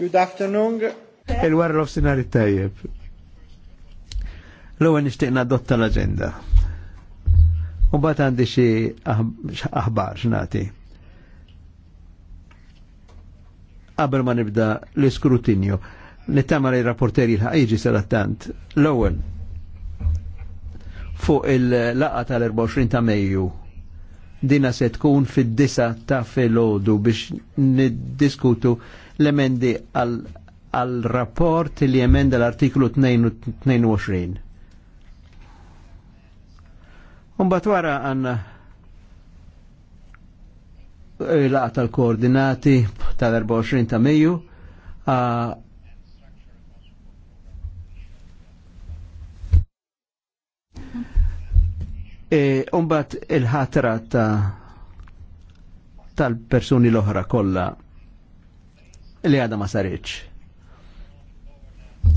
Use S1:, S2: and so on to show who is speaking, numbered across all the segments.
S1: Good afternoon.
S2: Il-war l-ofsinari tajjeb. L-għu nishtiqna dotta l-agenda. U bat għandi xie aħbar xnati. Qabel ma nibda l-iskrutinju, nittama li rapporteri l-ħajġi sarattant. L-għu fuq il-laqa tal-24 ta' Mejju dina se tkun fid-disa ta' filgħodu biex niddiskutu l-emendi għal rapport li emenda l-artiklu 22. Umbat wara għanna eh, laqa tal-koordinati tal-24 ta' meju E, umbat il-ħatra ta' tal-persuni l-oħra kolla li għada ma sarriċ.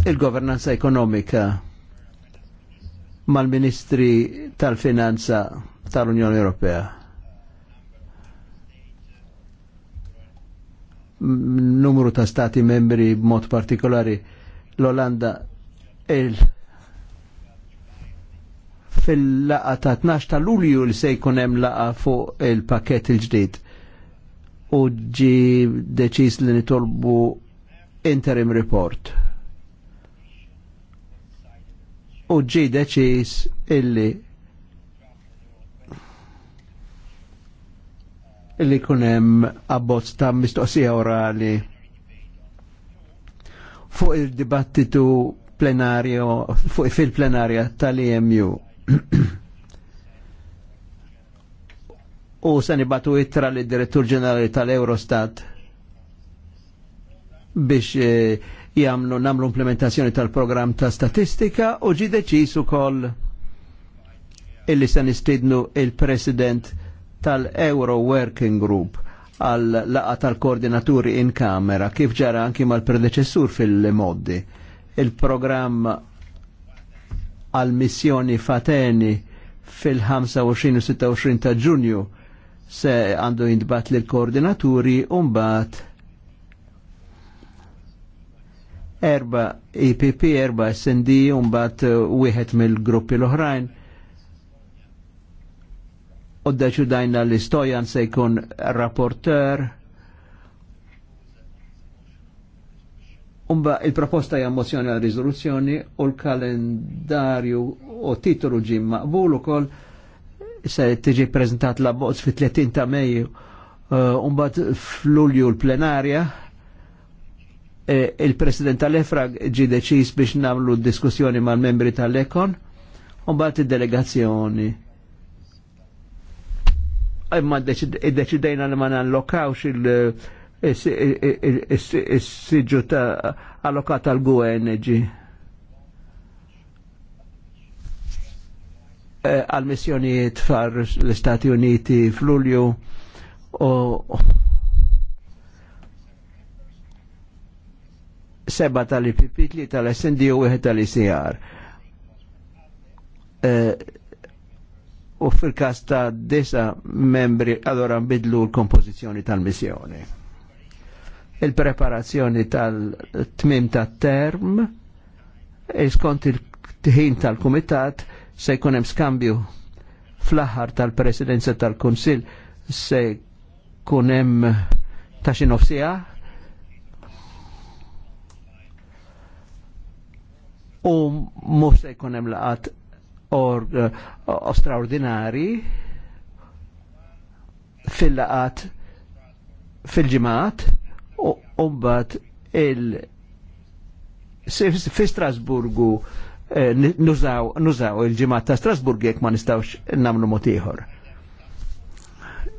S2: Il-governanza ekonomika mal-ministri tal-finanza tal-Unjoni Ewropea. Numru ta' stati membri b'mod partikolari l-Olanda il- fil-laqa ta' 12 ta' Lulju li se jkun hemm laqa fuq il-pakket il-ġdid. U ġi deċiż li nitolbu interim report. U ġi deċiż illi illi hemm abbozz ta' mistoqsija orali fuq il-dibattitu plenario, fuq fil-plenarja tal-EMU. U se nibatu ittra li direttur ġenerali tal-Eurostat biex eh, jamlu namlu implementazzjoni tal-programm ta' statistika u ġi deċisu ukoll illi se stidnu il-president tal-Euro Working Group għal laqa tal-koordinaturi in kamera kif ġara anki mal predeċessur fil-moddi. il program għal missjoni fateni fil-25 u 26 ta' ġunju se għandu jindbat lil koordinaturi umbat erba EPP, erba SND, umbat uh, wieħed mill-gruppi l-oħrajn. d-daċu dajna l-istojan se jkun rapporter Umba il-proposta hija mozzjoni għal riżoluzzjoni u l-kalendarju u titolu ġim maqbul ukoll se tiġi preżentat la bozz fit-30 ta' Mejju. Eh, umbat f'Lulju l-plenarja eh, il-President tal-Efrag ġi deċis biex namlu diskussjoni mal-membri tal-Ekon umba t delegazzjoni Imma eh, id-deċidejna li ma nallokawx il- is-siġu ta' allokat għal GNG. Eh, għal missjonijiet far l-Istati Uniti fl-Ulju u seba tal-IPP, li tal-SND u wieħed tal-ICR. Eh, u fil-kas ta' disa membri, allora nbidlu l-kompożizzjoni tal-missjoni il-preparazzjoni tal-tmim ta' term skont il-tħin tal-Kumitat se jkun hemm skambju fl-aħħar tal-Presidenza tal-Kunsill se jkun hemm ta' U mhux se jkun hemm laqat or straordinari fil-laqat fil-ġimgħat umbat il fi Strasburgu eh, nużaw il-ġimat ta' Strasburg jek ma nistawx namlu motiħor.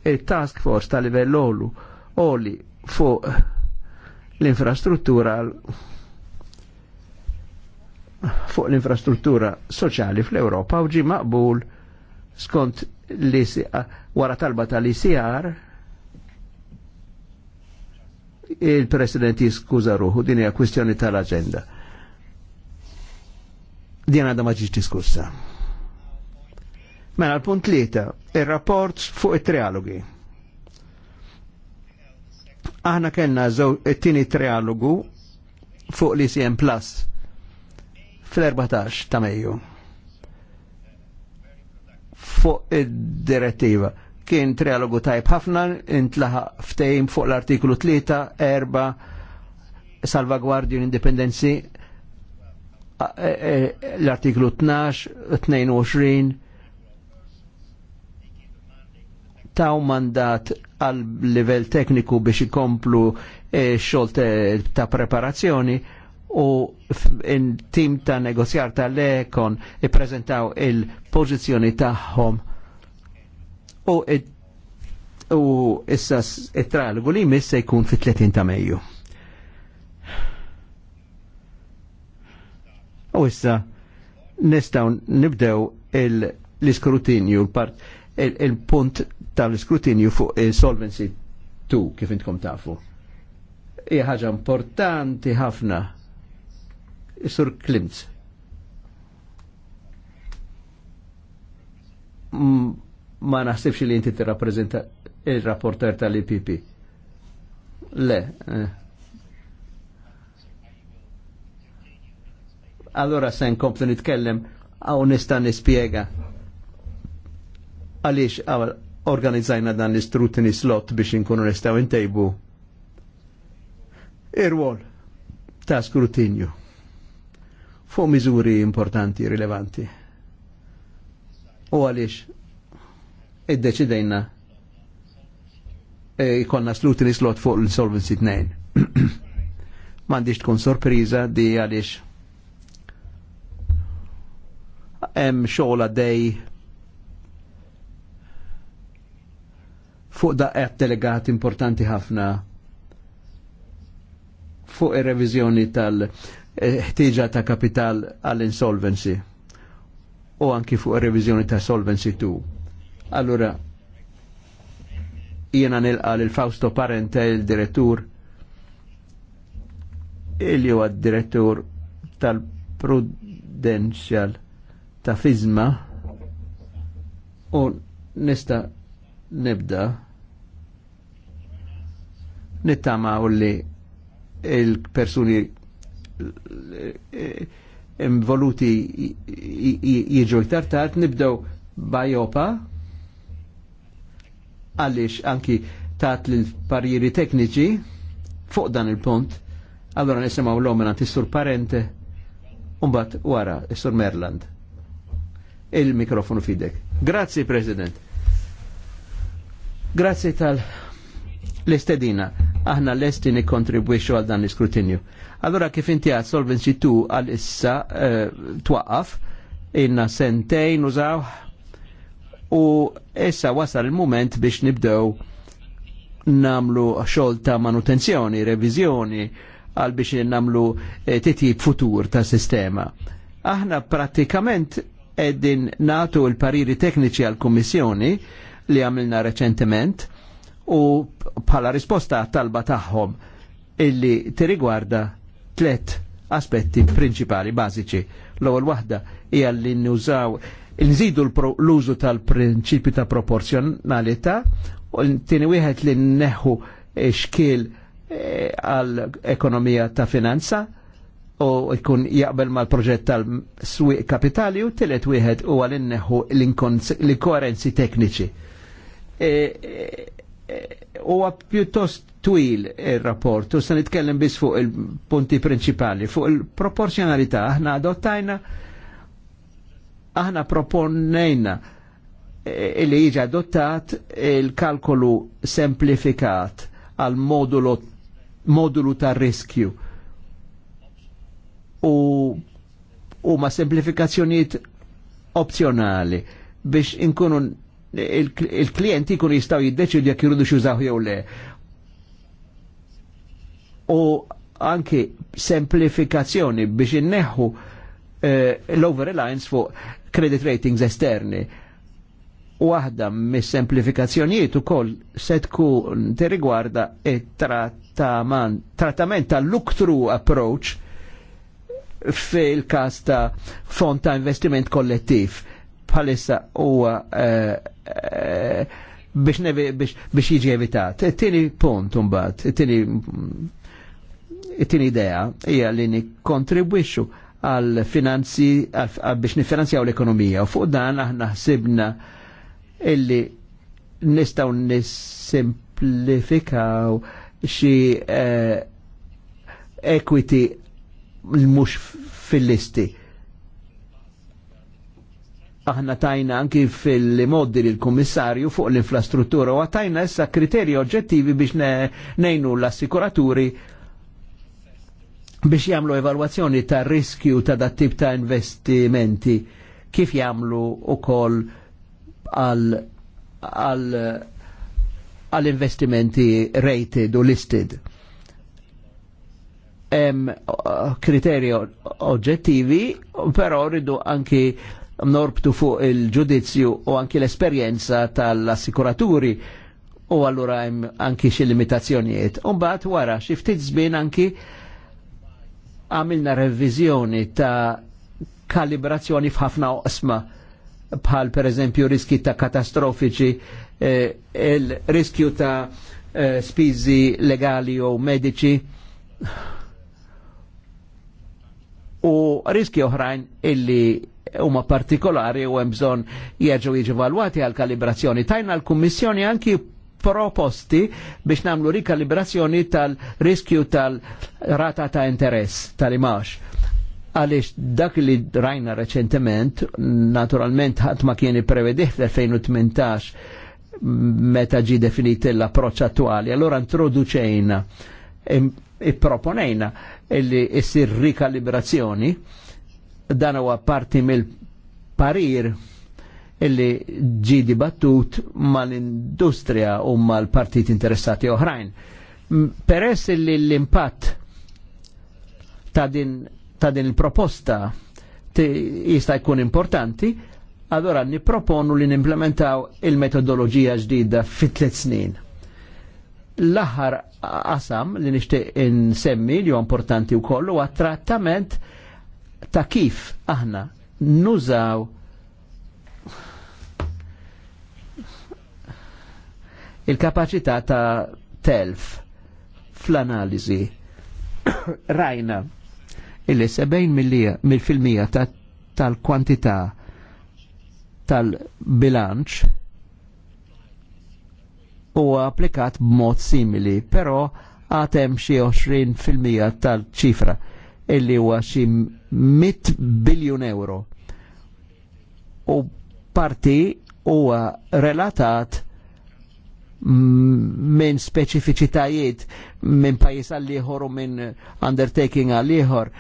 S2: Il-task force ta' livell olu oli fuq l-infrastruttura fuq l-infrastruttura soċjali fl-Europa u ġi maqbul skont li wara talba tal-ICR il-President jiskuza ruħu, din hija kwistjoni tal-agenda. Din għadha ma ġiġ diskussa. Mela l-punt tlieta, ir-rapport fuq it-trialogi. Aħna kellna it-tieni trialogu fuq l-ICM Plus fl-14 ta' Mejju fuq id-direttiva kien trialogu tajb ħafna, intlaħa ftejm fuq l-artiklu 3, 4, salvagwardju l-indipendenzi, e, e, l-artiklu 12, 22, taw mandat għal livell tekniku biex ikomplu e, xol ta' preparazzjoni u tim ta' negozjar tal-ekon i prezentaw il-pozizjoni tagħhom u u issa it-tralgu li missa se jkun fit-30 ta' Mejju. U issa nistaw nibdew l-iskrutinju l-part il-punt tal-iskrutinju fuq il-solvency 2 kif intkom tafu. Hija ħaġa importanti ħafna. Sur Klimt ma naħsibx li inti t-rapprezenta il-rapporter tal-IPP. Le. Eh. Allora se nkomplu nitkellem għaw nistan nispiega għaliex organizzajna dan l-istrutini slot biex inkunu nistaw intejbu Irwol ta' skrutinju Fu miżuri importanti, rilevanti. U għalix id-deċidejna e, ikonna slutri slot fuq l-Solvency 2. Mandiġ tkun sorpriza di għalix hemm xogħla dej fuq da għed delegat importanti ħafna fuq ir revizjoni tal-ħtieġa ta' kapital għall-insolvency u anki fuq il-revizjoni ta' solvency 2 Allura, jiena nilqa l Fausto Parente, il-direttur, il huwa direttur tal-Prudential ta' Fizma, u nista nibda nittama u li il-persuni involuti jiġu iktar tard nibdew bajopa għaliex anki taħt l-parjiri tekniċi fuq dan il-punt, allora nisimaw l-omen għanti sur parente, umbat wara, sur Merland. Il-mikrofonu fidek. Grazzi, President. Grazzi tal l Aħna l-esti nikontribwixu għal dan l-iskrutinju. Allora kif inti għad solvenci tu għal issa uh, twaqqaf, inna sentejn użaw u issa wasal il-moment biex nibdew namlu xogħol ta' manutenzjoni, reviżjoni għal biex namlu eh, titjib futur ta' sistema. Aħna pratikament eddin natu l-pariri tekniċi għal kummissjoni li għamilna reċentement u bħala risposta talba tagħhom illi tirigwarda tlet aspetti prinċipali, bażiċi. L-ewwel waħda hija li nużaw nżidu l-użu tal-prinċipju ta' proporzjonalità u tieni wieħed li nneħħu xkiel eh, għal ekonomija ta' finanza u jkun jaqbel mal-proġett tal-swiq kapitali u tilet wieħed u għal inneħu l-inkoerenzi tekniċi. Eh, eh, huwa pjuttost twil il-rapport, u se nitkellem biss fuq il-punti prinċipali, fuq il-proporzjonalità aħna adottajna aħna proponnejna eh, li jiġi adottat il-kalkolu semplifikat għal modulu, modulu ta' riskju u, u ma' semplifikazzjoniet opzjonali biex inkunu il-klienti il kun jistaw jiddeċidu jekk jiridu xużaw jew le. U anki semplifikazzjoni biex inneħu eh, l overreliance fuq credit ratings esterni. Waħda mis-semplifikazzjonijiet ukoll se tkun tirrigwarda trattament ta' look-through approach fil każ ta' fond ta' investiment kollettiv bħalissa huwa eh, eh, biex biex jiġi evitat. It-tieni punt imbagħad, it-tieni idea hija li nikkontribwixxu għal finanzi biex nifinanzjaw l-ekonomija. U fuq dan aħna ħsibna illi nistaw nisimplifikaw xi eh, equity mhux fil-listi. Aħna tajna anki fil modi l-Kummissarju fuq l-infrastruttura u għatajna issa kriterji oġġettivi biex nejnu l-assikuraturi biex jamlu evalwazzjoni ta' riskju ta' dat tip ta' investimenti kif jamlu u koll għal investimenti rated u listed. Em kriterju oġġettivi, però rridu anki norbtu fuq il-ġudizzju u anki l-esperjenza tal-assikuraturi u allura hemm anki xi limitazzjonijiet. Umbagħad wara xi ftit żmien anki għamilna revizjoni ta' kalibrazzjoni f'ħafna oqsma bħal per eżempju riski ta' katastrofiċi, eh, il-riskju ta' eh, spizi legali u medici u riski oħrajn illi huma partikolari u hemm bżonn jerġgħu jiġu valwati għal kalibrazzjoni. Tajna l-Kummissjoni anki proposti biex namlu rikalibrazzjoni tal-riskju tal-rata ta' interess tal-imax. Għalix dak li rajna reċentement, naturalment ħadd ma kien prevedih fl-2018 meta ġi definit l-approċċ attuali, allora introduċejna i proponejna illi issir rikalibrazzjoni dan huwa parti mill-parir illi ġi dibattut mal-industrija u mal-partit interessati oħrajn. Peress li l-impatt ta' din, ta din il-proposta jista' jkun importanti, allora niproponu li nimplementaw il-metodoloġija ġdida fit tliet snin. L-aħħar qasam li nixtieq insemmi li huwa importanti wkoll huwa trattament ta' kif aħna nużaw il-kapacità ta' telf fl-analiżi. Rajna illi 70 mill-filmija ta tal-kwantità tal-bilanċ huwa applikat b'mod simili, però għatem xi 20% tal-ċifra illi huwa xi 100 biljun euro. U parti huwa relatat minn speċifiċitajiet minn pajis għal ieħor u minn undertaking għal liħor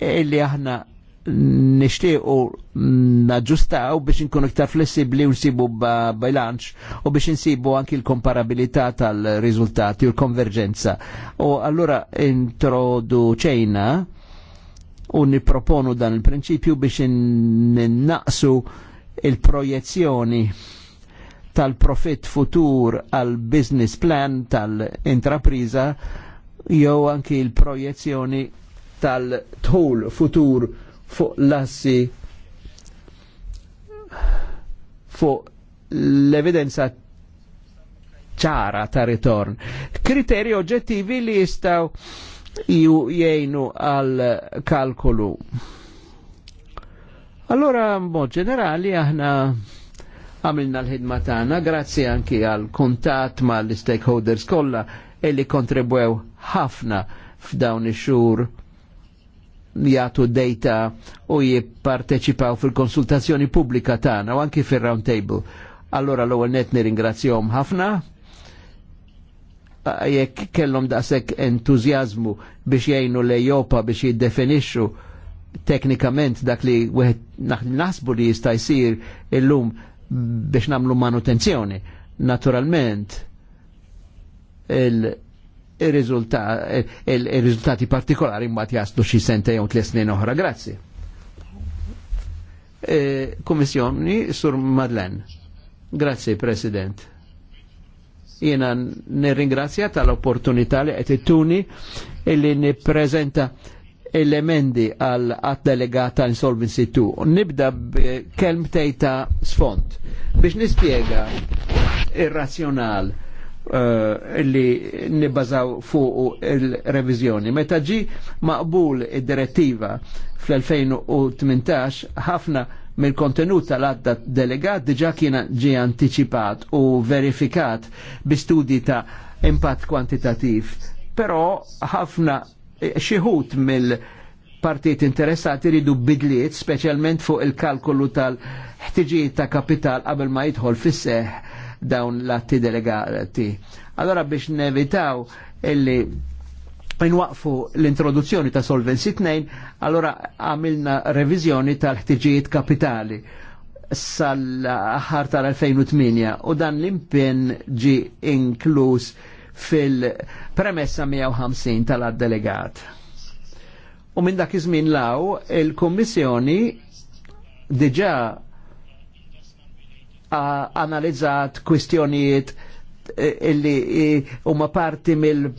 S2: illi aħna nishtiq nishtiqu naġġustaw biex nkunu iktar flessibli u nsibu bilanċ u biex nsibu anki l-komparabilità tal rizultati u l-konverġenza. U allura introdu ċejna u niproponu dan il-prinċipju biex n naqsu il-projezzjoni il projezzjoni tal-profit futur għal business plan tal-intrapriza jew anki l-projezzjoni tal-tħul futur fuq l-assi fuq l-evidenza ċara ta' ritorn. Kriteri oġettivi li jistaw jgħinu għal kalkulu. Allora, mod ġenerali, aħna għamilna l-ħidma tagħna, grazzi anki għal kuntat mal-stakeholders kollha illi kontribwew ħafna f'dawn ix-xhur jagħtu data u jipparteċipaw fil-konsultazzjoni pubblika tagħna u anki fir-round table. Allora l-ewwel net nirringrazzjahom ħafna jekk kellhom daqshekk entużjażmu biex jgħinu l-Ejopa biex jiddefinixxu teknikament dak li wieħed naħsbu li jista' jsir illum biex namlu manutenzjoni. Naturalment, il-rizultati partikolari mbagħad jaslu xi sentej jew tliet snin oħra. Grazzi. E, Kummissjoni Sur Madlen. Grazzi, President jena nirringrazzja tal-opportunità li qed ittuni illi nippreżenta l-emendi għal delegata insolvency 2. Nibda b'kelm tejta sfont biex nispiega ir eh, li nibbażaw fuq il-revizjoni. Meta ġi maqbul id-direttiva fl-2018 ħafna mill-kontenut tal-għadda delegat diġa kiena ġi anticipat u verifikat bi studi ta' impatt kwantitativ. Però ħafna xieħut mill- partijiet interessati ridu bidliet, specialment fuq il-kalkulu tal-ħtiġijiet ta' kapital qabel ma jidħol fis-seħ dawn l-atti delegati. Allora biex nevitaw illi Inwaqfu l-introduzzjoni ta' Solvency 2, allora għamilna revizjoni tal-ħtiġijiet kapitali sal-ħar tal-2008 u dan l-impen ġi inkluż fil-premessa 150 tal-addelegat. U minn dak iż-żmien law, il kummissjoni diġà analizzat kwistjonijiet eh, illi eh, huma parti mill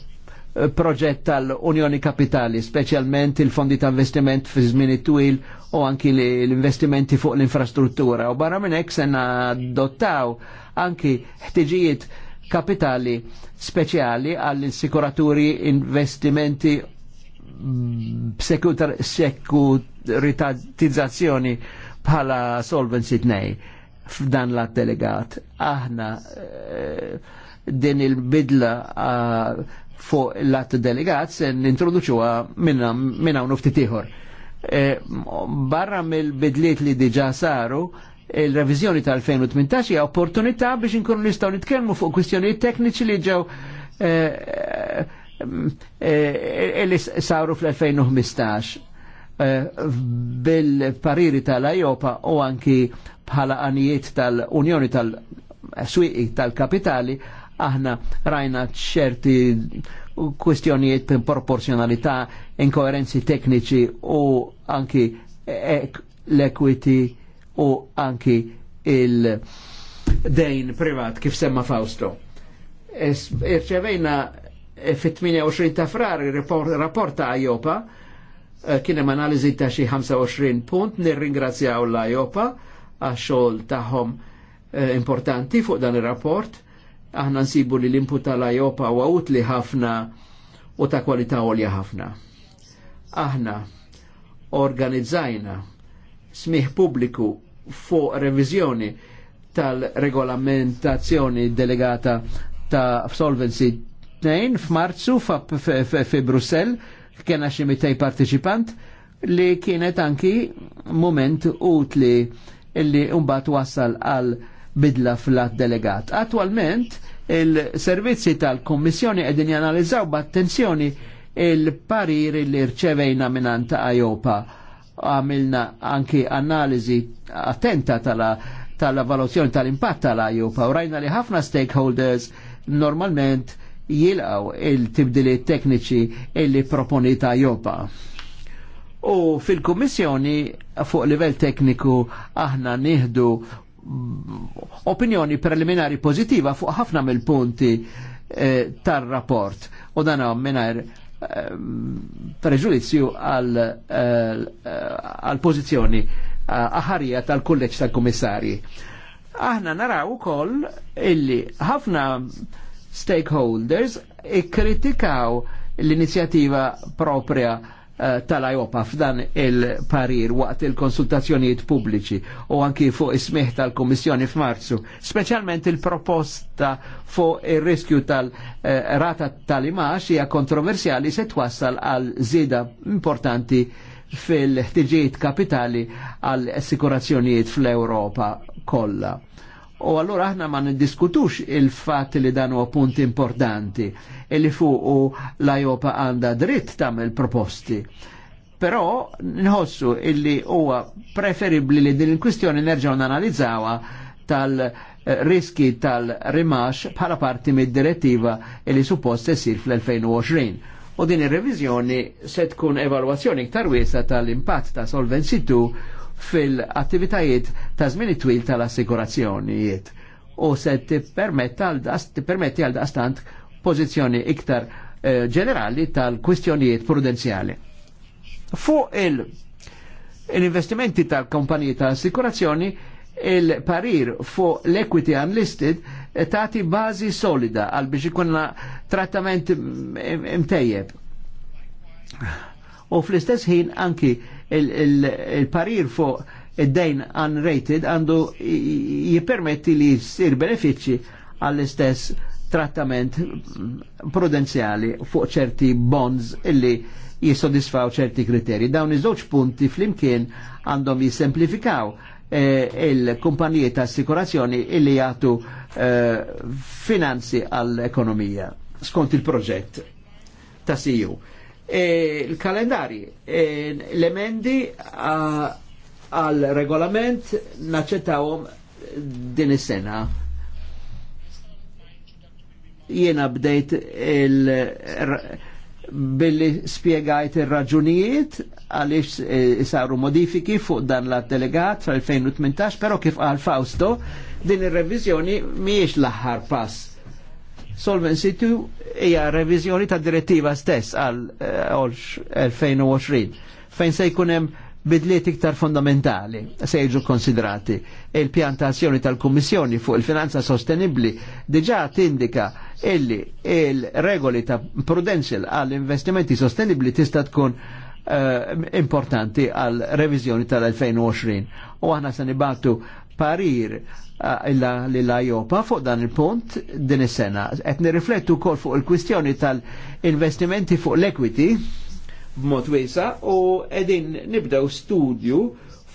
S2: proġett tal-Unjoni Kapitali, speċjalment il-fondi ta' investiment fi żmieni twil u anki l-investimenti fuq l-infrastruttura. U barra minn hekk se adottaw anki ħtiġijiet kapitali speċjali għall-insikuraturi investimenti sekuritizzazzjoni bħala Solvency tnej f'dan la delegat. Aħna eh, din il-bidla eh, fuq l-att delegat se nintroduċuha minna minna ftitiħor. Eh, barra mill-bidliet li diġa saru, il-revizjoni tal-2018 hija opportunità biex inkunu nistgħu nitkellmu fuq kwistjonijiet tekniċi li ġew eh, eh, eh, li saru fl-2015 bil-pariri tal-Ajopa u anki bħala anijiet tal-Unjoni tal-Swiqi tal-Kapitali aħna rajna ċerti kwestjonijiet proporzjonalità, inkoherenzi tekniċi u anki l-equity u anki il-dejn privat kif semma Fausto. Irċevejna eh, fit-28 ta' frar rapport ta' Ajopa, eh, kien hemm analiżi ta' xi 25 punt, nirringrazzjaw l-Ajopa għax-xogħol tagħhom eh, importanti fuq dan ir-rapport. Aħna nsibu li l-input tal-Ajopa huwa utli ħafna u ta' kwalità għolja ħafna. Aħna organizzajna smih pubbliku fuq revizjoni tal-regolamentazzjoni delegata ta' Solvency 2 f'Marzu fi Brussell kena ximitej partiċipant li kienet anki moment utli illi mbagħad wassal għal bidla fl-att delegat. Attualment il-servizzi tal-Kommissjoni qegħdin janalizzaw b'attenzjoni il parir li rċevejna ta' Ajopa għamilna anki analizi attenta tal-valutazzjoni tal tal-impatt tal-ajupa u rajna li ħafna stakeholders normalment jilqaw il-tibdiliet tekniċi illi ta' jopa. U fil-Kummissjoni fuq livell tekniku aħna nieħdu opinjoni preliminari pozitiva fuq ħafna mill-punti eh, tar-rapport. U dan minnajr Eh, preġudizzju għal eh, pożizzjoni eh, aħarija tal-kulleġġ tal-kummissarji. Aħna naraw ukoll illi ħafna stakeholders ikkritikaw l-inizjattiva propria uh, Eh, tal-Ajopa f'dan il-parir waqt il-konsultazzjonijiet pubbliċi u anki fuq ismiħ tal-Kommissjoni f'Marzu, speċjalment il-proposta fuq il-riskju tal-rata eh, tal-imax hija kontroversjali se twassal għal zida importanti fil-ħtiġijiet kapitali għal assikurazzjonijiet fl-Europa kollha U allura aħna ma niddiskutux il-fat li dan huwa punt importanti li fuq l-Ajopa għanda dritt tagħmel proposti. Però nħossu illi huwa preferibbli li din il-kwistjoni nerġgħu nanalizzawha tal-riski tal-rimax bħala parti mid-direttiva li suppost isir fl-2020. U din ir-reviżjoni se tkun evalwazzjoni iktar wiesa tal-impatt ta' Solvency 2 fil-attivitajiet ta' żmien twil tal assigurazzjonijiet u se permetti għal dastant pożizzjoni iktar eh, ġenerali tal-kwistjonijiet prudenzjali. Fuq il-investimenti tal-kompaniji tal-assikurazzjoni, il-parir fuq l-equity unlisted eh, tati bazi solida għal biex ikunna trattament imtejjeb. U fl-istess ħin anki il-parir fuq id-dejn unrated għandu jipermetti li jisir benefiċi għall-istess trattament prudenziali fuq ċerti bonds illi jisodisfaw ċerti kriteri. Dawn iż-żewġ punti flimkien għandhom jisemplifikaw eh, il kumpanijiet ta' assikurazzjoni illi jgħatu eh, finanzi għall-ekonomija skont il-proġett ta' siju. E, il-kalendari. E, l-emendi għal regolament naċċettawhom din is-sena. Jiena bdejt il billi spiegajt ir-raġunijiet għaliex e, saru modifiki fuq dan la delegat fl-2018, pero kif għal Fausto din ir-reviżjoni miex l-aħħar pass Solvency 2 hija revizjoni ta' direttiva stess għal 2020 fejn se jkun hemm bidliet iktar fondamentali se jiġu konsidrati. Il-pjantazzjoni tal-Kummissjoni fuq il-finanza sostenibli diġa tindika illi il-regoli ta' prudential għall investimenti sostenibli tista' tkun importanti għal revizjoni tal-2020. U aħna se nibatu parir illa l-Ajopa fuq dan il-punt din is-sena. Qed nirriflettu wkoll fuq il-kwistjoni tal-investimenti fuq l-equity b'mod wiesa u qegħdin nibdew studju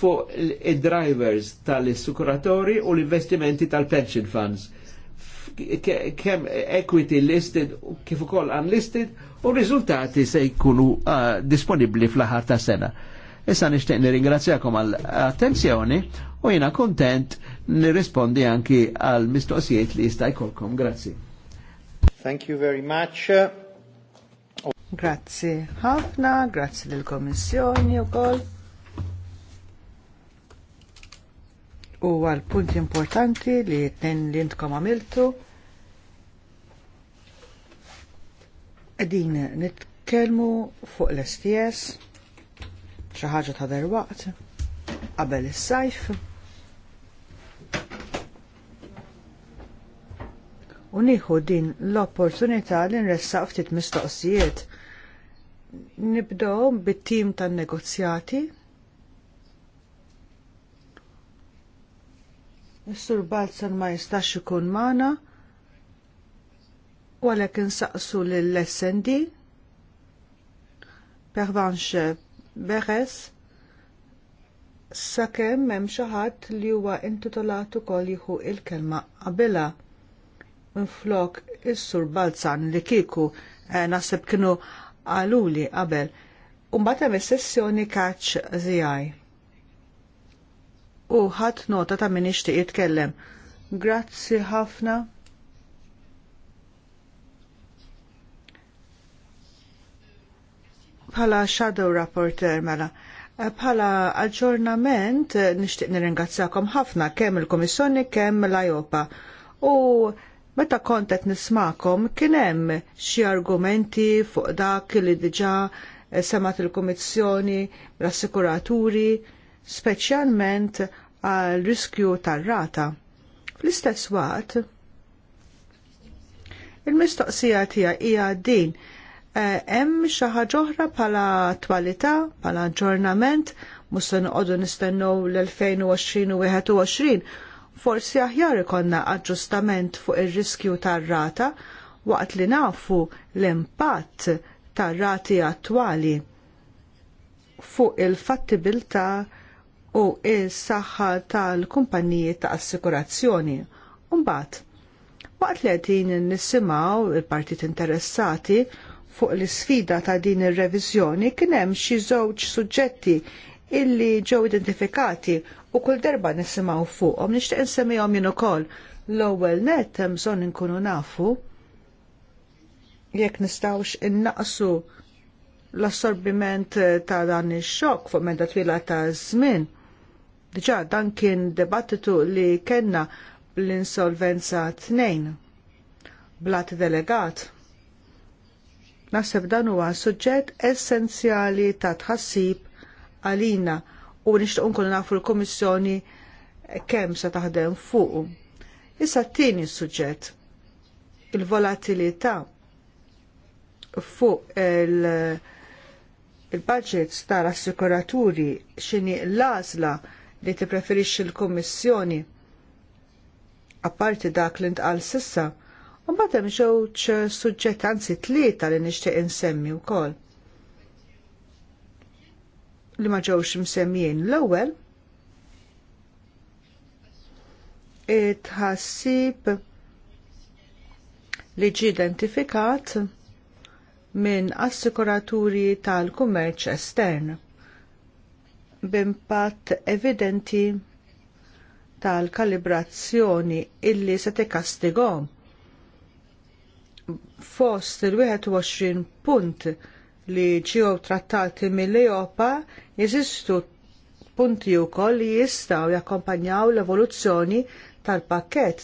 S2: fuq id-drivers tal-assicuratori u l-investimenti tal-pension funds. Kemm equity listed kif ukoll unlisted u riżultati se jkunu disponibbli fl-aħar ta' sena. Issa nixtieq nirringrazzjakom għal attenzjoni u jiena kontent nirrispondi anki għal mistoqsijiet li jista' jkollkom. Grazzi.
S3: Thank you very much. Grazzi ħafna, grazzi lill-Kommissjoni wkoll. U għal punt importanti li tnejn li intkom għamiltu. Qegħdin nitkellmu fuq l-STS xi ħaġa ta' derwaqt qabel is-sajf. U nieħu din l-opportunità li nressaq ftit mistoqsijiet. Nibdew bit-tim tan-negozjati Is-sur Balzan ma jistax ikun mana, u għalhekk insaqsu lill-SND, pervanx beħes sakemm hemm xi ħadd li huwa intitolat ukoll jieħu il-kelma qabilha minflok is-sur Balzan li kieku eh, naħseb kienu għaluli qabel. Umbagħad hemm is-sessjoni kaċċ ZI. U ħadd nota ta' min ixtieq jitkellem. Grazzi ħafna. bħala shadow Rapporteur mela. Eh, bħala aġġornament eh, nixtieq nirringrazzjakom ħafna kemm il-Komissjoni kemm l-Ajopa. U meta kont qed nismakom kien hemm xi argumenti fuq dak li diġà eh, semat il kummissjoni l-assikuraturi, speċjalment għal riskju tar-rata. Fl-istess waqt, il-mistoqsija tiegħi hija din Eh, hemm xi ħaġa oħra bħala twalità, bħala aġġornament, mhux se noqogħdu nistennew l 2021 u 21, forsi aħjar ikonna aġġustament fuq ir-riskju tar-rata waqt li nafu l-impatt tar-rati attwali fuq il-fattibilità u s-saħħa il fattibilità u s saħħa tal kumpaniji ta' assikurazzjoni. Mbagħad, waqt li qegħdin nisimgħu il-partit interessati fuq l-isfida ta' din ir-reviżjoni kien hemm xi żewġ suġġetti illi ġew identifikati u kull darba nisimgħu fuqhom nixtieq insemmihom jien ukoll. L-ewwel net hemm bżonn inkunu nafu jekk nistgħux innaqsu l-assorbiment ta' dan ix-xokk fuq meta twila ta' żmien. Diġà dan kien debattitu li kellna bl-insolvenza tnejn blat delegat Naħseb dan huwa suġġett essenzjali ta' tħassib għalina u nixtieq nkunu nafu l-Kummissjoni kemm se taħdem fuq. Issa t-tieni suġġett il-volatilità fuq il- il-budgets tal-assikuraturi x'inhi l-għażla li tippreferixxi l-Kummissjoni apparti dak li ntqal sissa Mbagħad hemm żewġ suġġett anzi tlieta li nixtieq insemmi wkoll. Li ma ġewx msemmijin l-ewwel it-ħassib li ġie identifikat minn assikuraturi tal-kummerċ estern b'impatt evidenti tal-kalibrazzjoni illi se tikkastigom fost il-21 punt li ġew trattati mill-Ejopa jeżistu punti wkoll li jistgħu jakkompanjaw l-evoluzzjoni tal-pakket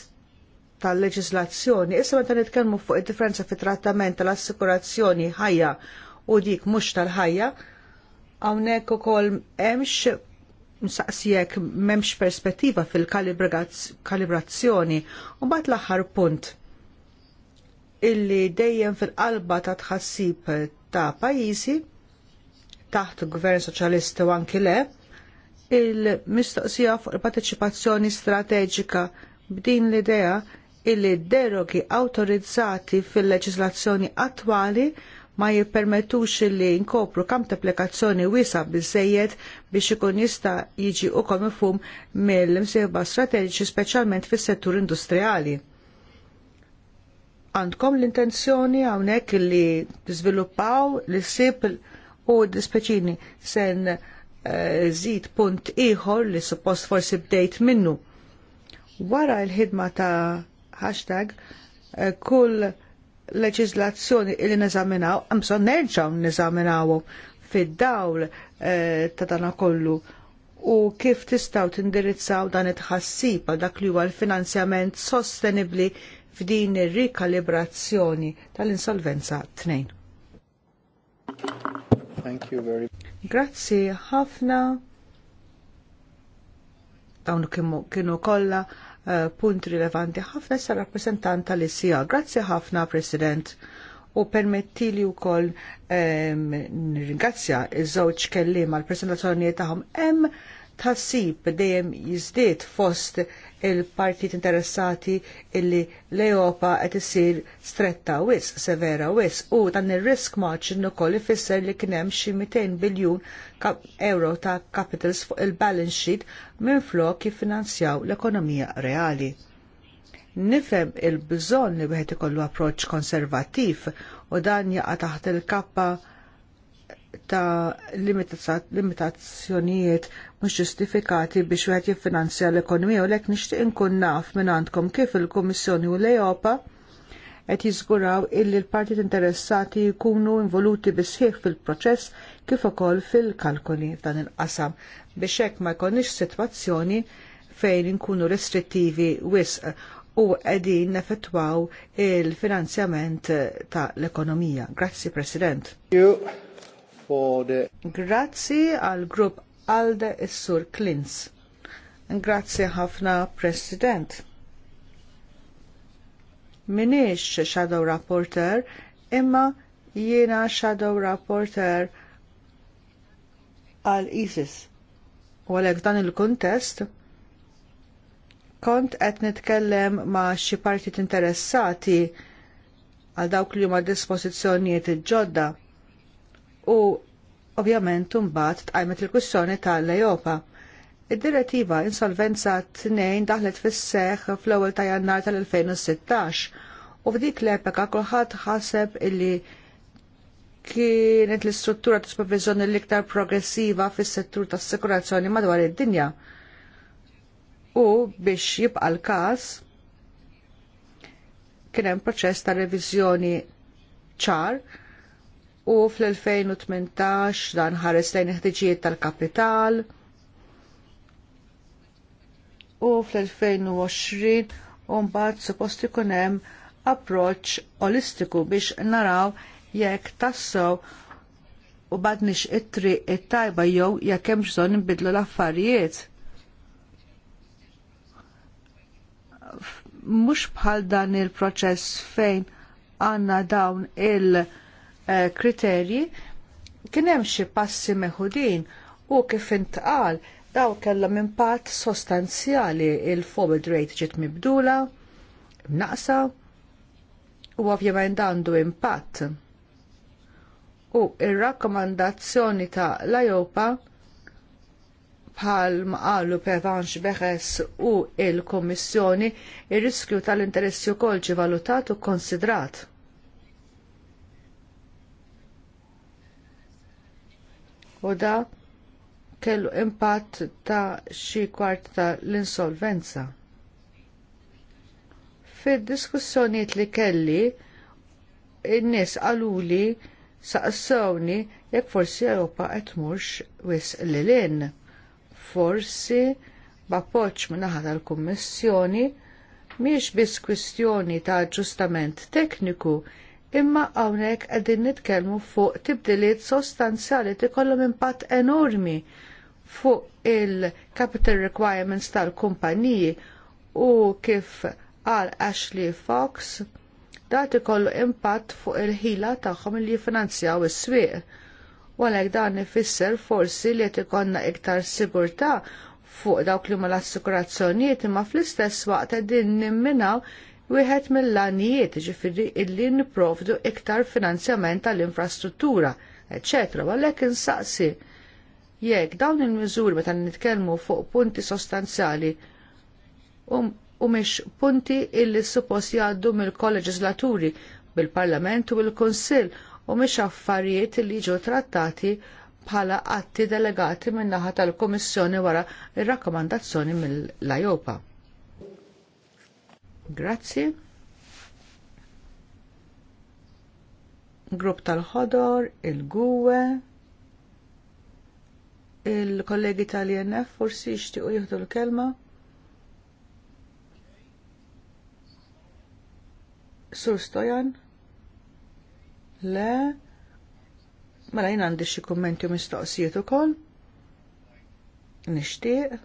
S3: tal-leġislazzjoni. Issa meta nitkellmu fuq id-differenza fi trattament tal-assikurazzjoni ħajja u dik mhux tal-ħajja, hawnhekk ukoll hemmx msaqsijek m'hemmx perspettiva fil-kalibrazzjoni u mbagħad l-aħħar punt illi dejjem fil-qalba ta' tħassib ta' pajjiżi taħt gvern soċjalisti u anki le il-mistoqsija fuq il-parteċipazzjoni strateġika b'din l-idea illi derogi awtorizzati fil-leġislazzjoni attwali ma jippermettux li nkopru kam ta' applikazzjoni wiesa biżżejjed biex ikun jista jiġi wkoll mifhum mill imsejba strateġiċi speċjalment fis-settur industrijali għandkom l-intenzjoni hawnhekk li tiżviluppaw li sib u d dispeċini sen eh, zid punt ieħor li suppost forsi bdejt minnu. Wara l-ħidma ta' hashtag eh, kull leġizlazzjoni li neżaminaw, għamson nerġaw neżaminaw fid-dawl eh, ta' dana kollu u kif tistaw tindirizzaw dan it-ħassib għal dak li huwa l-finanzjament sostenibbli f'din ir-rikalibrazzjoni tal-insolvenza 2. Thank you very Grazzi ħafna dawn kienu kollha uh, eh, punt rilevanti ħafna sa rappresentant tal-ISIA. Grazzi ħafna, President u permettili u koll ehm, nirringrazzja iż-żewġ kellim għal presentazzjoni tagħhom hemm tasib dejjem jiżdied fost il-partit interessati illi l europa qed isir stretta wis, severa wis, u dan ir-risk margin ukoll ifisser li kien hemm xi 200 biljun euro ta' capitals fuq il-balance sheet minflok jiffinanzjaw l-ekonomija reali. Nifhem il-bżonn li wieħed ikollu approċċ konservattiv u dan jaqa' taħt il-kappa ta' limitazzjonijiet mhux ġustifikati biex wieħed jiffinanzja l-ekonomija u lek nixtieq inkun naf minn għandkom kif il-Kummissjoni u l-Ejopa qed jiżguraw illi l-partit interessati jkunu involuti bisħieħ fil-proċess kif ukoll fil-kalkoli f'dan il-qasam biex hekk ma jkollniex sitwazzjoni fejn inkunu restrittivi wisq u qegħdin neffettwaw il-finanzjament tal ekonomija Grazzi, President. You for the... Grazzi għal grupp Alde Sur Klins. Grazzi ħafna President. Minix Shadow Rapporter imma jiena Shadow Rapporter għal ISIS. U għalek dan il-kontest kont qed nitkellem ma' xi partit interessati għal dawk li huma dispożizzjonijiet ġodda u ovvjament mbagħad tqajmet il-kwissjoni tal-Ejopa. Id-direttiva insolvenza tnejn daħlet fis seħħ fl-ewwel ta' jannar tal-2016 u f'dik l epoka kulħadd ħaseb illi kienet l-istruttura ta' supervizjoni l-iktar progressiva fis-settur tas-sikurazzjoni madwar id-dinja. U biex jibqa' l-każ kien hemm proċess ta' reviżjoni ċar u fl-2018 dan ħares lejn iħtiġijiet tal-kapital u fl-2020 mbagħad suppost ikun hemm approċċ olistiku biex naraw jekk tassew u badnix it-triq it-tajba jew jekk hemm bżonn nbidlu l-affarijiet. Mhux bħal dan il-proċess fejn għandna dawn il- Eh, kriterji kien hemm xi passi meħudin u kif intqal daw kellhom impatt sostanzjali il-forward rate ġiet mibdula, naqsa u ovvjament għandu impatt. U ir-rakkomandazzjoni ta' l-Ajopa bħal maqalu Pevanx Beħes u il-Kommissjoni ir-riskju tal-interessi wkoll ġi valutat u konsidrat u da kellu impatt ta' xi kwart ta' l-insolvenza. Fid-diskussjonijiet li kelli, in-nies qaluli saqsawni jekk forsi Ewropa qed wisq wis lilin. Forsi b'appoġġ minn naħa tal-Kummissjoni mhix biss kwistjoni ta' aġġustament tekniku imma hawnhekk qegħdin nitkellmu fuq tibdiliet sostanzjali li ikollhom impatt enormi fuq il-capital requirements tal-kumpaniji u kif qal Ashley Fox dat ikollu impatt fuq il-ħila tagħhom li jiffinanzjaw is-swieq. U għalhekk dan ifisser forsi li qed ikollna iktar sigurtà fuq dawk li ma l-assikurazzjonijiet imma fl-istess waqt qegħdin nimminaw wieħed mill-għanijiet ġifiri illi niprovdu iktar finanzjament tal-infrastruttura, ecc. Għalhekk insaqsi jekk dawn il-miżuri meta nitkellmu fuq punti sostanzjali u um, mhix punti illi suppost jgħaddu mill-kolleġislaturi bil-Parlament u l-Kunsill u mhix affarijiet li jiġu trattati bħala atti delegati min-naħa tal kummissjoni wara ir rakkomandazzjoni mill-Ajopa. Grazzi. Grupp tal-ħodor, il-gwe, il-kollegi tal-INF forsi jixtiequ jieħdu l-kelma. Sur Stojan? Le? Mela jien għandi xi kummenti u mistoqsijiet ukoll. Nixtieq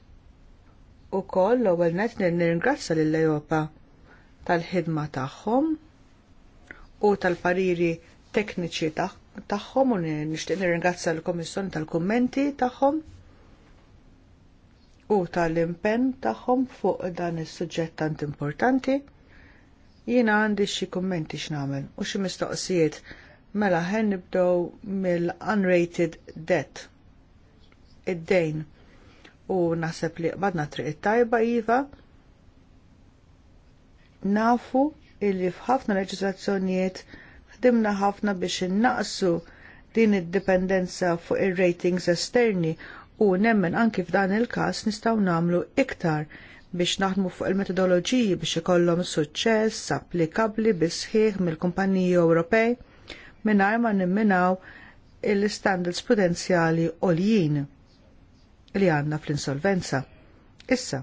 S3: ukoll l-ewwel nett nirringrazzja lill-Ejopa tal-ħidma tagħhom u tal-pariri tekniċi tagħhom u nixtieq nirringrazzja l-Komissjoni tal-kummenti tagħhom u tal-impenn tagħhom fuq dan is-suġġett tant importanti. Jiena għandi xi kummenti x'nagħmel u xi mistoqsijiet mela ħen nibdew mill-unrated debt id-dejn u naħseb li qbadna triq it-tajba iva nafu illi f'ħafna leġislazzjonijiet ħdimna ħafna biex innaqsu din id-dipendenza fuq ir-ratings esterni u nemmen anki f'dan il-każ nistgħu nagħmlu iktar biex naħdmu fuq il-metodoloġiji biex ikollhom suċċess applikabbli bisħieħ mill-kumpaniji Ewropej mingħajr ma nimminaw l-istandards prudenzjali għoljin li għandna fl-insolvenza. Issa,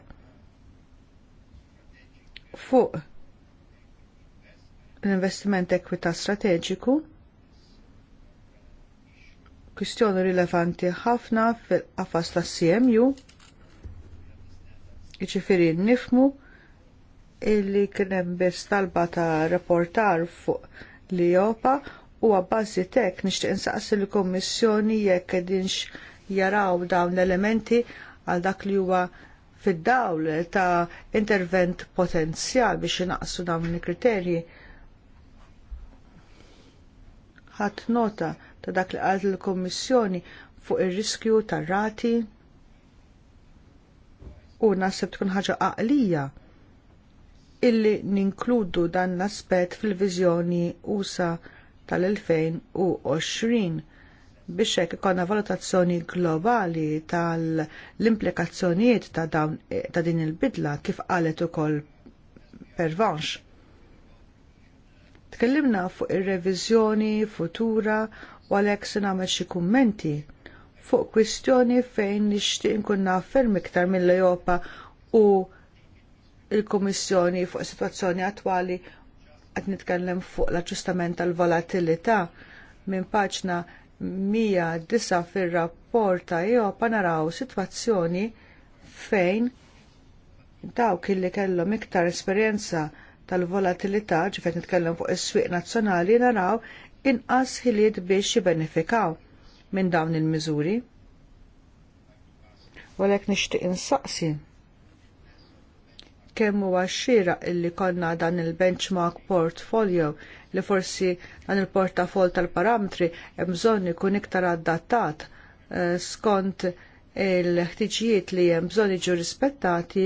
S3: fuq l-investiment ekwita strateġiku kwistjoni rilevanti ħafna fil-qafas tas CMU jiġifieri nifmu illi kien hemm biss talba ta' reportar fuq l-Iopa u għabbażi tek nixtieq insaqsi l-Kommissjoni jekk qegħdinx jaraw dawn l-elementi għal dak li huwa fid-dawl ta' intervent potenzjal biex inaqsu dawn il-kriterji ħadd nota ta' dak li qal il-Kommissjoni fuq ir-riskju tar-rati u naħseb tkun ħaġa għaqlija illi ninkludu dan l-aspett fil-viżjoni USA tal-2020 biex hekk ikollna valutazzjoni globali tal-implikazzjonijiet ta' dawn ta' din il-bidla kif qalet ukoll pervanx. Tkellimna fuq ir-reviżjoni futura u għalhekk se nagħmel xi kummenti fuq kwistjoni fejn nixtieq nkun naf ferm iktar mill-Ejopa u il-Kummissjoni fuq sitwazzjoni attwali qed nitkellem fuq l-aġġustament tal-volatilità minn paġna 109 fir-rapport ta' Ejopa naraw sitwazzjoni fejn dawk illi kellhom iktar esperjenza tal-volatilità ġifet nitkellem fuq is-swieq nazzjonali naraw inqas ħiliet biex jibbenefikaw minn dawn il-miżuri. Walek nixtieq insaqsi kemm huwa xira illi konna dan il-benchmark portfolio li forsi dan il-portafol tal-parametri hemm bżonn ikun iktar adattat eh, skont il-ħtiġijiet li hemm bżonn jiġu rispettati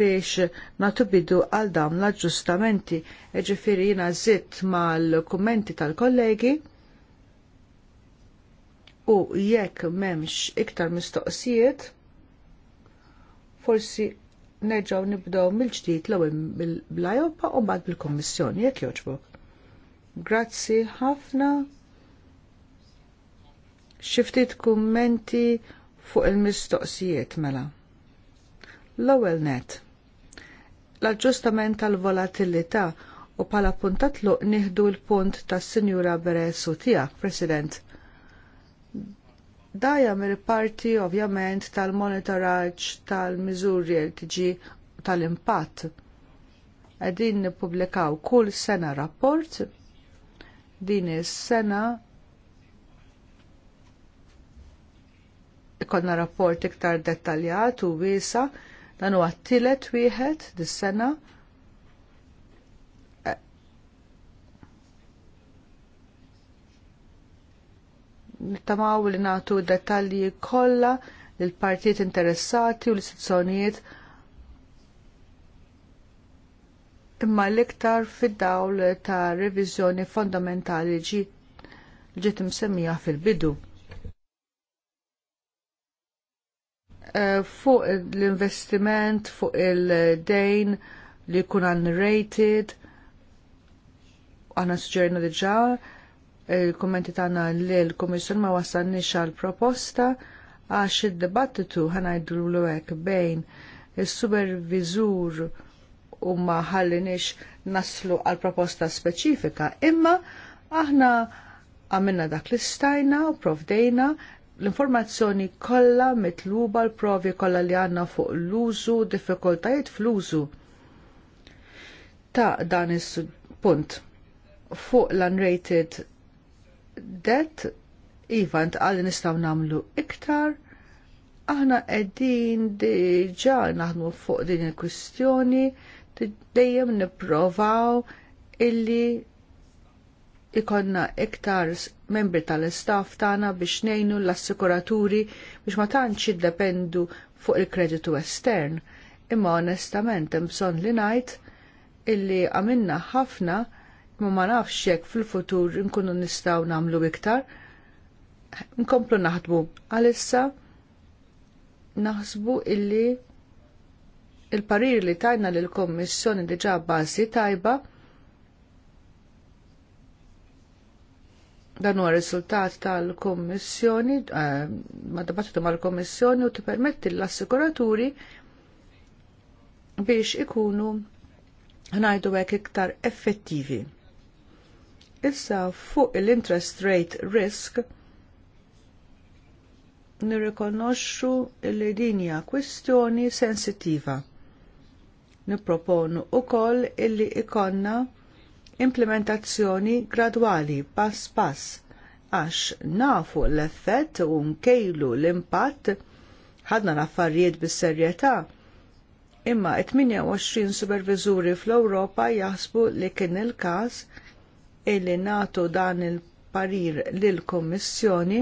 S3: biex natu bidu għal dawn l-aġġustamenti. Ġifiri jina zitt mal-kummenti tal-kollegi u jekk memx iktar mistoqsijiet, forsi nerġgħu nibdow mill-ġdid l bil-Ajopa u mbagħad bil-Kommissjoni jekk joġbok. Grazzi ħafna. Xiftit kummenti fuq il-mistoqsijiet mela. L-ewwel net. L-aġġustament tal-volatilità u pala puntat luq nieħdu l-punt tas-Sinjura Beresu tiegħek, President. Dajja mir parti ovvjament tal-monitoraġġ tal-miżuri li tiġi tal-impatt. Qegħdin nippubblikaw kull sena rapport din is-sena Konna rapport iktar dettaljat u wiesa dan huwa t-tielet wieħed dis-sena. E- nittamaw li nagħtu dettalji kollha lill partijiet interessati u l-istituzzjonijiet imma l-iktar fid-dawl ta' revizjoni fondamentali ġiet ġiet imsemmija fil-bidu. Eh, fuq l-investiment, fuq il-dejn li kun unrated, għana suġerna diġa, il-kommenti tagħna li l-Komissjon ma wasalniex għal proposta għax id-dibattitu ħanajdru l hekk bejn is-supervizur u ma ħallinix naslu għal proposta speċifika, imma aħna għamilna dak l-istajna u provdejna l-informazzjoni kollha mitluba l-provi kollha li għandna fuq l-użu, diffikultajiet fl-użu ta' dan is-punt fuq l-unrated debt iva ntqal nistgħu nagħmlu iktar aħna qegħdin diġà naħdmu fuq din il-kwistjoni dejjem nipprovaw illi ikonna iktar membri tal-istaff tagħna biex ngħinu l-assikuraturi biex ma tantx jiddependu fuq il-kreditu estern. Imma onestament hemm bżonn li ngħid illi għamilna ħafna imma ma nafx jekk fil-futur nkunu nistgħu nagħmlu iktar. Nkomplu naħdmu għalissa naħsbu illi il-parir li tajna lill-Kummissjoni diġà bażi tajba dan huwa riżultat tal-Kommissjoni, eh, ma dibattitu mal-Kommissjoni u tippermetti l-assikuraturi biex ikunu ngħidu hekk iktar effettivi. Issa fuq l-interest rate risk nirrikonoxxu li din hija kwistjoni sensittiva. Nipproponu wkoll illi ikonna implementazzjoni gradwali pass pass għax nafu l-effett u nkejlu l-impatt ħadna l-affarijiet bis-serjetà. Imma 28 superviżuri fl-Ewropa jaħsbu li kien il-każ illi nagħtu dan il-parir lill kummissjoni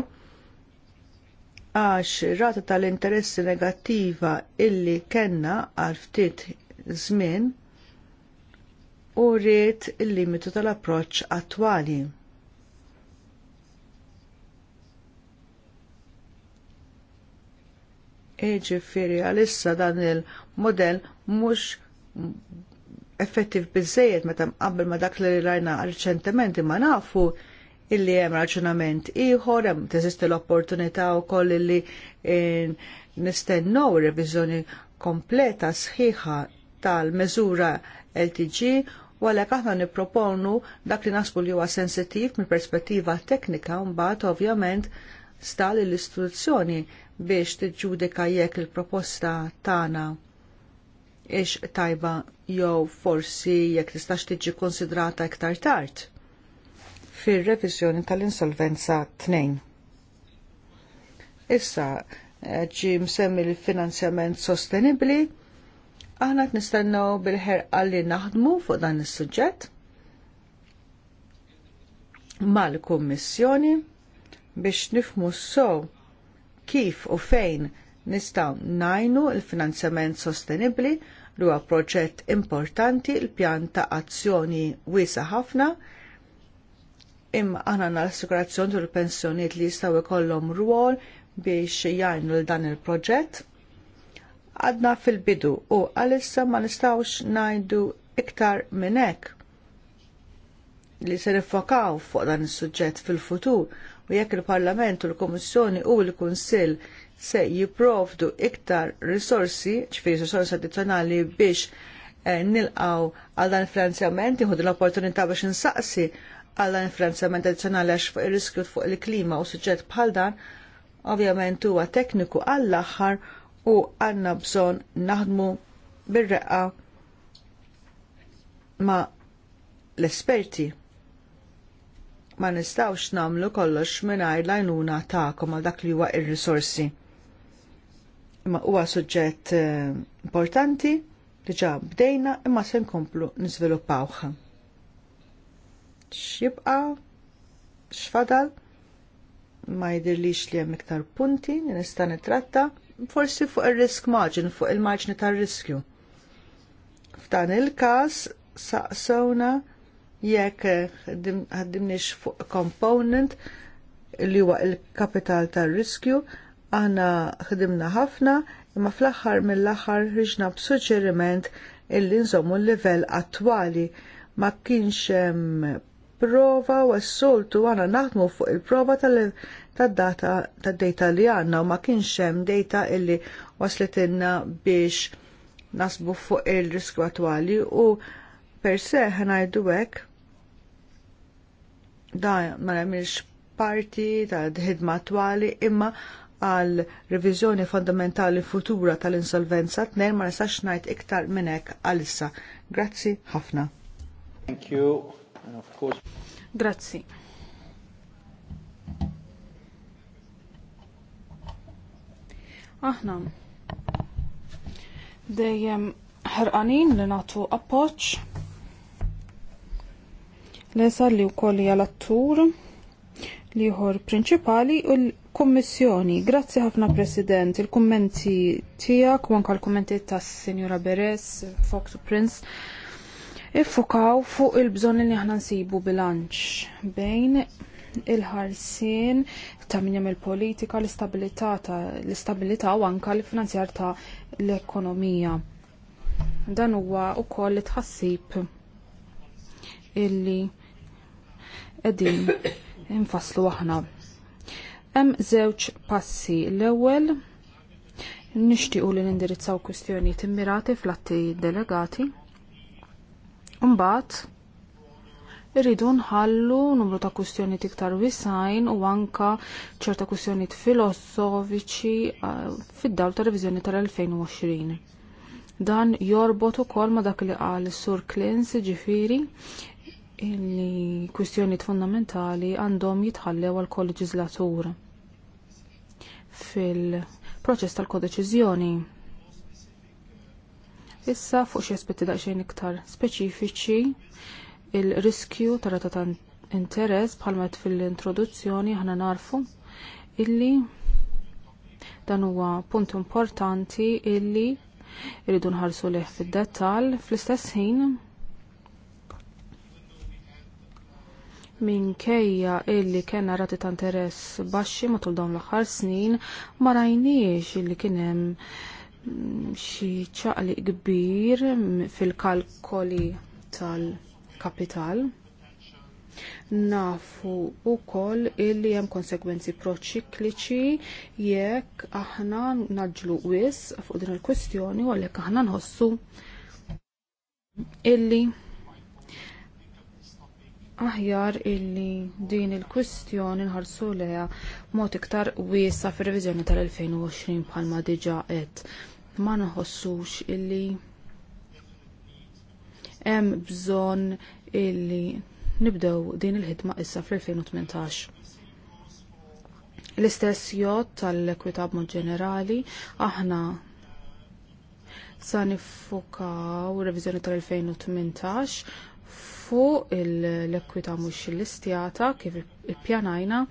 S3: għax rata tal-interessi negattiva illi kellna għal ftit żmien u rrit il-limitu tal-approċ attwali. firri għalissa dan il-modell mux effettiv bizzejiet meta mqabbel ma dak li rajna reċentement imma nafu illi hemm raġunament ieħor, hemm teżisti l-opportunità wkoll illi eh, nistennew reviżjoni kompleta sħiħa tal-meżura LTG u għalhekk aħna nipproponu dak li nasbu li huwa sensitiv mill-perspettiva teknika mbagħad ovvjament sta lill istituzzjoni biex tiġġudika jekk il-proposta tagħna ix tajba jew forsi jekk tistax tiġi konsidrata iktar tard fir-reviżjoni tal-insolvenza 2. Issa eh, ġi msemmi l-finanzjament sostenibli Aħna t nistennew bil ħer għalli naħdmu fuq dan is-suġġett mal-Kummissjoni biex nifmu so kif u fejn nistgħu najnu l-finanzjament sostenibbli li huwa proġett importanti l-pjan ta' azzjoni wiesa ħafna imma aħna l-assikurazzjoni tal l-pensjoniet li jistgħu jkollhom rwol biex jgħinu l dan il-proġett għadna fil-bidu u għalissa ma nistawx najdu iktar minn hekk li se nifokaw fuq dan is-suġġett fil-futur u jekk il-Parlament u l-Kummissjoni u l-Kunsill se jipprovdu iktar risorsi, ċfiri risorsi addizzjonali biex eh, nilqaw għal dan il-finanzjament, jieħu l-opportunità biex insaqsi għal dan il-finanzjament addizjonali għax fuq il riskju fuq il-klima u suġġett bħal dan, ovvjament huwa tekniku għall-aħħar u għandna bżonn naħdmu bir-reqqa ma l-esperti. Ma nistawx namlu kollox mingħajr l-għajnuna tagħkom għal dak li huwa ir-risorsi. Imma huwa suġġett eh, importanti diġa' bdejna imma se nkomplu niżviluppawh. X'jibqa' x'fadal ma jidhirlix li hemm iktar punti li nista' nitratta forsi fuq ir-risk margin, fuq il-marġni tar-riskju. F'dan il-każ saqsawna jekk ħaddimniex fuq component li huwa il-kapital tar-riskju, aħna ħdimna ħafna imma fl-aħħar mill-aħħar riġna b'suġġeriment illi nżommu l-livell attwali ma kienx ehm, prova u s-soltu għana naħdmu fuq il-prova tal tad-data tad-data li għandna u ma kienx hemm data illi waslet inna biex nasbu fuq il-risku attwali u per se ħanajdu hekk da ma nagħmilx parti tal-ħidma attwali imma għal reviżjoni fondamentali futura tal-insolvenza tnejn ma nistax ngħid iktar minn hekk għalissa. Grazzi ħafna. Thank
S1: you. And of course...
S4: Grazzi. Aħna. Dejjem ħarqanin li nagħtu appoġġ li li wkoll hija l-attur liħor prinċipali u l-Kommissjoni. Grazzi ħafna President, il-kummenti tiegħek u anke l-kummenti tas-Sinjura Beres, Fox Prince iffukaw fuq il-bżonn li aħna nsibu bilanċ bejn il-ħarsin ta' minjem il-politika, l-istabilità l-istabilità u anka l-finanzjar ta' l-ekonomija. Dan huwa wkoll tħassib illi qegħdin infaslu aħna. Hemm żewġ passi. L-ewwel nixtiequ li nindirizzaw kwistjonijiet timmirati fl-atti delegati. Mbagħad irridu nħallu numru ta' kustjoni iktar wisajn u anka ċerta kustjoni filosofiċi eh, fid-dawl ta' revizjoni tal-2020. Dan jorbot ukoll ma dak li qal sur Klins ġifiri illi kwistjonijiet fundamentali għandhom jitħallew għal kol-leġislatura fil-proċess tal kodeċizjoni Issa fuq xi aspetti daqsxejn iktar speċifiċi il-riskju ta' rata ta' interess bħalma fil-introduzzjoni aħna narfu illi dan huwa punt importanti illi irridu nħarsu leħ fid-dettall fl-istess ħin minkejja illi kena rati ta' interess baxxi matul dawn l-aħħar snin ma rajniex illi kien hemm mm, xi ċaqli kbir fil-kalkoli tal- kapital Nafu u koll illi jem konsekwenzi proċikliċi jekk aħna naġlu wis fuq din il-kwestjoni u għalek aħna nħossu illi aħjar illi din il-kwistjoni nħarsu leja mod iktar wiesa fir-reviżjoni tal-2020 bħalma diġà qed ma nħossux illi hemm bżonn illi nibdew din il-ħidma issa fl-2018. L-istess jod tal-ekwità b'mod ġenerali aħna sa nifukaw revizjoni tal-2018 fuq l-ekwita mhux l-istjata kif ippjanajna,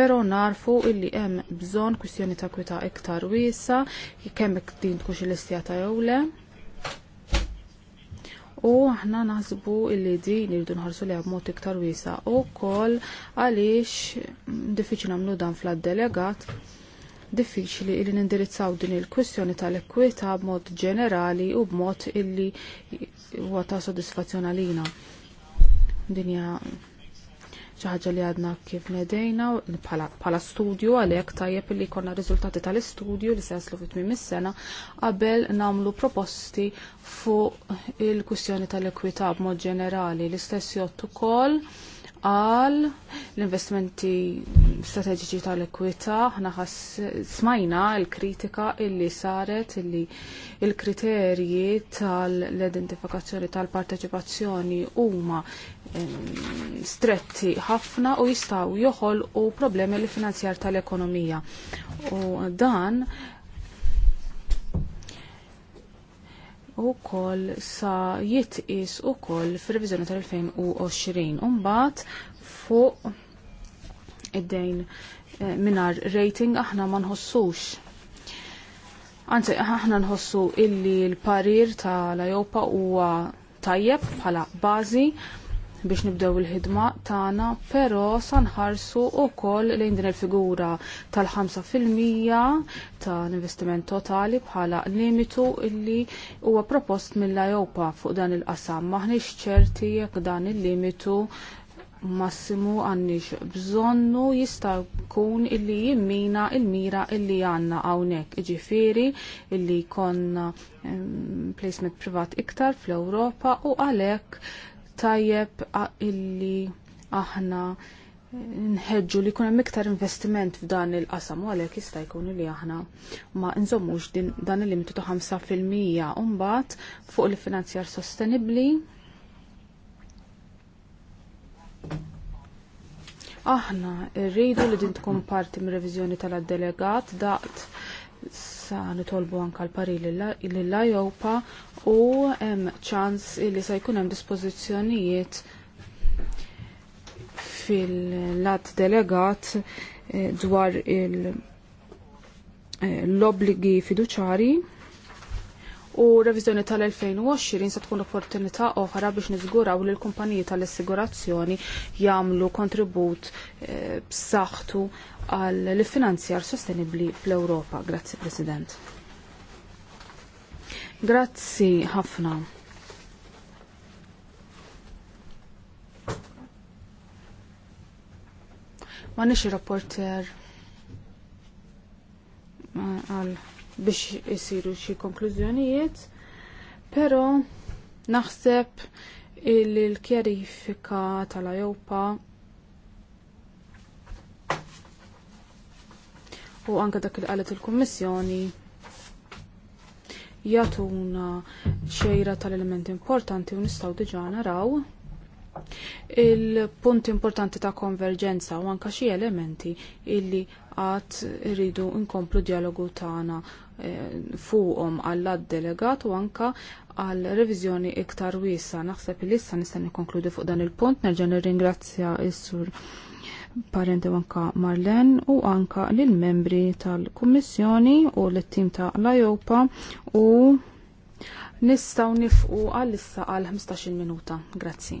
S4: però narfu illi hemm bżonn kwistjoni ta' kwita' iktar wiesa, kemm din tkunx l-istjata jew le u aħna naħsbu illi din irridu nħarsu li b'mod iktar wiesa u kol għaliex diffiċli nagħmlu dan fl-delegat diffiċli illi nindirizzaw din il-kwistjoni tal-ekwita b'mod ġenerali u b'mod illi huwa ta' sodisfazzjon għalina. Dinja ċaħġa li għadna kif nedejna bħala studju għalhekk tajjeb li konna rizultati tal-istudju li se fitmi mis sena qabel nagħmlu proposti fuq il-kwistjoni tal-ekwità b'mod ġenerali l-istess jott ukoll għal l-investimenti strateġiċi tal-ekwita, ħna smajna l-kritika illi saret illi il-kriterji tal-identifikazzjoni tal-parteċipazzjoni huma stretti ħafna u jistaw joħol u problemi li finanzjar tal-ekonomija. U dan u koll sa jitqis u koll fil-revizjoni tal-2020 umbat fuq id-dejn eh, minar rating aħna ma nħossux. Anzi, aħna nħossu illi l-parir tal-Ajopa huwa tajjeb bħala bażi biex nibdew il-ħidma tagħna, però sanħarsu wkoll lejn din il-figura tal-5% ta' investiment totali bħala limitu illi huwa propost mill-Ajopa fuq dan il-qasam. Maħniex ċerti jekk dan il-limitu massimu għandix bżonnu jista' jkun illi jimmina il-mira illi għandna hawnhekk ġifieri illi jkollna placement privat iktar fl-Ewropa u għalhekk tajjeb illi aħna nħedġu li kunem iktar investiment f'dan il-qasam, u għalek jista' jkun li aħna ma nżommux dan il-limitu ta' 5% umbat fuq il-finanzjar sostenibli. Aħna rridu li din tkun parti mir-reviżjoni tal-delegat daqt sa nitolbu anka l-parili l ajopa u hemm ċans li se jkun hemm dispożizzjonijiet fil-lat delegat eh, dwar eh, l-obligi fiduċari u revizjoni tal-2020 se tkun opportunità oħra biex niżguraw li l-kumpaniji tal-assigurazzjoni jagħmlu kontribut eh, b'saħħtu għall finanzjar sostenibbli fl-Ewropa. Grazzi President. Grazzi ħafna. Ma nixi rapporter għal biex isiru xi konklużjonijiet, però naħseb il l-kjerifika tal-Ajopa u anke dak il qalet il-Kummissjoni jatuna xejra tal-elementi importanti u nistgħu diġà naraw il-punt importanti ta' konverġenza u anka xi elementi illi għat rridu nkomplu dialogu tagħna eh, fuqhom għall delegat u anka għal reviżjoni iktar wiesa. Naħseb li issa nista' nikkonkludi fuq dan il-punt, nerġa' nirringrazzja s-sur Parente anka Marlen u anka lil membri tal-Kummissjoni u l-tim ta' l-Ajopa u nistaw nifqu għal issa għal 15 minuta. Grazzi.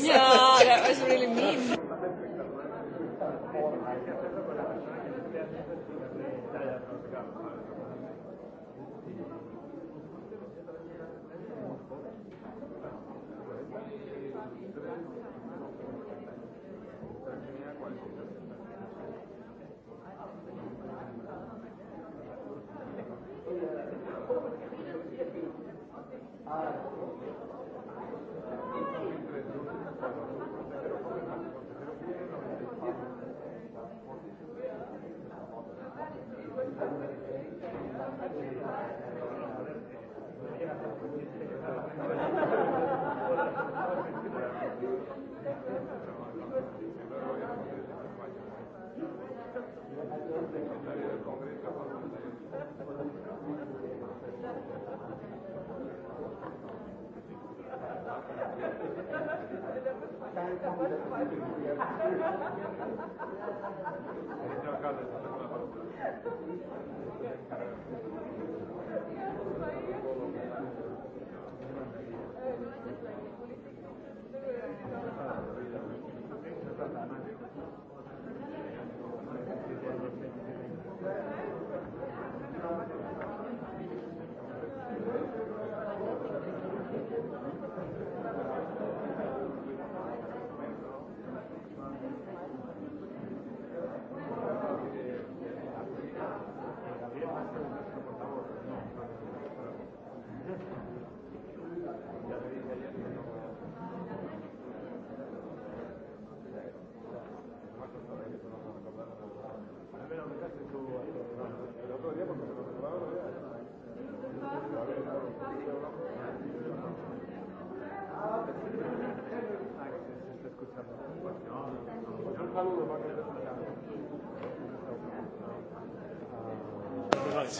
S5: yeah, that was really mean. Thank ah, you.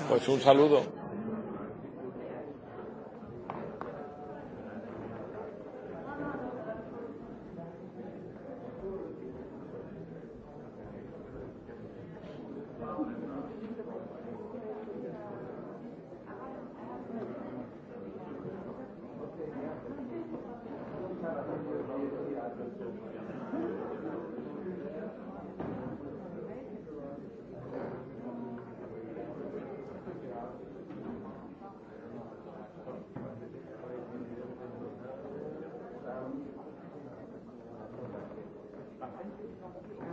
S4: Pues un saludo.
S5: and uh,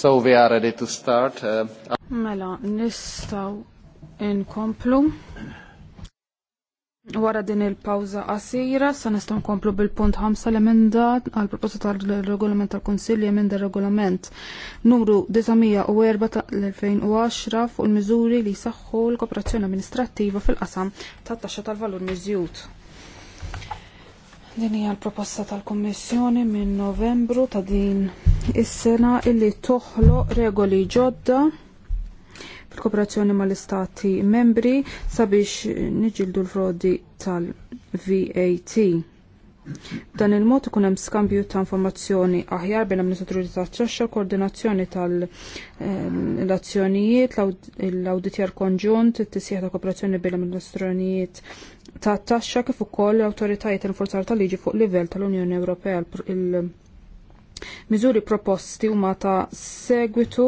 S1: So we are ready to start. Uh,
S4: mela, nistaw inkomplu. Wara din il-pawza qasira, sa nistgħu nkomplu bil-punt 5 l-emenda għal proposta tal-regolament tal-Kunsilli emenda regolament numru 904 l 2010 fuq il-miżuri li saħħu l-kooperazzjoni amministrattiva fil-qasam tat-taxxa tal-valur miżjud. Din hija l-proposta tal-Kummissjoni minn Novembru ta' din is-sena illi toħloq regoli ġodda fil-kooperazzjoni mal-istati membri sabiex niġildu l-frodi tal-VAT. Dan il-mod ikun hemm skambju ta' informazzjoni aħjar bejn amministraturi ta' taxxa, koordinazzjoni tal-azzjonijiet, l-awditjar konġunt, it-tisjeħ ta' kooperazzjoni bejn amministrazzjonijiet ta' taxxa kif ukoll l-awtoritajiet tal-forzar tal-liġi fuq livell tal-Unjoni Ewropea Miżuri proposti huma ta' segwitu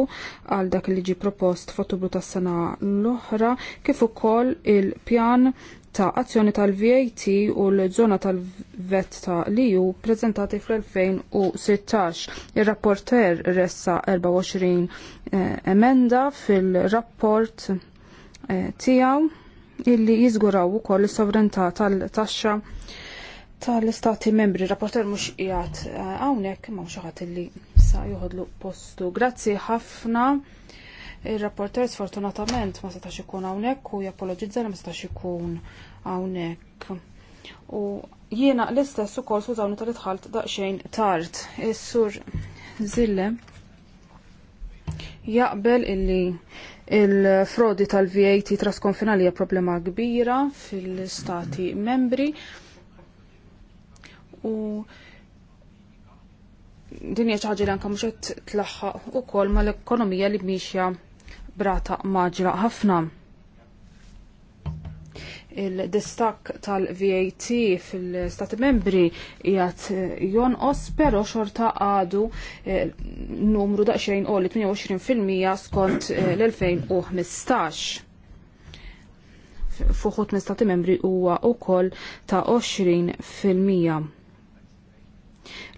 S4: għal dak li ġi propost f'Ottubru tas-sena l-oħra kif ukoll il-pjan ta' azzjoni tal-VAT u l-żona tal-vet ta' liju prezentati fl-2016. Ir-rapporter ressa 24 eh, emenda fil-rapport eh, tijaw tiegħu illi jiżguraw ukoll is sovrenta tal-taxxa tal-taxxa tal-istati membri, rapporter mux jgħat għawnek, eh, ma ħadd illi sa juħodlu postu. Grazzi ħafna. Il-rapporter sfortunatament ma setax ikun għawnek u japologizza li ma setax ikun għawnek. U jiena l-istess ukoll sużawni tal-itħalt daqsxejn tard. Is-sur Zille jaqbel illi il-frodi tal-VAT trasconfinali hija problema kbira fil-stati membri u Dinja ċaġi xi ħaġa li anke mhux qed tlaħħaq ukoll mal-ekonomija li bmiċja brata maġra ħafna. il destak tal-VAT fil-Stati membri jgħat os pero xorta għadu eh, numru daqxejn u li 28% skont eh, l-2015. Fuħut minn stati membri huwa ukoll ta' 20%.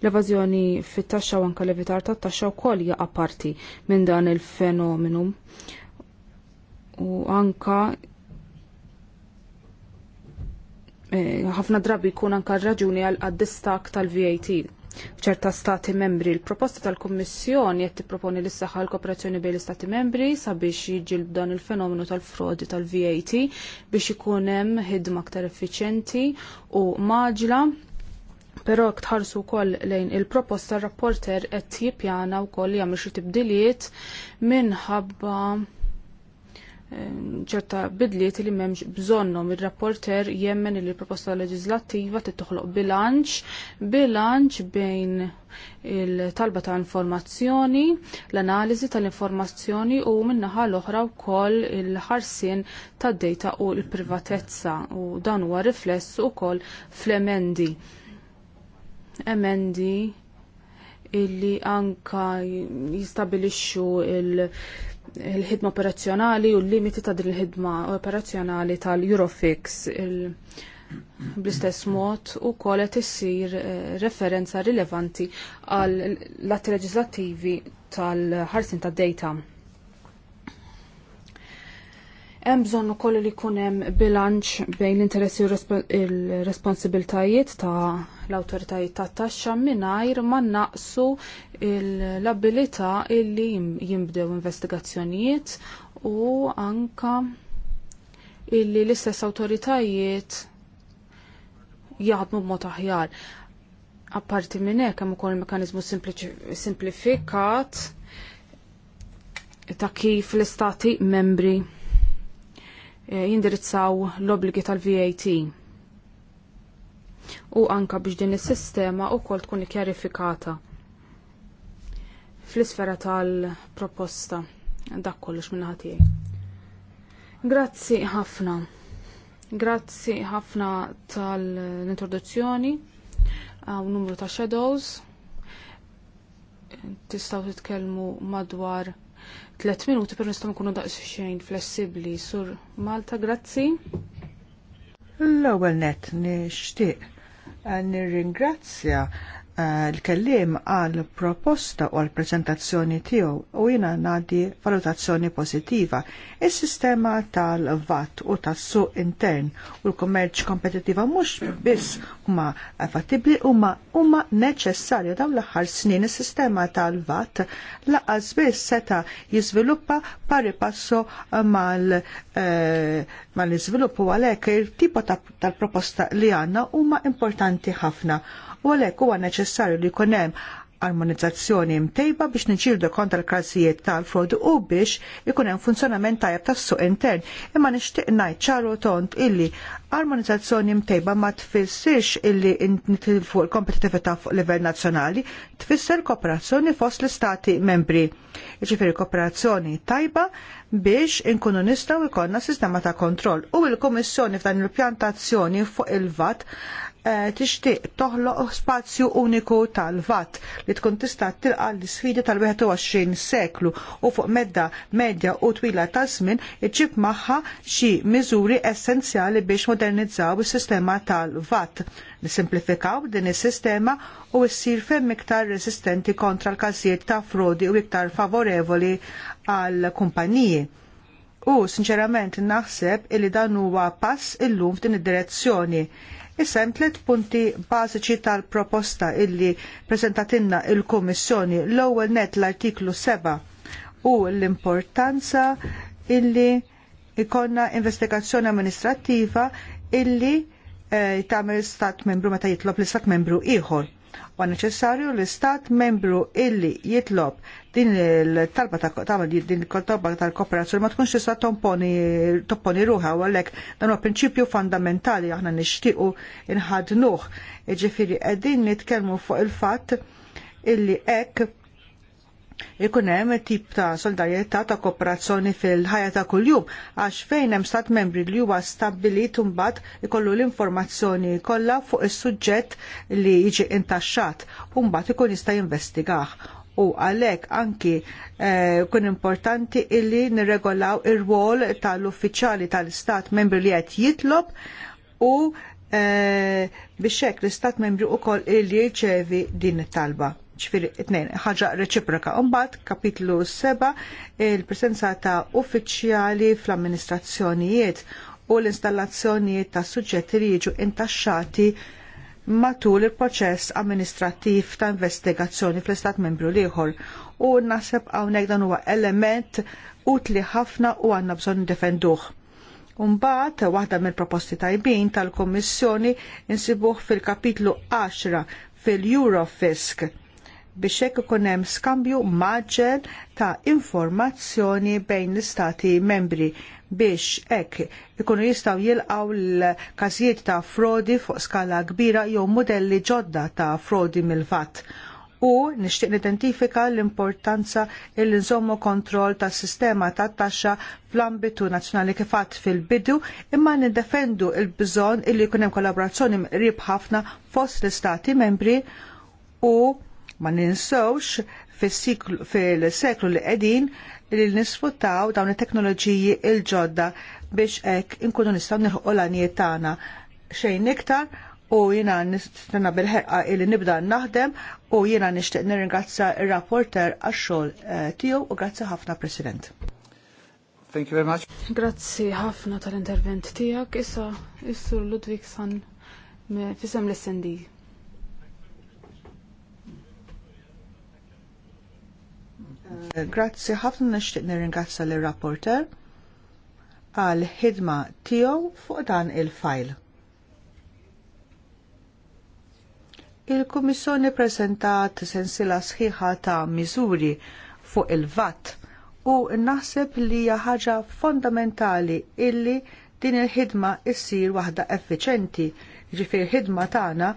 S4: L-evażjoni fit-taxxa u anke l-evitar tat-taxxa wkoll hija apparti minn dan il-fenomenu. U anka eh, ħafna drabi jkun anka raġuni għal distak tal-VAT ċerta stati membri. Il-proposta tal-Kommissjoni qed tipproponi l issaħħa l-kooperazzjoni bejn l-istati membri sabiex jiġi dan il-fenomenu tal-frodi tal-VAT biex ikun hemm ħidma aktar effiċenti u maġla però tħarsu wkoll lejn il-proposta rapporter qed jippjana wkoll jagħmel xi tibdiliet minħabba ehm, ċerta bidliet li memx bżonnom il-rapporter jemmen li proposta leġislattiva tittoħloq bilanċ, bilanċ bejn il-talba ta' informazzjoni, l-analizi tal-informazzjoni u minnaħa l-oħra wkoll il-ħarsin tad data u l-privatezza u dan huwa rifless ukoll fl-emendi emendi illi anka jistabilixxu il-ħidma operazzjonali u l-limiti ta' din il-ħidma operazzjonali tal-Eurofix bl-istess mod u qed issir eh, referenza rilevanti għal l-atti leġislattivi tal-ħarsin tad data Hemm bżonn ukoll li jkun hemm bilanċ bejn l-interessi u l-responsibiltajiet ta' l-awtoritajiet tat-taxxa mingħajr ma naqsu l-abilità illi jinbdew investigazzjonijiet u anka illi l-istess awtoritajiet jaħdmu b'mod aħjar. Apparti minn hekk hemm ukoll mekkaniżmu simplifikat ta' kif l-istati membri eh, jindirizzaw l-obligi tal-VAT u anka biex din is-sistema wkoll tkun ikkjarifikata fl-isfera tal-proposta. Dak kollox minn ħatijaj. Grazzi ħafna. Grazzi ħafna tal-introduzzjoni għaw uh, numru ta' shadows. Tistaw titkellmu madwar 3 minuti per nistaw nkunu daqs xejn flessibli. Sur Malta, grazzi.
S3: L-ewwel net nixtieq nirringrazzja Eh, l-kellim għal proposta u għal prezentazzjoni tiegħu u jiena ngħaddi valutazzjoni pożittiva. Is-sistema tal-VAT u tas-suq intern u l-kummerċ kompetittiva mhux biss huma fattibbli huma huma neċessarju dawn l-aħħar snin is-sistema tal-VAT laqas biss seta jiżviluppa pari passo mal eh, mal-iżviluppu għalhekk il-tipo tal-proposta li għandna huma importanti ħafna u għalhekk huwa neċessarju li jkun hemm armonizzazzjoni mtejba biex niċildu kontra l-krasijiet tal-frodi u biex ikun hemm funzjonament tajjeb tas-suq intern. Imma nixtieq ngħid ċaru tont illi armonizzazzjoni mtejba ma tfissirx illi fuq il-kompetitività fuq livell nazzjonali, tfisser kooperazzjoni fost l-istati membri. Jiġifieri kooperazzjoni tajba biex inkunu nistgħu ikonna sistema ta' kontroll u l-Kummissjoni f'dan il-pjantazzjoni fuq il-VAT Eh, tixtieq toħloq spazju uniku tal-vat li tkun tista' tilqa l-isfidi tal-21 seklu u fuq medda medja u twila ta' żmien iġib magħha xi miżuri essenzjali biex modernizzaw is-sistema tal-vat. Nisimplifikaw din is-sistema u issir fejn iktar resistenti kontra l-każijiet ta' frodi u iktar favorevoli għall kumpaniji. U sinċerament naħseb illi dan huwa pass illum f'din id-direzzjoni. Issa hemm tliet punti bażiċi tal-proposta illi preżentatinna il-Kummissjoni l-ewwel net l-artiklu 7 u l-importanza illi ikonna investigazzjoni amministrattiva illi eh, tagħmel stat membru meta jitlob l-istat membru ieħor U neċessarju li stat membru illi jitlob din il-talba din il-talba tal-kooperazzjoni ma tkunx tista' topponi ruħa u għalhekk dan huwa prinċipju fondamentali aħna nixtiequ inħadnuh. Ġifieri qegħdin nitkellmu fuq il-fatt illi hekk ikun hemm tip ta' solidarjetà ta' kooperazzjoni fil-ħajja ta' kuljum għax fejn hemm stat membri li huwa stabbilit imbagħad ikollu l-informazzjoni kollha fuq is-suġġett li jiġi intaxxat u mbagħad ikun jista' jinvestigah u għalhekk anki eh, kun importanti illi nirregolaw ir wol tal-uffiċjali tal-istat membri li qed jitlob u eh, biex hekk l-istat membri wkoll illi jirċevi din it-talba ċifiri tnejn ħaġa reċiproka. Umbat, kapitlu 7, il-presenza ta' uffiċjali fl-amministrazzjonijiet u l-installazzjonijiet ta' suġġetti li jiġu intaxxati matul il-proċess amministrattiv ta' investigazzjoni fl-istat membru liħor u nasib hawnhekk dan huwa element utli ħafna u għandna bżon defenduħ. Umbat, waħda mill proposti tajbin tal-Kommissjoni insibuh fil-kapitlu 10 fil-Eurofisk biex hekk ikun hemm skambju maġġel ta' informazzjoni bejn l-istati membri biex hekk ikunu jistgħu jilqgħu l-każijiet ta' frodi fuq skala kbira jew mudelli ġodda ta' frodi mill-fatt u nixtieq nidentifika l-importanza il nżommu kontroll tas sistema tat taxxa fl-ambitu nazzjonali kif għadd fil-bidu imma nindefendu l bżonn illi jkun hemm kollaborazzjoni qrib ħafna fost l-istati membri u Ma ninsawx fil-seklu li qegħdin li nisfuttaw dawn it-teknoloġiji il-ġodda biex hekk inkunu nistgħu nilħuqu l-għanijiet tagħna xejn iktar u jiena nistenna bil-ħeqqa illi nibda naħdem u jiena nixtieq nirringrazzja il rapporter għax-xogħol eh, tiegħu u grazzi ħafna President. Thank you very much.
S4: Grazzi ħafna tal-intervent tiegħek. Issa, issu Ludwig San, fisem l-SND.
S3: Eh, grazzi ħafna nixtieq nirringrazza lir rapporter għal ħidma tiegħu fuq dan il-fajl. Il-Kummissjoni preżentat sensila sħiħa ta' miżuri fuq il-VAT u naħseb li hija ħaġa fondamentali illi din il-ħidma issir waħda effiċenti, ġifier ħidma tagħna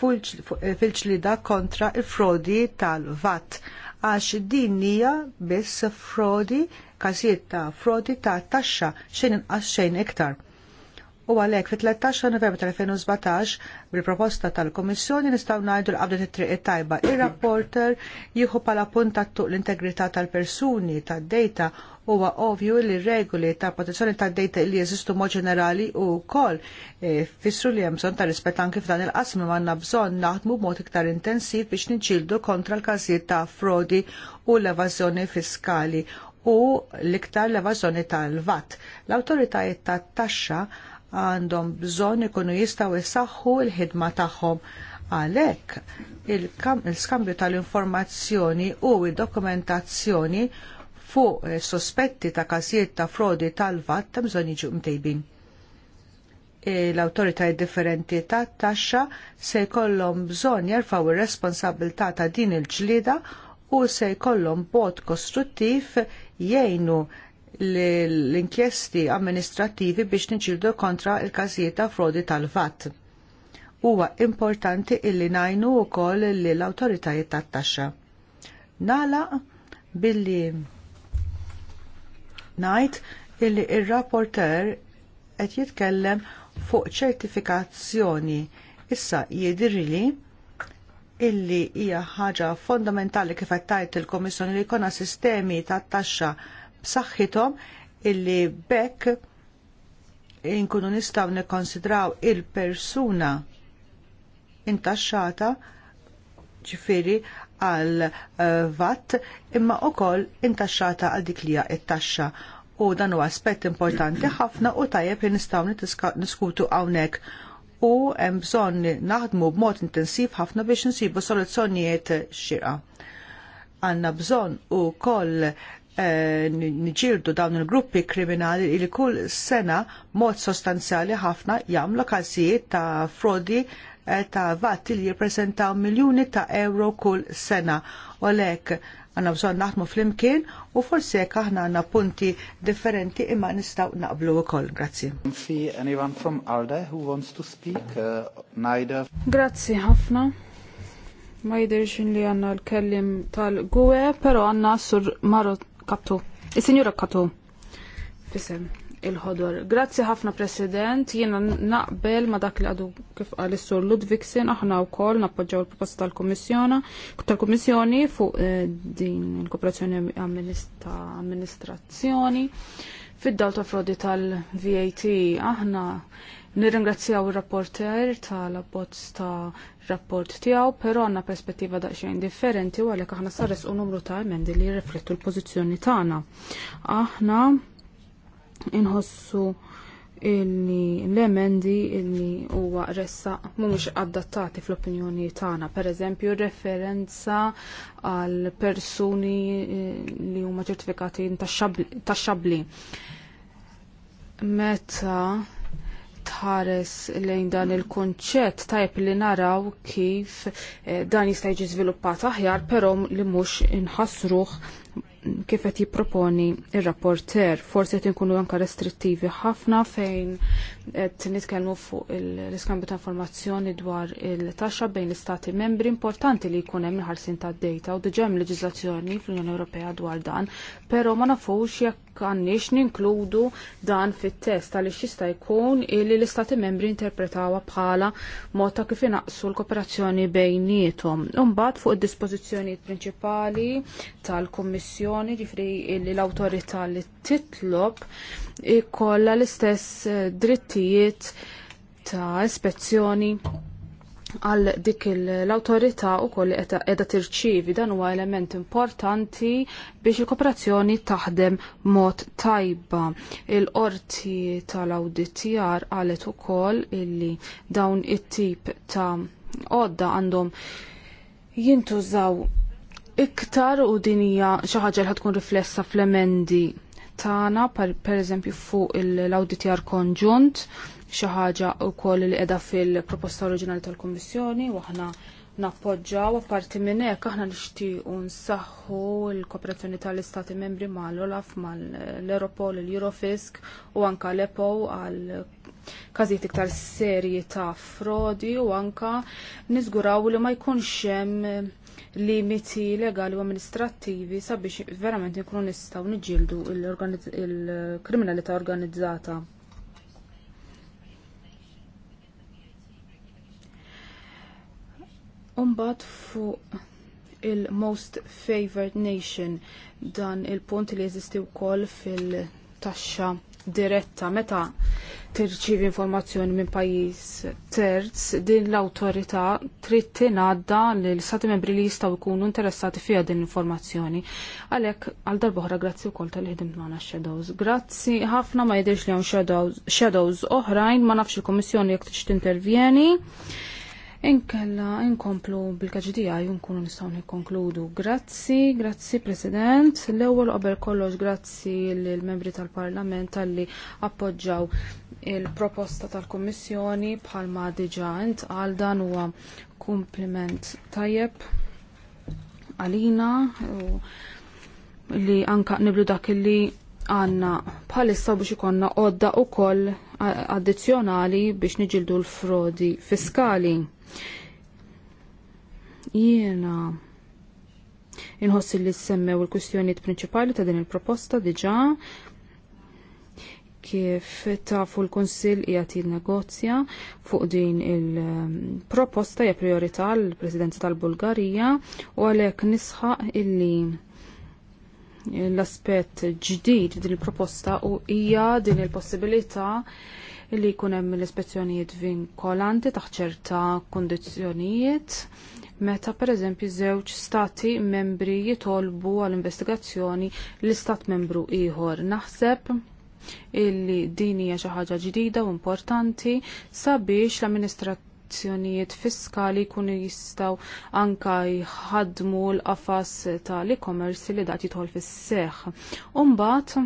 S3: fil-ġlida kontra il-frodi tal-VAT għax din hija biss frodi każijiet ta' frodi ta' taxxa xejn inqas xejn iktar u għalhekk fit-13 Novembru 2017 bil-proposta tal komissjoni nistgħu ngħidu l-qabdet t tajba. Ir-rapporter jieħu bħala punta tuq l-integrità tal-persuni tad-data huwa ovvju li regoli ta' protezzjoni tad-data li jeżistu mod ġenerali u wkoll e, fissru li hemm bżonn ta' rispett anki f'dan il qasmi għandna bżonn naħdmu b'mod iktar intensiv biex niġġieldu kontra l-każijiet ta' frodi u l-evażjoni fiskali u l-iktar l evazjoni tal-VAT. L-awtoritajiet tat-taxxa ta għandhom bżonn ikunu jistgħu jsaħħu l-ħidma tagħhom. Għalhekk il-skambju tal-informazzjoni u id-dokumentazzjoni fuq eh, sospetti ta' każijiet ta' frodi tal-vat ta' bżonn jiġu mtejbin. E, L-autoritajiet differenti ta' taxxa se jkollhom bżonn jerfgħu ir-responsabilità ta' din il-ġlieda u se jkollhom bod kostruttiv jgħinu l-inkjesti amministrattivi biex niġildu kontra l każijiet ta' frodi tal-VAT. Huwa importanti illi ngħinu wkoll lill awtoritajiet tat-taxxa. Nagħlaq billi ngħid illi r il rapporter qed jitkellem fuq ċertifikazzjoni issa jidhirli illi hija ħaġa fondamentali kif qed tajt il-Komissjoni li jkollna sistemi tat-taxxa b'saħħithom illi bekk inkunu nistgħu nikkonsidraw il-persuna intaxxata ġifiri għal eh, vatt imma wkoll intaxxata għal dik li it-taxxa u dan huwa aspett importanti ħafna u tajjeb li nistgħu niskutu hawnhekk u hemm bżonn naħdmu b'mod intensiv ħafna biex insibu soluzzjonijiet xira. Għandna bżonn ukoll Eh, niġirdu dawn il-gruppi kriminali li kull sena mod sostanzjali ħafna jagħmlu każijiet ta' frodi eh, ta' vatti li jirpresentaw miljuni ta' euro kull sena. U għalek għanna bżon bżonn fl-imkien u forse jekk aħna għandna punti differenti imma nistaw naqblu u koll. Grazzi.
S1: Uh,
S4: Grazzi ħafna. Ma jidirx li għanna l-kellim tal-gwe, pero għanna sur Marot Kaptu. il sinjura Kaptu. Fisem il-ħodor. Grazzi ħafna President, jiena naqbel ma dak li għadu kif għal sur Ludviksen. aħna wkoll nappoġġaw il-proposta tal komissjona tal komissjoni fuq eh, din il-Kooperazzjoni Amministrazzjoni fid-dawl ta' frodi tal-VAT. Aħna Nirringrazzjaw il-rapporter tal-abbozz ta' rapport tiegħu, però għandna perspettiva daqsxejn differenti u għalhekk aħna sares u numru ta' emendi li jirriflettu l-pożizzjoni tagħna. Aħna inħossu illi l-emendi illi huwa ressa mhumiex adattati fl-opinjoni tagħna. Pereżempju referenza għal persuni eh, li huma ċertifikati tax-xabli. Meta tħares lejn dan il-konċett tajb li naraw kif eh, dan jista' jiġi żviluppat aħjar, però li mhux inħassruh kif qed jipproponi ir-rapporter. Forsi qed inkunu anke restrittivi ħafna fejn qed nitkellmu fuq l-iskambju ta' informazzjoni dwar il-taxxa bejn l-istati membri importanti li jkun hemm il ħarsien tad-dejta u diġà hemm leġiżlazzjoni fl-Unjoni Ewropea dwar dan, però ma nafux jekk jekk ninkludu dan fit-test għaliex jista' jkun illi l-istati membri interpretawha bħala mod ta' kif inaqsu l-kooperazzjoni bejniethom. Imbagħad fuq id-dispożizzjonijiet prinċipali tal-Kummissjoni ġifri illi l-awtorità li titlob ikollha l-istess drittijiet ta' ispezzjoni għal dik l-autorità u koll edha tirċivi dan huwa element importanti biex il-kooperazzjoni taħdem mod tajba. Il-qorti tal-auditjar għalet u koll illi dawn it-tip ta' odda għandhom jintużaw iktar u dinija xaħġa li tkun riflessa fl-emendi tagħna per eżempju fuq l-auditjar konġunt xi ħaġa wkoll li qiegħda fil-proposta oriġinali tal-Kummissjoni u aħna nappoġġaw apparti minn hekk aħna nixtiequ nsaħħu l-kooperazzjoni tal-Istati Membri mal-Olaf mal-Europol, l-Eurofisk u anka l-EPO għal każijiet iktar serji ta' frodi u anka niżguraw li ma jkunx hemm limiti legali u amministrattivi sabiex verament nkunu nistgħu niġġieldu l-kriminalità organizzata. Umbat fuq il-Most Favored Nation dan il-punt li jeżisti wkoll fil-taxxa diretta meta tirċivi informazzjoni minn pajjiż terz din l-awtorità trid tingħadda lil stati membri li jistgħu jkunu interessati fiha din l-informazzjoni. Għalhekk għal darb'oħra grazzi wkoll tal-ħidim tagħna shadows. Grazzi ħafna ma jidhirx li hawn shadows, shadows oħrajn ma nafx il-Kummissjoni jekk tix tintervjeni. intervjeni Inkella inkomplu bil-kaġdija nkunu nistgħu nikkonkludu. Grazzi, grazzi President. L-ewwel qabel kollox grazzi lill membri tal-Parlament talli appoġġaw il-proposta tal-Kummissjoni bħalma diġà għal dan huwa kumpliment tajjeb għalina li anka niblu dak li għanna bħalissa biex ikonna għodda u koll addizjonali biex niġildu l-frodi fiskali. Jiena inħossi li semmew il-kustjonijiet prinċipali ta' din il-proposta diġa kif fu l-Konsil qiegħed negozja fuq din il-proposta hija priorità l-Presidenza tal-Bulgarija u għalhekk nisħaq illi l-aspett ġdid din il-proposta u hija din il-possibilità il possibilità illi jkun hemm l-ispezzjonijiet vinkolanti taħt ċerta kundizzjonijiet meta pereżempju żewġ stati membri jitolbu għall-investigazzjoni l-istat membru ieħor. Naħseb illi din hija xi ħaġa ġdida u importanti sabiex l amministrazzjonijiet fiskali jkunu jistgħu anke jħaddmu l-qafas tal-e-commerce li dat jitħol fis seħħ Umbat,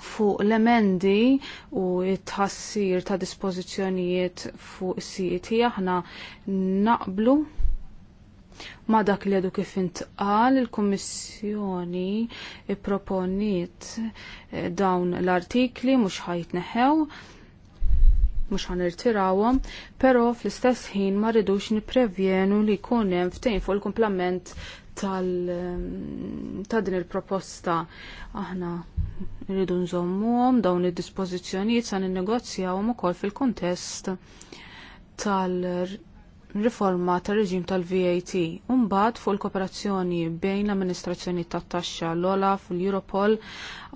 S4: fuq l-emendi u t-tħassir ta' dispożizzjonijiet fuq is-sieti aħna naqblu ma dak li għadu kif intqal il-Kummissjoni proponiet eh, dawn l-artikli mhux ħajtneħew mhux ħanirtirawhom, però fl-istess ħin ma rridux nipprevjenu li jkun hemm ftehim fuq il-kumplament Ehm, ta' din il-proposta aħna rridu nżommuhom dawn id-dispożizzjonijiet sa' ninnegozjawhom ukoll fil-kuntest tal riforma tar reġim tal-VAT Imbagħad fuq il-kooperazzjoni bejn l-amministrazzjoni tat-taxxa l-OLAF u l-Europol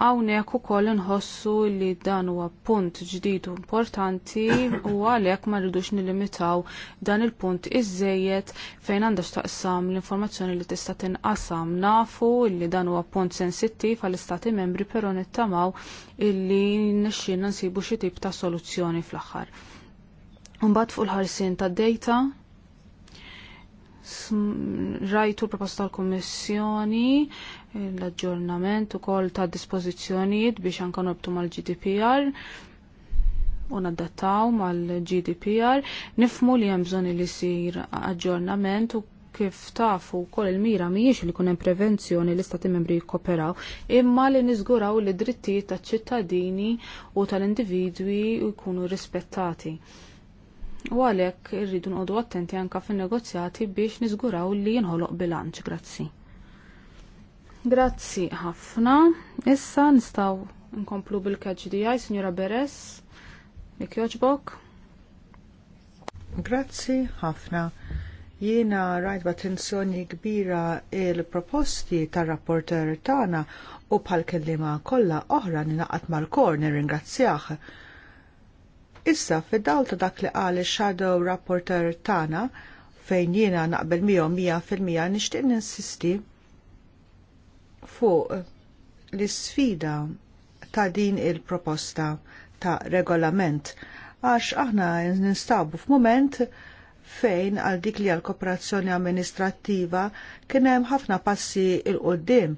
S4: hawnhekk ukoll inħossu li dan huwa punt ġdid u importanti u għalhekk ma rridux nilimitaw dan il-punt iżejjed fejn għandha x'taqsam l-informazzjoni li tista' tinqasam nafu li dan huwa punt sensittiv għall-istati membri però nittamaw illi nixxinna nsibu xi tip ta' soluzzjoni fl-aħħar. Imbagħad fuq il-ħarsien tad-data rajtu proposta tal-Kommissjoni l-aġġornament ukoll ta' dispożizzjonijiet biex anka nobtu mal-GDPR u nadattaw mal-GDPR nifmu li hemm bżonn li jsir aġġornament u kif tafu wkoll il-mira mhijiex li jkun hemm prevenzjoni li stati membri jikkoperaw imma li niżguraw li drittijiet taċ-ċittadini u tal-individwi jkunu rispettati. U għalhekk irridu nqodu attenti anka fin-negozjati biex niżguraw li jinħoloq bilanċ, grazzi. Grazzi ħafna. Issa nistgħu nkomplu bil-catch DI, Signora Beres, li kjoġbok.
S3: Grazzi ħafna.
S4: Jiena rajt b'attenzjoni kbira
S3: il-proposti tar-rapporter tagħna u bħal kelliema kollha oħra ninaqat mal-kor nirringrazzjah. ringrazzjah Issa, fid-dawl ta' dak li qal il-shadow rapporter tagħna fejn jiena naqbel miegħu mija fil-mija nixtieq ninsisti fuq l-isfida ta' din il-proposta ta' regolament għax aħna nistabu f'mument fejn għal dik li għal kooperazzjoni amministrattiva kien hemm ħafna passi il qoddim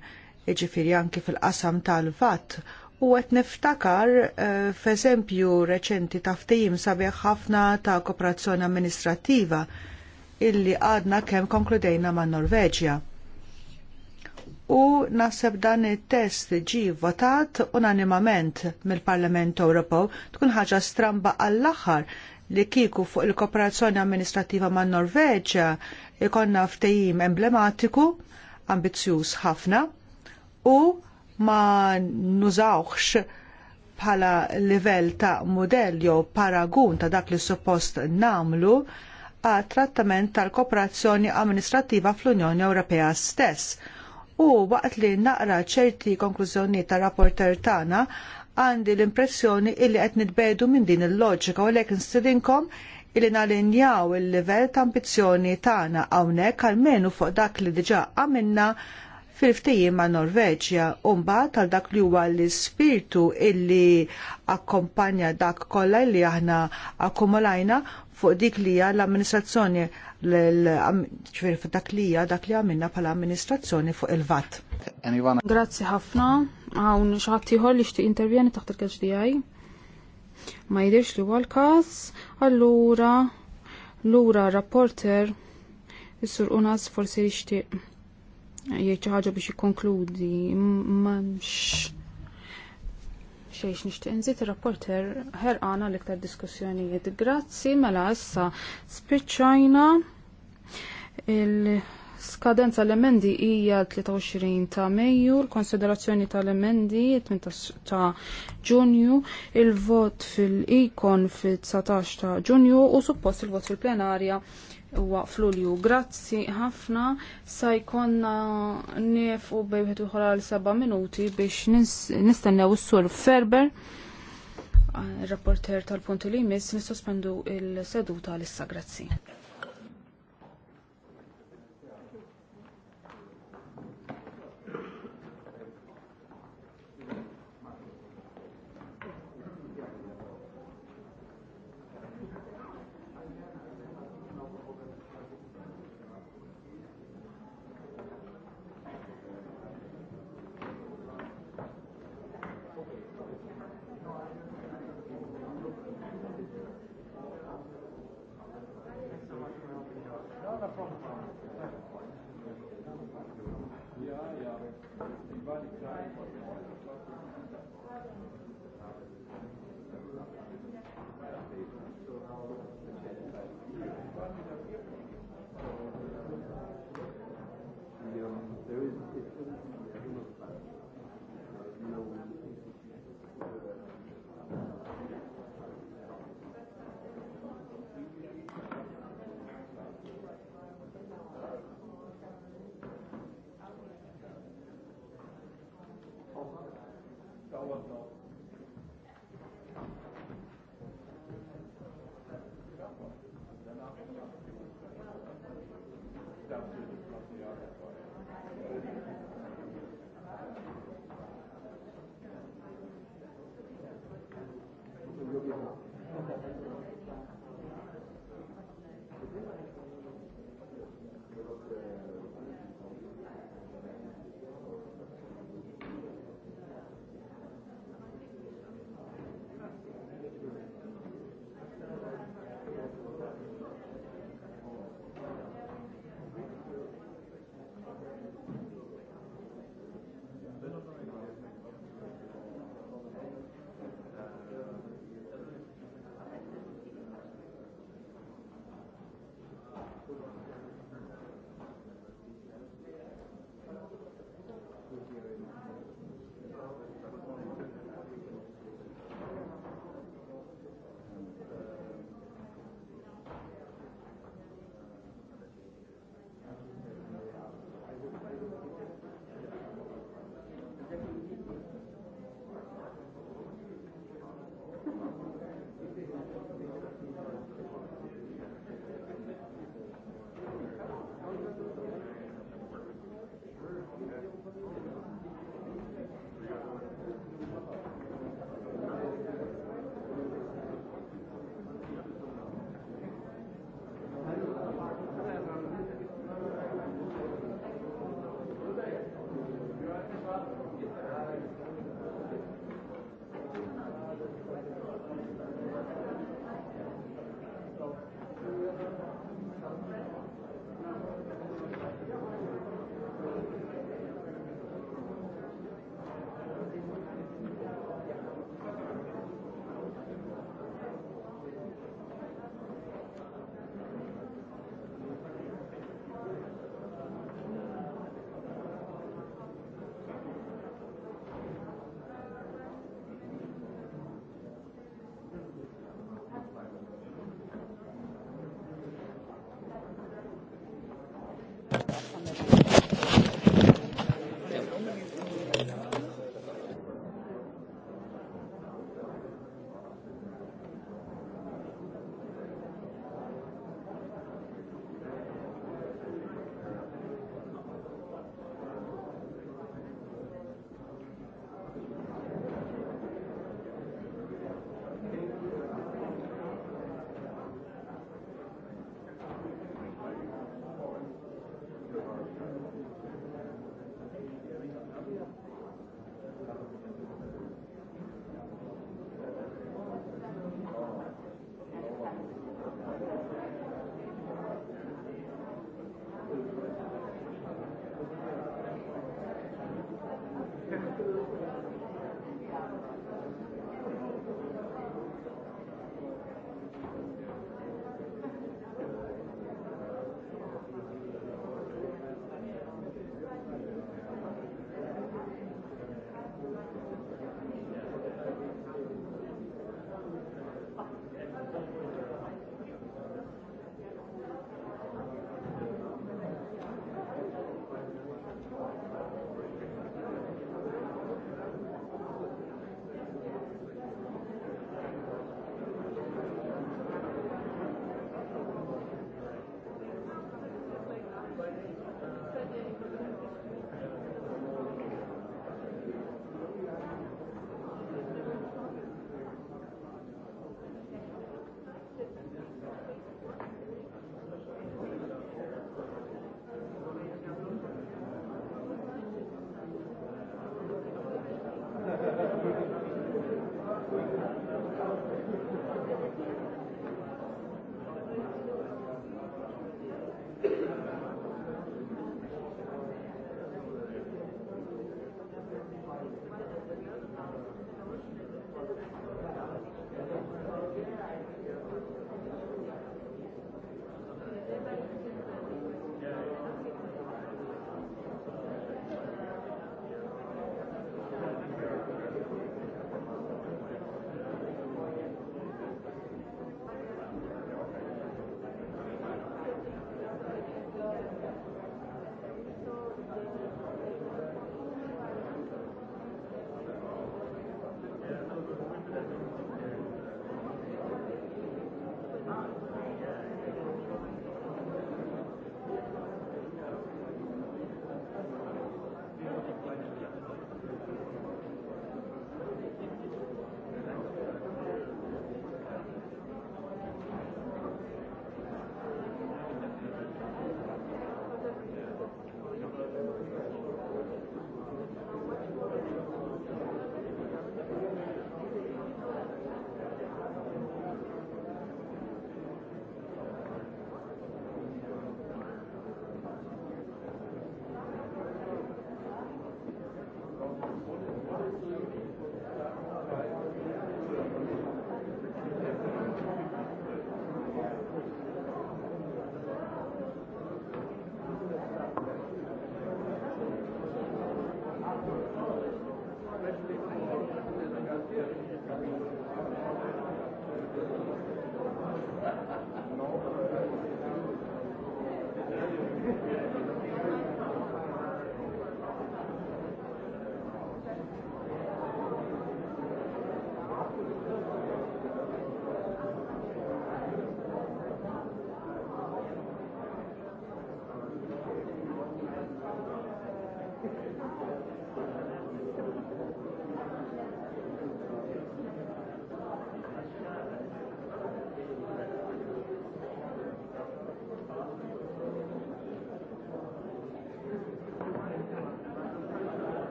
S3: iġifiri anki fil-qasam tal vatt U għet niftakar eh, f'eżempju reċenti ta' ftehim sabiħ ħafna ta' kooperazzjoni amministrattiva illi għadna kemm konkludejna ma' Norveġja. U naħseb dan it-test ġi votat unanimament mill-Parlament Ewropew tkun ħaġa stramba għall-aħħar li kieku fuq il-kooperazzjoni amministrativa ma' Norveġja ikonna ftejim emblematiku, ambizzjuż ħafna, u ma nużawx bħala livell ta' modell jew paragun ta' dak li suppost nagħmlu għat trattament tal-kooperazzjoni amministrattiva fl-Unjoni Ewropea stess. U waqt li naqra ċerti konklużjonijiet tar rapporter tagħna għandi l-impressjoni illi qed nitbedu minn din il-loġika u lek nstidinkom illi nalinjaw il-livell ta' ambizzjoni tagħna hawnhekk għalmenu fuq dak li diġà għamilna fil-ftejjim ma' Norveġja u mbagħad tal dak li huwa l-ispirtu illi akkompanja dak kollha li aħna akkumulajna fuq dik li hija l-amministrazzjoni dak li hija dak li għamilna bħala
S4: amministrazzjoni fuq il-VAT. Grazzi ħafna, għawn xi ħadd li xti intervjeni taħt il-kaġ Ma jidhirx li għal kas, każ allura lura rapporter is-sur Unas forsi xti jgħid xi ħaġa biex jikkonkludi m'hemmx xejx nixtieq inżid ir-rapporter ħerqana l-iktar diskussjonijiet. Grazzi mela issa spiċċajna il-skadenza l-emendi hija 23 ta' Mejju, l-konsiderazzjoni tal-emendi 18 ta' Ġunju, il-vot fil-ikon fil-19 ta' Ġunju u suppost il-vot fil-plenarja huwa f'Lulju. Grazzi ħafna sa jkollna niefu bej wieħed uħra għal seba' minuti biex nistennew is-sur Ferber rapporter tal-punti li jmiss nissospendu il-seduta l-issa grazzi.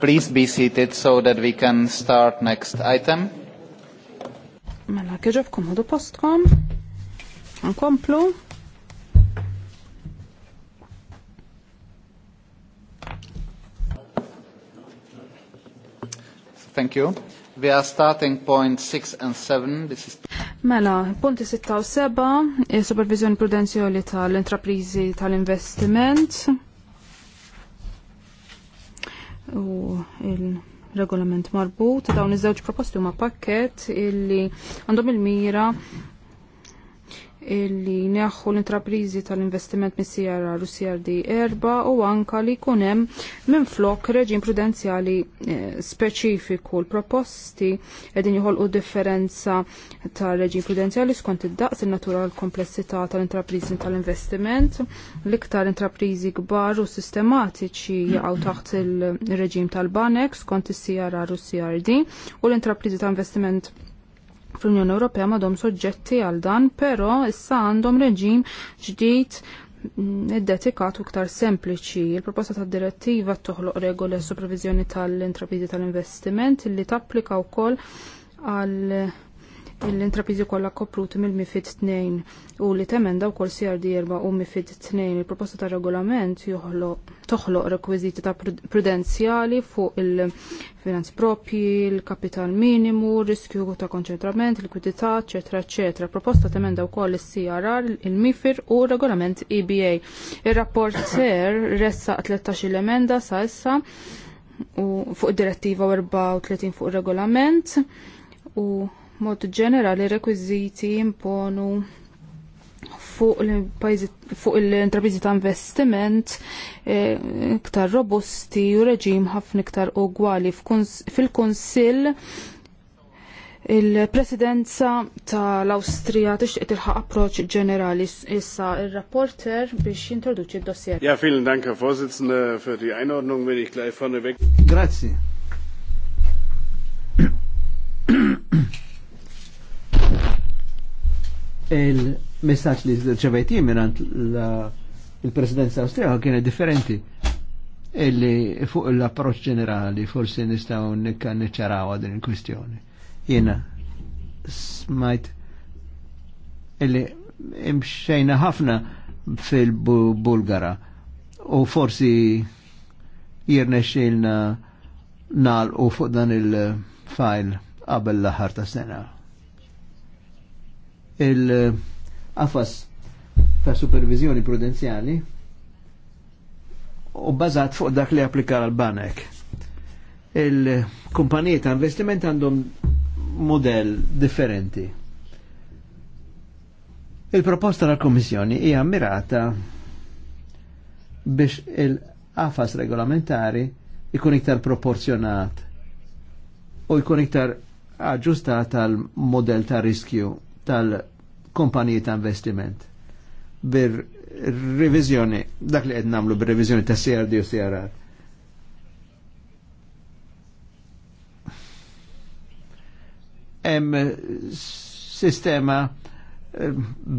S1: please be seated so that we can start next item.
S4: Mela kieġobkom ħodu postkom. Nkomplu.
S1: Thank you. We are starting point 6 and 7. This is
S4: Mela, punti 6 u 7, e supervision prudenzjoli tal-intraprizi tal-investiment. marbut dawn iż-żewġ proposti huma pakket illi għandhom il-mira illi neħħu l-intraprizi tal-investiment mis sijara u CRD erba u anka li kunem minn flok reġim prudenzjali eh, speċifiku l-proposti edin u differenza tal-reġim prudenzjali skont id-daqs il-natura l-komplessità tal-intraprizi tal-investiment l-iktar intraprizi kbar u sistematiċi jgħaw taħt il-reġim tal-banek skont il-CRR u CRD u l-intraprizi tal-investiment fl-Unjoni Ewropea madhom soġġetti għal dan, però issa għandhom reġim ġdid mm, id-detikat u ktar sempliċi. Il-proposta ta' direttiva toħloq regoli s supervizjoni tal intrapidi tal-investiment li tapplika wkoll għal l intrapiżi kollha kopruti mill-MIFID 2 u li temenda wkoll CRD 4 u MIFID 2 il-proposta ta' regolament toħloq rekwiżiti ta' prudenzjali fuq il-finanzi propji, il-kapital minimu, riskju ta' konċentrament, likwidità, eċetera, eċetera. Proposta temenda wkoll is-CRR, il-MIFIR u regolament EBA. Ir-rapport ser ressa 13 l-emenda sa' issa u fuq direttiva 34 fuq regolament u mod ġenerali rekwiżiti imponu fuq l-intrapriżi ta' investiment eh, iktar robusti u reġim ħafna iktar ugwali fil-Kunsill il-presidenza tal-Awstrija tixtieq tilħaq approċ ġenerali issa ir-rapporter biex jintroduċi d-dossier.
S1: Ja, vielen Dank, Herr für die Einordnung, wenn ich gleich Grazie
S2: il-messaġġ li ċevejti minant il-presidenza Austriaka kienet differenti illi fuq l-approċ ġenerali forsi nistaw niċċaraw din il-kwistjoni. Jena smajt illi imxejna ħafna fil-Bulgara u forsi jirna xilna nal u fuq dan il-fajl qabel l-ħar ta' sena il-qafas ta' supervizjoni prudenzjali u bazat fuq dak li applika għal-banek. Il-kumpaniji ta' investiment għandhom model differenti. Il-proposta tal kommissjoni hija mirata biex il-qafas regolamentari ikun iktar proporzjonat u ikun iktar aġustat għal model ta' riskju tal-kumpaniji ta' investiment. Bir-revizjoni, dak li qed nagħmlu bir-revizjoni ta' CRD u CRR. Hemm sistema eh,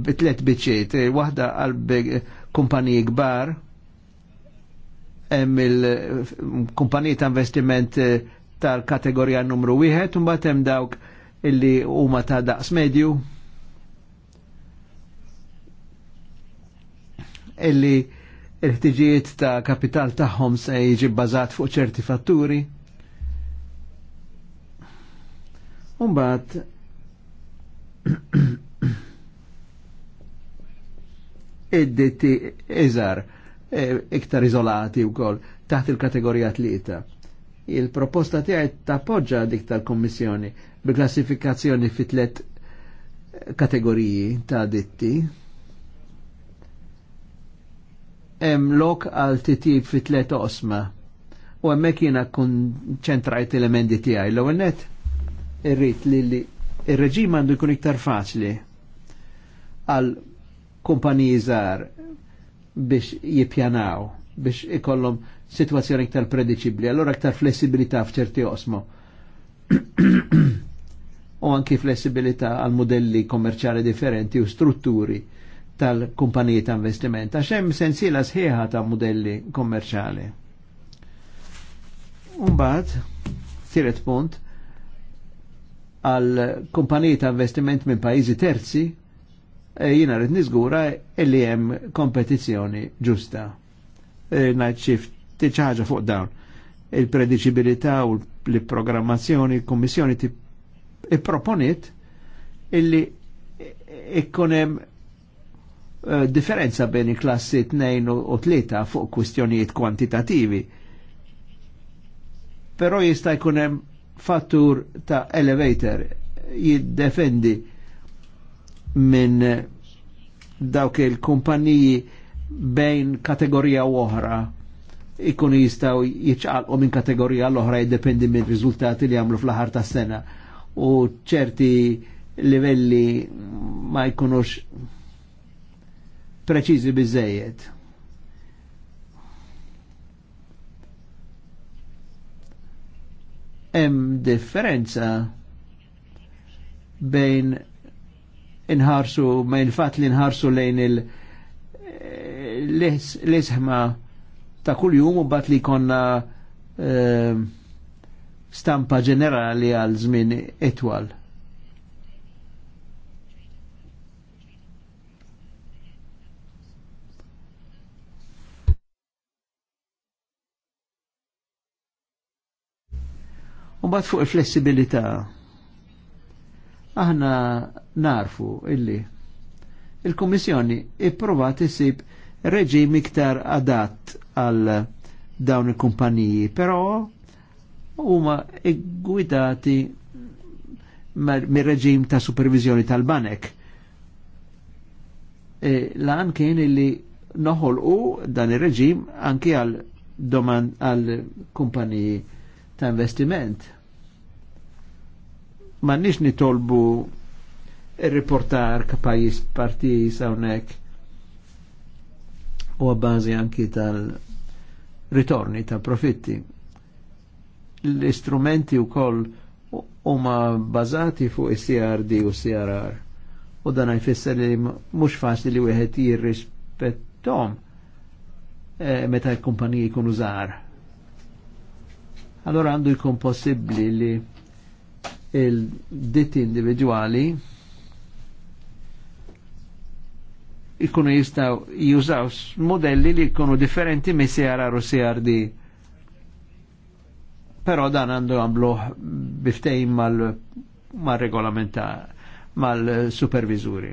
S2: bitlet biċiet, waħda għal kumpaniji kbar, hemm il-kumpaniji eh, ta' investiment eh, tal-kategorija numru wieħed, u mbagħad hemm dawk illi huma ta' daqs medju illi il-ħtiġijiet ta' kapital tagħhom se jiġi bbażat fuq ċerti fatturi. Umbat id-ditti iżar e, iktar izolati u taħt il-kategorija tlieta. Il-proposta tiegħi tappoġġa dik tal-Kommissjoni bi klassifikazzjoni fi tliet kategoriji ta' ditti hemm lok għal titib fi tliet osma. U hemmhekk kun ċentrajt l-emendi tijaj. L-ewwel net irrit li ir-reġim għandu jkun iktar faċli għal kumpaniji żgħar biex jippjanaw biex ikollhom situazzjoni iktar prediċibli, allora iktar flessibilità f'ċerti osmo. u anki flessibilità għal modelli kommerċali differenti u strutturi tal-kumpaniji ta' investiment, għax hemm sensiela sħiħa ta' modelli kommerċali. Umbagħad, tiret punt, għal kumpaniji ta' investiment minn pajjiżi terzi, e jina rrid niżgura li hemm kompetizzjoni ġusta. Eh, ngħid xi ftit ħaġa fuq dawn. Il-prediċibilità u l-programmazzjoni, il-Kummissjoni tipproponiet illi ikkun hemm Eh, differenza bejn il-klassi 2 u 3 fuq kwistjonijiet kwantitativi. Però jista' jkun hemm fattur ta' elevator jiddefendi minn dawk il-kumpaniji bejn kategorija u oħra ikun jistaw jitxalqu minn kategorija l-oħra jiddependi minn riżultati li għamlu fl-ħar ta' sena u ċerti livelli ma jkunux preċizi bizzejiet. Hemm differenza bejn inħarsu ma il-fat li nħarsu lejn il l-isħma ta' kull jum u bat li konna eh, stampa ġenerali għal żmien itwal. U bat fuq il-flessibilità. Aħna narfu illi il-Kommissjoni ipprova tisib reġi iktar adatt għal dawn il-kumpaniji, però huma igwidati mir-reġim ta' supervizjoni tal-banek. E, Lan kien illi noħolqu dan ir-reġim anki għal doman għal kumpaniji ta' investiment ma nix nitolbu il-reportar kapajis parti sawnek u għabbażi anki tal-ritorni, tal-profitti. L-istrumenti u koll huma bazati fuq is-CRD u CRR. U dan jfisser li mhux faċli li wieħed jirrispettom eh, meta l-kumpaniji jkun żgħar. Allora għandu jkun possibbli li il-ditti individuali ikunu jistaw jużaw modelli li jkunu differenti mis CRR u CRD. Però dan għandu għamluħ biftejn mal-regolamenta mal-supervizuri.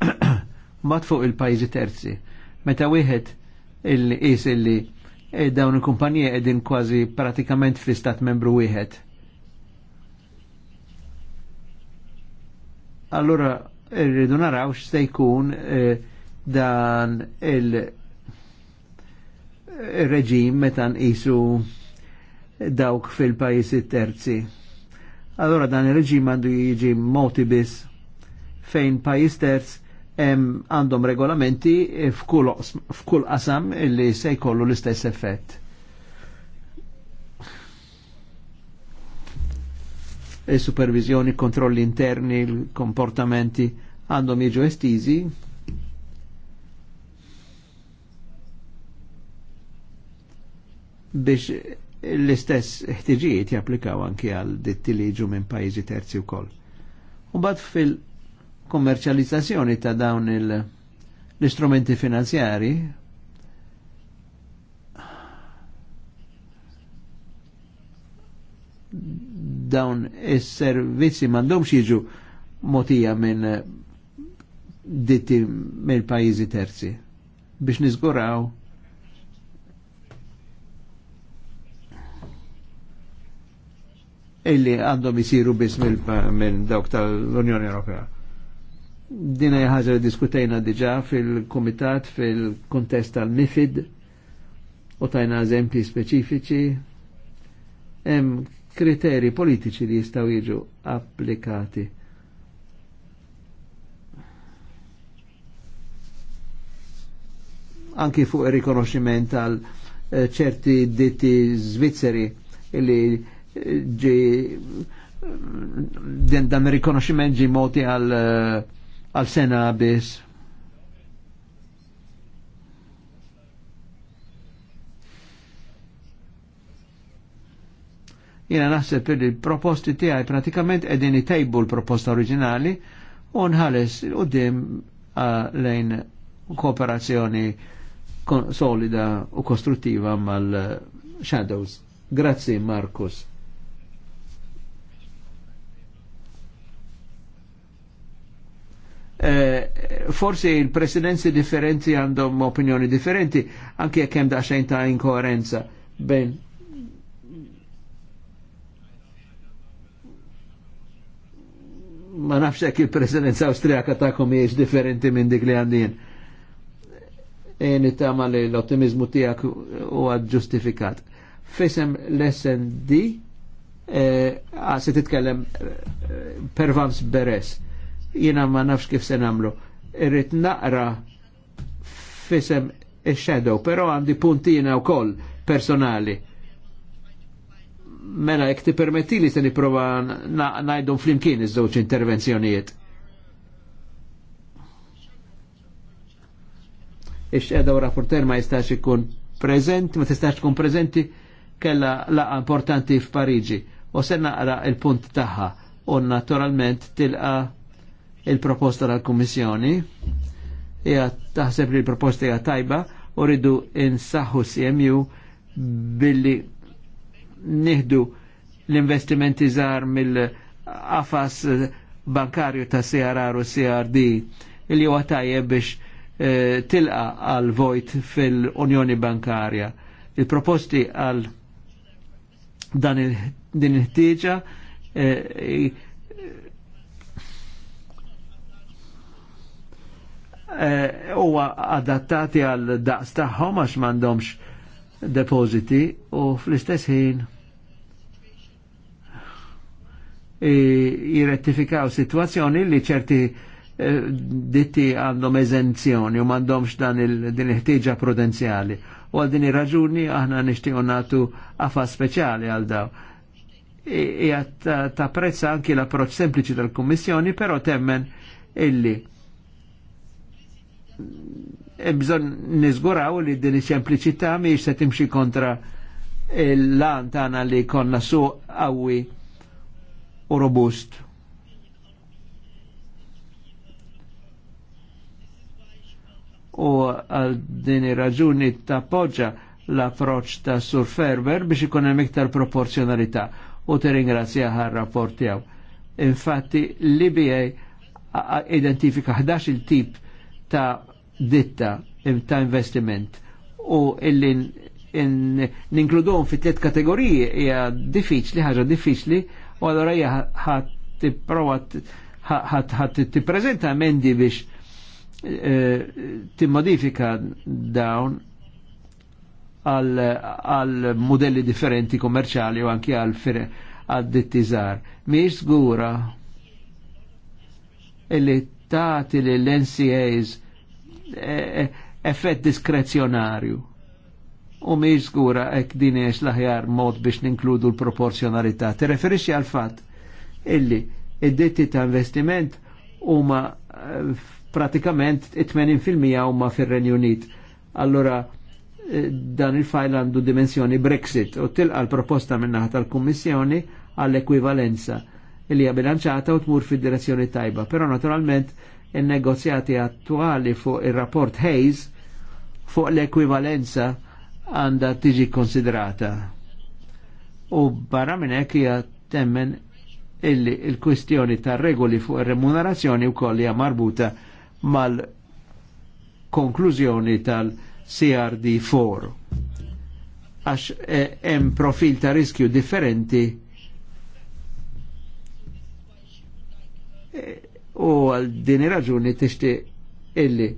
S2: Mat fuq il-pajzi terzi. Meta wieħed il is illi eh, dawn il-kumpanija edin kważi pratikament fl-istat membru wieħed allura rridu naraw x'se jkun eh, dan il-reġim eh, meta nqisu dawk fil-pajjiżi terzi. Allora dan ir-reġim għandu jiġi moti bis fejn pajjiż terz għandhom regolamenti f'kull qasam illi se jkollu l-istess effett. E supervizjoni, kontrolli interni, komportamenti għandhom jiġu estizi. biex l-istess ħtiġijiet japplikaw anki għal ditti li ġu minn pajizi terzi u koll. U bad fil-kommerċjalizzazzjoni ta' dawn l-istrumenti finanzjari dawn is-servizzi m'għandhomx jiġu motija minn ditti mill pajjiżi terzi biex niżguraw illi għandhom jisiru biss minn dawk tal-Unjoni Ewropea. Dina ħaġa li diskutejna diġa fil-Komitat fil-kontest tal-MIFID u tajna eżempji speċifiċi. Hemm kriteri politiċi li jistaw jiġu applikati. Anki fuq il-rikonoximent tal eh, ċerti ditti Svizzeri li eh, ġi eh, dendam dan rikonoximent ġi moti għal sena bis. jina naħseb li l-proposti tijaj pratikament qegħdin itejbu l-proposta oriġinali u nħares qudiem lejn kooperazzjoni solida u kostruttiva mal-Shadows. Grazie Markus. Eh, forse il-presidenzi differenti għandhom opinjoni differenti, anche jekk hemm daqsxejn ta' inkoerenza Ben, ma nafx hekk il-presidenza Awstrijaka tagħkom mhijiex differenti minn dik li għandin. E nittama li l-ottimizmu tiegħek huwa ġustifikat. Fisem l-SND e, se titkellem e, pervams beres. Jiena ma nafx kif se nagħmlu. Irrid naqra fisem ix-shadow, però għandi puntina wkoll personali Mela, jek ti permetti li se niprofa najdum flimkien iż-żewġ intervenzjonijiet. Ix edaw rapporter ma jistax ikun prezenti, ma tistax ikun prezenti kella laqa importanti f'Pariġi. U se naqra il-punt taħħa u naturalment tilqa il-proposta tal-Kummissjoni. Ija taħseb li l-proposta hija tajba u rridu insaħħu CMU billi nieħdu l-investimenti żgħar mill-qafas bankarju ta' CRR u CRD li huwa tajjeb biex eh, tilqa għal vojt fil-Unjoni Bankarja. Il-proposti għal dan din il-ħtieġa eh, eh, huwa adattati għal daqs tagħhom għax m'għandhomx depositi u fl-istess ħin e, jirettifikaw situazzjoni li ċerti e, ditti għandhom eżenzjoni u mandomx dan il-din ħtieġa prudenzjali. U għal din ir-raġuni aħna nixtiequ natu afa speċjali għal daw. Hija e, ta' prezza anki l approċ sempliċi tal kommissjoni pero temmen illi E bżon nizguraw li din sempliċità miex se timxi kontra l-lan tana li konna su għawi u robust. U għal din raġuni ta' poġġa l-approċ ta' Sur Ferber biex ikun hemm iktar proporzjonalità u tirringrazzja ħar-rapport tiegħu. Infatti l-IBA identifika 11 il-tip ta' ditta ta' investiment u illi ninkludom fi tliet kategoriji hija diffiċli, ħaġa diffiċli, u allora hija ħadd tipprova ħadd tippreżenta emendi biex eh, timmodifika dawn għal modelli differenti kommerċali u anki għal fire għad dittizar. Miex zgura illi taħti li l-NCAs effett diskrezjonarju. U mi zgura ek diniex laħjar mod biex ninkludu l-proporzjonalità. Ti referisci għal fatt illi id ditti ta' investiment huma eh, pratikament 80% huma fir-Renju Unit. Allora eh, dan il-fajl għandu dimensjoni Brexit u tilqa l-proposta minnaħa tal-Kummissjoni għall-ekwivalenza li hija bilanċata u tmur fid-direzzjoni tajba. Però naturalment il-negozjati attuali fuq il-rapport Hayes fuq l-ekwivalenza għanda tiġi konsiderata. U barra minnek hekk hija temmen illi il-kwistjoni ta' regoli fuq il remunerazzjoni wkoll hija marbuta mal-konklużjoni tal-CRD4. Għax e, hemm profil ta' riskju differenti e u għal din raġuni tixti illi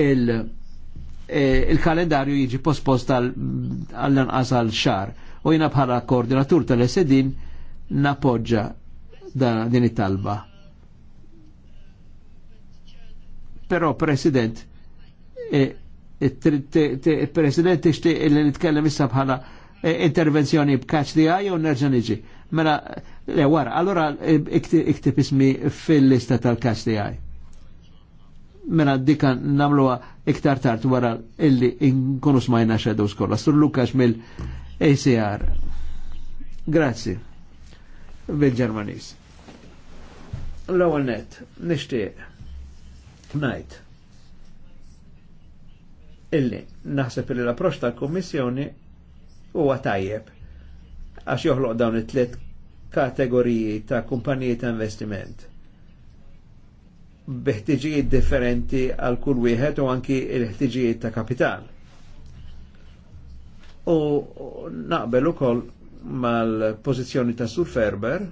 S2: eh, il-kalendarju jiġi pospost għall-anqas għal xar u jina bħala koordinatur tal-esedin napoġġa din it-talba. Però President, eh, eh, President tixti illi nitkellem issa bħala intervenzjoni b'kaċ di għaj u nerġan iġi. Mela Le eh, wara, allora eh, iktib ismi fil-lista tal-kas Mena dikan dika namluha iktar tard wara illi inkunus smajna xedu skolla. Sur Lukas mill-ACR. Grazzi. Bil-Ġermanis. L-ewwel net, nixtieq. Najt. Illi naħseb il l-approċċ tal kommissjoni huwa tajjeb għax joħloq dawn it tlet kategoriji ta' kumpaniji ta' investiment biħtiġijiet differenti għal kull wieħed u anki l-ħtiġijiet ta' kapital. U naqbel ukoll mal-pożizzjoni ta' Sur Ferber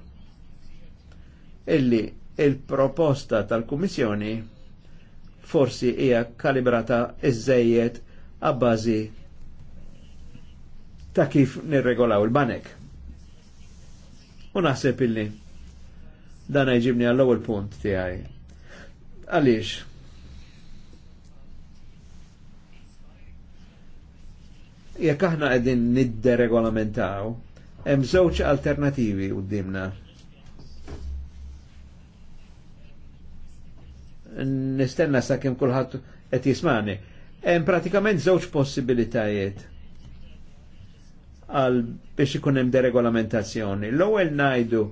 S2: illi il-proposta tal-Kummissjoni forsi hija kalibrata iżejjed għabbażi ta' kif nirregolaw il-banek. U naħseb illi dan jġibni għall-ewwel punt tiegħi. Għaliex? Jekk aħna qegħdin nidderegolamentaw, hemm żewġ alternativi dimna. Nistenna sakemm kulħadd qed jismani. Hemm pratikament żewġ possibilitajiet għal biex ikun hemm deregolamentazzjoni. L-ewwel ngħidu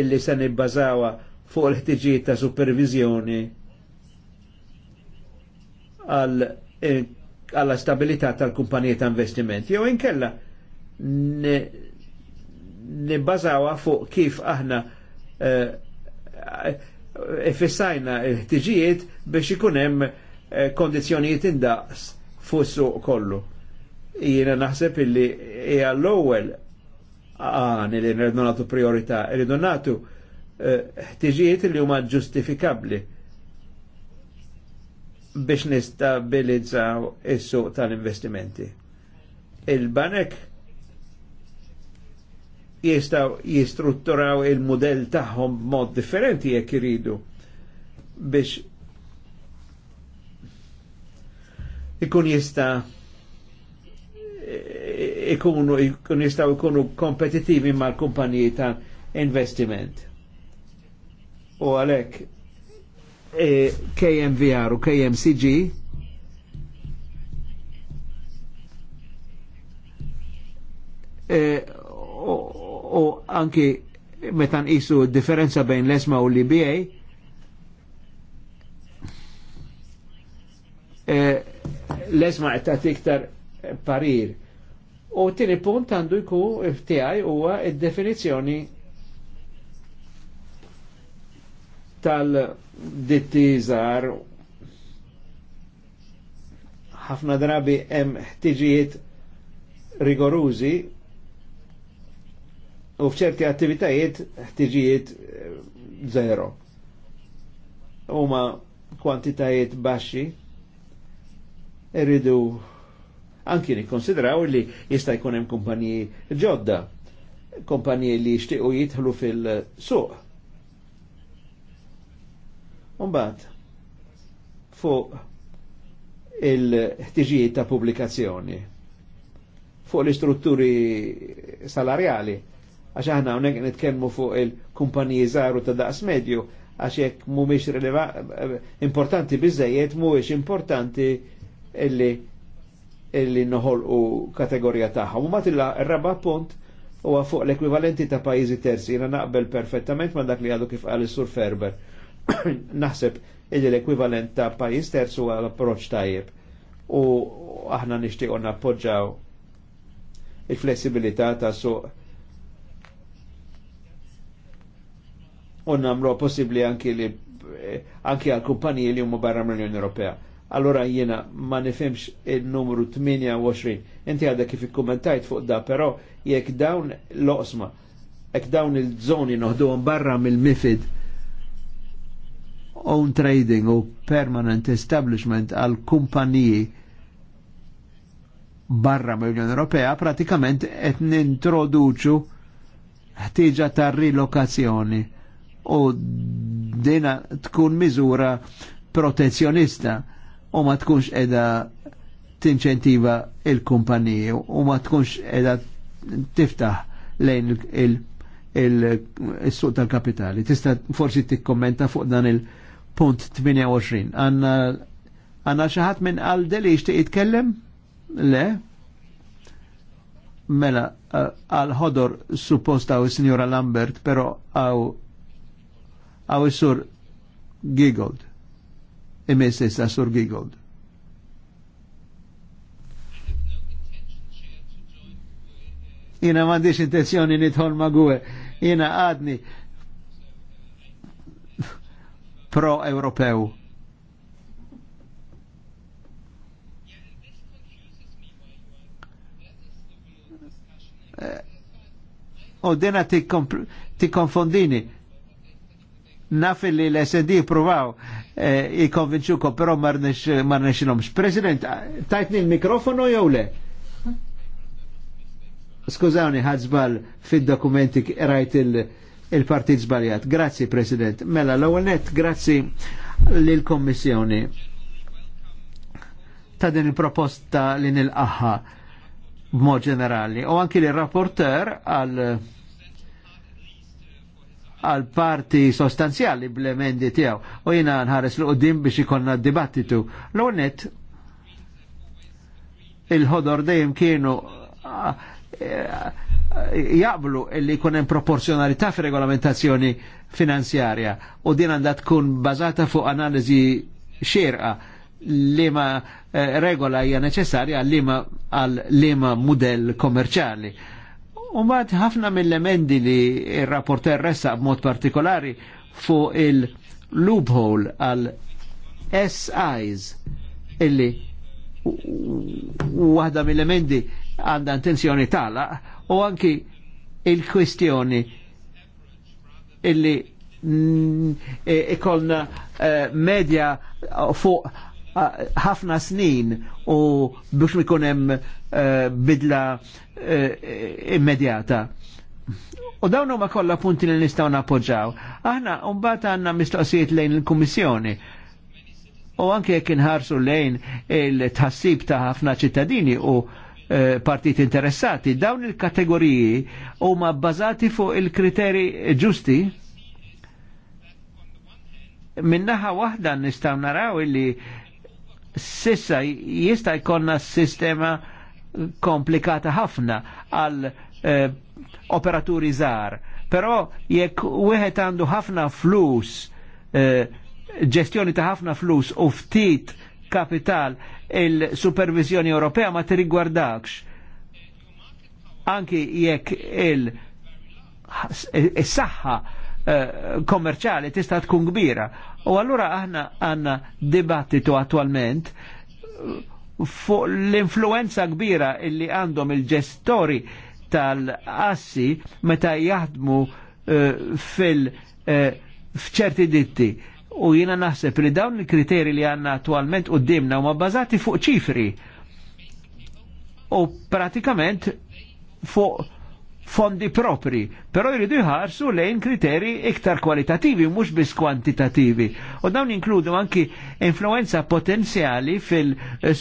S2: illi se nibbażawha fuq il-ħtiġijiet ta' supervizjoni eh, għalla stabilità tal-kumpanija ta' investimenti. Jew inkella nibbażawha fuq kif aħna ifissajna eh, e l-ħtiġijiet biex ikun hemm eh, kondizzjonijiet indaqs fuq suq kollu jiena naħseb illi hija l-ewwel għani li nridu nagħtu priorità, rridu nagħtu eh, ħtiġijiet li huma ġustifikabbli biex nistabilizzaw is-suq tal-investimenti. Il-banek jistaw jistrutturaw il-modell tagħhom b'mod differenti jekk iridu biex ikun jista' ikunu jistaw ikunu kompetitivi mal-kumpaniji ta' investiment. U għalek e, KMVR u KMCG e, u, anki metan isu differenza bejn l-esma u l-IBA e, l-esma għetta tiktar parir. U tini punt għandu jku ftijaj huwa id definizjoni tal-dittizar ħafna drabi hemm ħtiġijiet rigorużi u f'ċerti attivitajiet ħtiġijiet eh, zero. Huma kwantitajiet baxxi irridu anki nikkonsidraw li jista' jkun hemm kumpaniji ġodda, kumpaniji li jixtiequ jidħlu fil-suq. Umbat, fuq il-ħtiġijiet ta' publikazzjoni, fuq l-istrutturi salarjali, għax aħna hawnhekk nitkellmu fuq il-kumpaniji żaru ta' daqs medju, għax jekk mhumiex importanti biżejjed mhuwiex importanti illi illi noħolqu kategorija taħħa. U matilla r-raba punt u fuq l-ekwivalenti ta' pajjiżi terzi. jina naqbel perfettament ma' dak li għadu kif qal sur Ferber. Naħseb illi l-ekwivalent ta' pajjiż terzi u għal approċċ tajjeb. U aħna nixtiequ nappoġġaw il-flessibilità ta' suq u namlu possibli anki li eh, anki għal kumpaniji li huma barra mill-Unjoni Ewropea allora jiena ma nifimx il-numru 28. Inti għadha kif ikkumentajt fuq da, però jekk dawn l-osma, jekk dawn il-żoni noħduhom barra mill-mifid own trading u permanent establishment għal kumpaniji barra mill-Unjoni Ewropea, pratikament qed nintroduċu ħtieġa ta' rilokazzjoni u dina tkun miżura protezzjonista u ma tkunx edha tinċentiva il-kumpaniji u ma tkunx edha tiftaħ lejn il-suq tal-kapitali. Tista' forsi t-kommenta fuq dan il-punt 28. Għanna għanna xaħat minn għalde li jishtiq jitkellem? Le? Mela, eh, għal-ħodor supposta għaw il signora Lambert, pero għaw għaw il-sur Giggold. MSS issa Sur Gigold. Jina mandiċ intenzjoni nidħol ma' gwe. Jina għadni pro-Ewropew. Eh, u dena ti konfondini naf li l-SD provaw eh, jikonvinċuko, però marnexinomx. President, tajtni l mikrofono jew le? Skużawni, ħadżbal fil dokumenti rajt il-partit zbaljat. Grazzi, President. Mela, l-ewwel net, grazzi lill-Kommissjoni ta' din il-proposta li nil aħħa b'mod ġenerali. U anki l-rapporter għal għal parti sostanzjali bl-emendi tijaw. U jina nħares l qudiem biex ikonna dibattitu. L-unet il-ħodor dejjem kienu eh, jaqblu li jkun hemm proporzjonalità fir-regolamentazzjoni finanzjarja u din għandha tkun bażata fuq analiżi xierqa li ma eh, regola hija neċessarja li ma għal lima mudell kommerċali Umbat ħafna mill-emendi li il-rapporter ressa b'mod partikolari fuq il-loophole għal SIs illi waħda mill-emendi għanda intenzjoni tala u anki il-kwistjoni illi ikolna e- e- eh, media fuq ħafna snin u biex mi hemm eh, bidla eh, immedjata. U dawn huma kollha punti li nistgħu nappoġġaw. Aħna mbagħad għandna mistoqsijiet lejn il-Kummissjoni. U anke jekk inħarsu lejn il-tħassib ta' ħafna ċittadini u eh, partit interessati, dawn il-kategoriji huma bbażati fuq il-kriteri ġusti minnaħa wahda nistaw naraw illi sissa jista' jkonna sistema komplikata ħafna għal eh, operaturi zar. Pero jekk wieħed għandu ħafna flus, ġestjoni eh, ta' ħafna flus u ftit kapital il-supervizjoni Ewropea ma tirigwardakx. Anki jekk il- is-saħħa eh, kommerċali tista' tkun kbira U allura aħna għanna dibattitu attualment uh, fuq l-influenza kbira illi għandhom il-ġestori tal-assi meta jaħdmu uh, fil ċerti uh, fċerti ditti. U jina naħseb li dawn il-kriteri li għanna attualment u dimna u ma bazati fuq ċifri. U pratikament fuq fondi propri, però jridu jħarsu lejn kriteri iktar kwalitativi, mhux biss kwantitativi. U dawn inkludu anki influenza potenzjali fil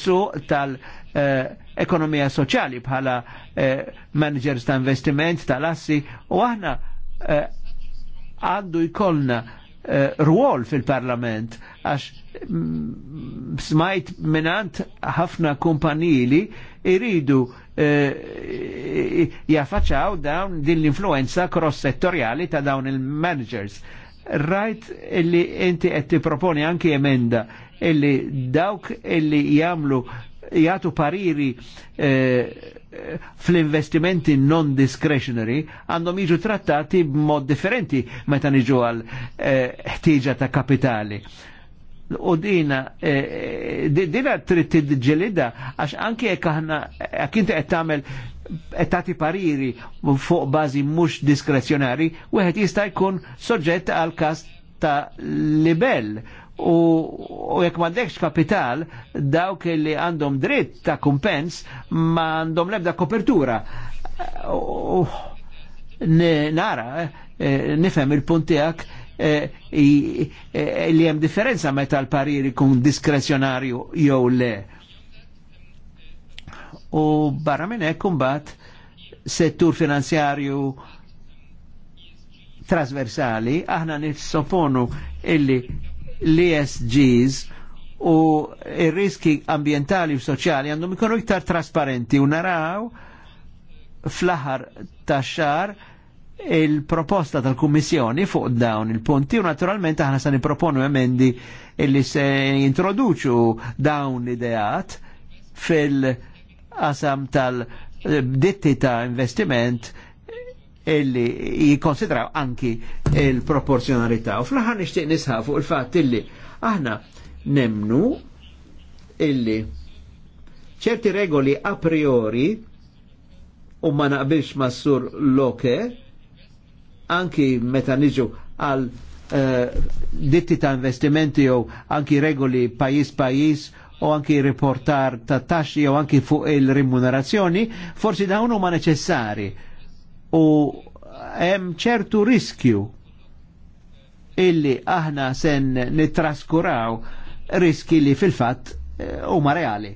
S2: su tal-ekonomija eh, soċjali bħala eh, managers ta' investiment, tal-assi, u aħna eh, għandu eh, jkollna Eh, ruol fil-parlament għax mm, smajt minant ħafna kumpanili iridu eh, jaffaċaw dawn din l-influenza cross-settoriali ta' dawn il-managers. Rajt illi inti qed proponi anki emenda illi dawk illi jamlu jgħatu pariri eh, fl-investimenti non discretionary għandhom jiġu trattati b'mod differenti meta niġu għal eh, ħtieġa ta' kapitali. U dina, eh, dina trid tidġelida għax anke jekk aħna jekk inti qed tagħmel tagħti pariri fuq bażi mhux diskrezjonari, wieħed jista' jkun soġġett għal każ ta' libell u, jekk m'għandekx kapital, dawk li għandhom dritt ta' kumpens ma għandhom lebda kopertura. nara, eh, nifhem il-puntijak eh, eh, li hemm differenza meta l-pariri kun diskrezjonarju jew le. U barra minn hekk settur finanzjarju trasversali, aħna nissofonu illi l-ESGs u il-riski ambientali u soċjali għandhom mikonu iktar trasparenti u naraw fl-aħar ta' xar il-proposta tal-Kummissjoni fuq dawn il-punti u naturalment aħna se niproponu emendi illi se introduċu dawn ideat fil-qasam tal-ditti ta' investiment illi jikonsidraw anki il-proporzjonalità. U fl-ħar nishtiq fuq il fat illi aħna nemnu illi ċerti regoli a priori u ma naqbilx ma' sur loke anki meta niġu għal uh, ditti ta' investimenti u anki regoli pajis pajis u anki riportar ta' taxxi u anki fuq il-remunerazzjoni, forsi dawn huma neċessari u hemm ċertu riskju illi aħna sen nitraskuraw riski li fil-fatt eh, huma reali.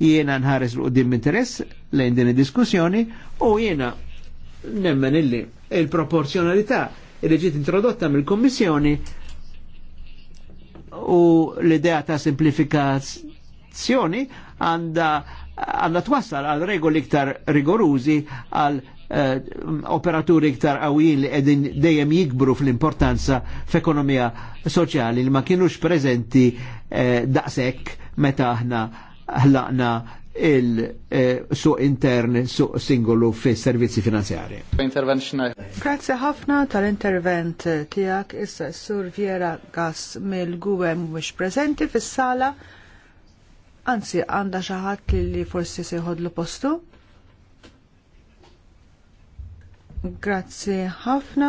S2: Jiena nħares l qudiem interess lejn din id-diskussjoni u jiena nemmen illi il-proporzjonalità li ġiet introdotta mill-Kommissjoni u l-idea ta' simplifikazzjoni għandha għandha twassal għal regoli iktar rigorużi għal Eh, operaturi iktar għawin li qegħdin dejjem jikbru fl-importanza f'ekonomija soċjali li ma kienux prezenti eh, daqshekk meta aħna ħlaqna il-suq eh, intern, suq singolu fi servizzi finanzjari.
S1: Grazie
S3: ħafna tal-intervent tijak issa sur Viera Gas mill-Guwem mux prezenti fis-sala, anzi għanda xaħat li forsi seħodlu postu. Grazzi ħafna.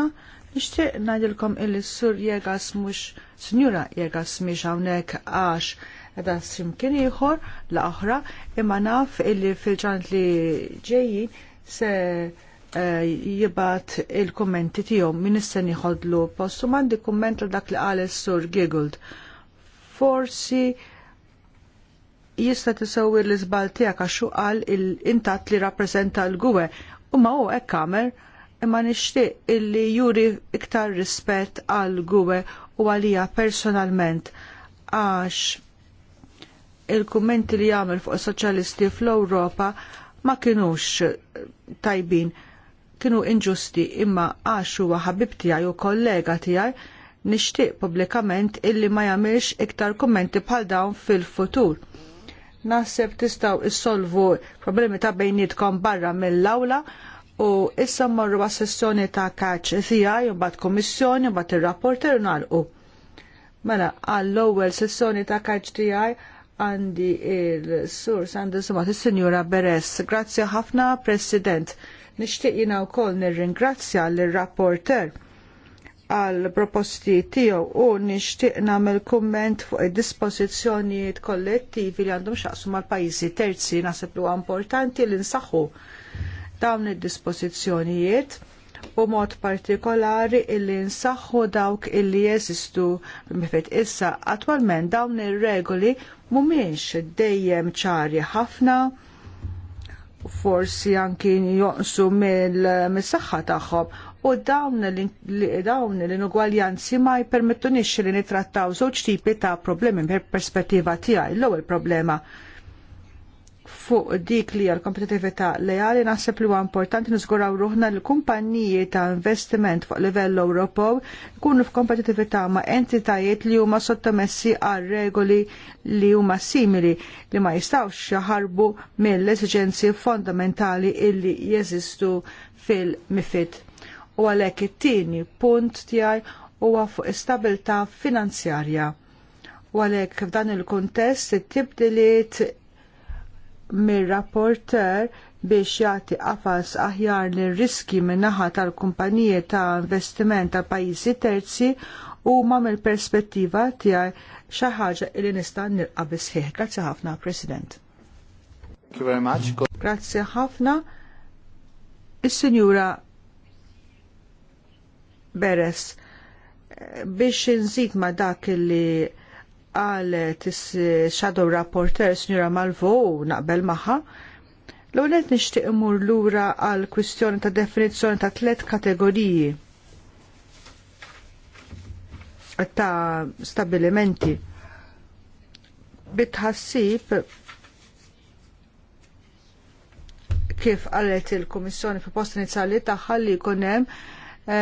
S3: Nixtieq ngħidilkom illi sur Jegas mhux Sinjura Jegas mhix hawnhekk għax edha simkien ieħor la oħra imma naf illi fil-ġant li ġejjin se eh, jibat il-kommenti tiegħu min issa jħodlu postu m'għandi kumment dak li qal is-sur Giggled. Forsi jista' tisewwi l-iżbal tiegħek għax qal il-intat li rappreżenta l-gwe u ma hu hekk għamel imma nixtieq illi juri iktar rispett għal gwe u għalija personalment għax il-kummenti li jagħmel fuq soċjalisti fl-Ewropa ma kinux tajbin kienu inġusti imma għax huwa ħabib tiegħi u kollega tiegħi nixtieq pubblikament illi ma jagħmilx iktar kummenti bħal dawn fil-futur naħseb tistgħu issolvu problemi ta' bejnietkom barra mill-awla u issa morru għas sessjoni ta' kaċ tijaj, mbagħad kommissjoni, bat ir-rapporter nagħlqu. Mela, għall-ewwel sessjoni ta' kaċ tijaj għandi il-sur Sanders sumat il-Sinjura Beres. Grazzi ħafna, President. Nixtieq jina wkoll nirringrazzja l-rapporter għal proposti tiegħu u nixtieq nagħmel kumment fuq id-dispożizzjonijiet kollettivi li għandhom x'aqsu mal-pajjiżi terzi naħseb li huwa importanti li nsaħħu dawn id-dispożizzjonijiet u mod partikolari illi nsaħħu dawk illi jeżistu mifet issa attwalment dawn ir-regoli mhumiex dejjem ċari ħafna forsi anki joqsu mill-saħħa tagħhom u dawn l-inugwaljanzi ma jpermettunix li nitrattaw żewġ tipi ta' problemi per perspettiva tiegħi. L-ewwel problema fuq dik li għal kompetitività lejali naħseb li huwa importanti niżguraw ruħna l kumpanniji ta' investiment fuq livell Ewropew jkunu f'kompetitività ma' entitajiet li huma sottomessi għal regoli li huma simili li ma jistawx jaħarbu mill-esiġenzi fondamentali illi jeżistu fil-mifid. U għalhekk it-tieni punt tiegħi huwa fuq istabilità finanzjarja. U għalhekk f'dan il-kuntest it-tibdiliet mir-rapporter biex jagħti qafas aħjar li riski min-naħa tal-kumpaniji ta' investiment ta' pajjiżi terzi u ma' mill-perspettiva tiegħi xi ħaġa li nista' nilqa' bisħieħ. Grazzi ħafna, President.
S1: Thank you very much.
S3: Grazzi ħafna. Is-Sinjura Beres biex inżid ma' dak li qalet is-Shadow eh, Rapporteur Signora Malvo naqbel magħha. L-għonet nixtieq imur lura għal kwistjoni ta' definizzjoni ta' tliet kategoriji ta' stabilimenti. Bitħassib kif qalet il-Kummissjoni fi post inizjali tagħha li jkun hemm e,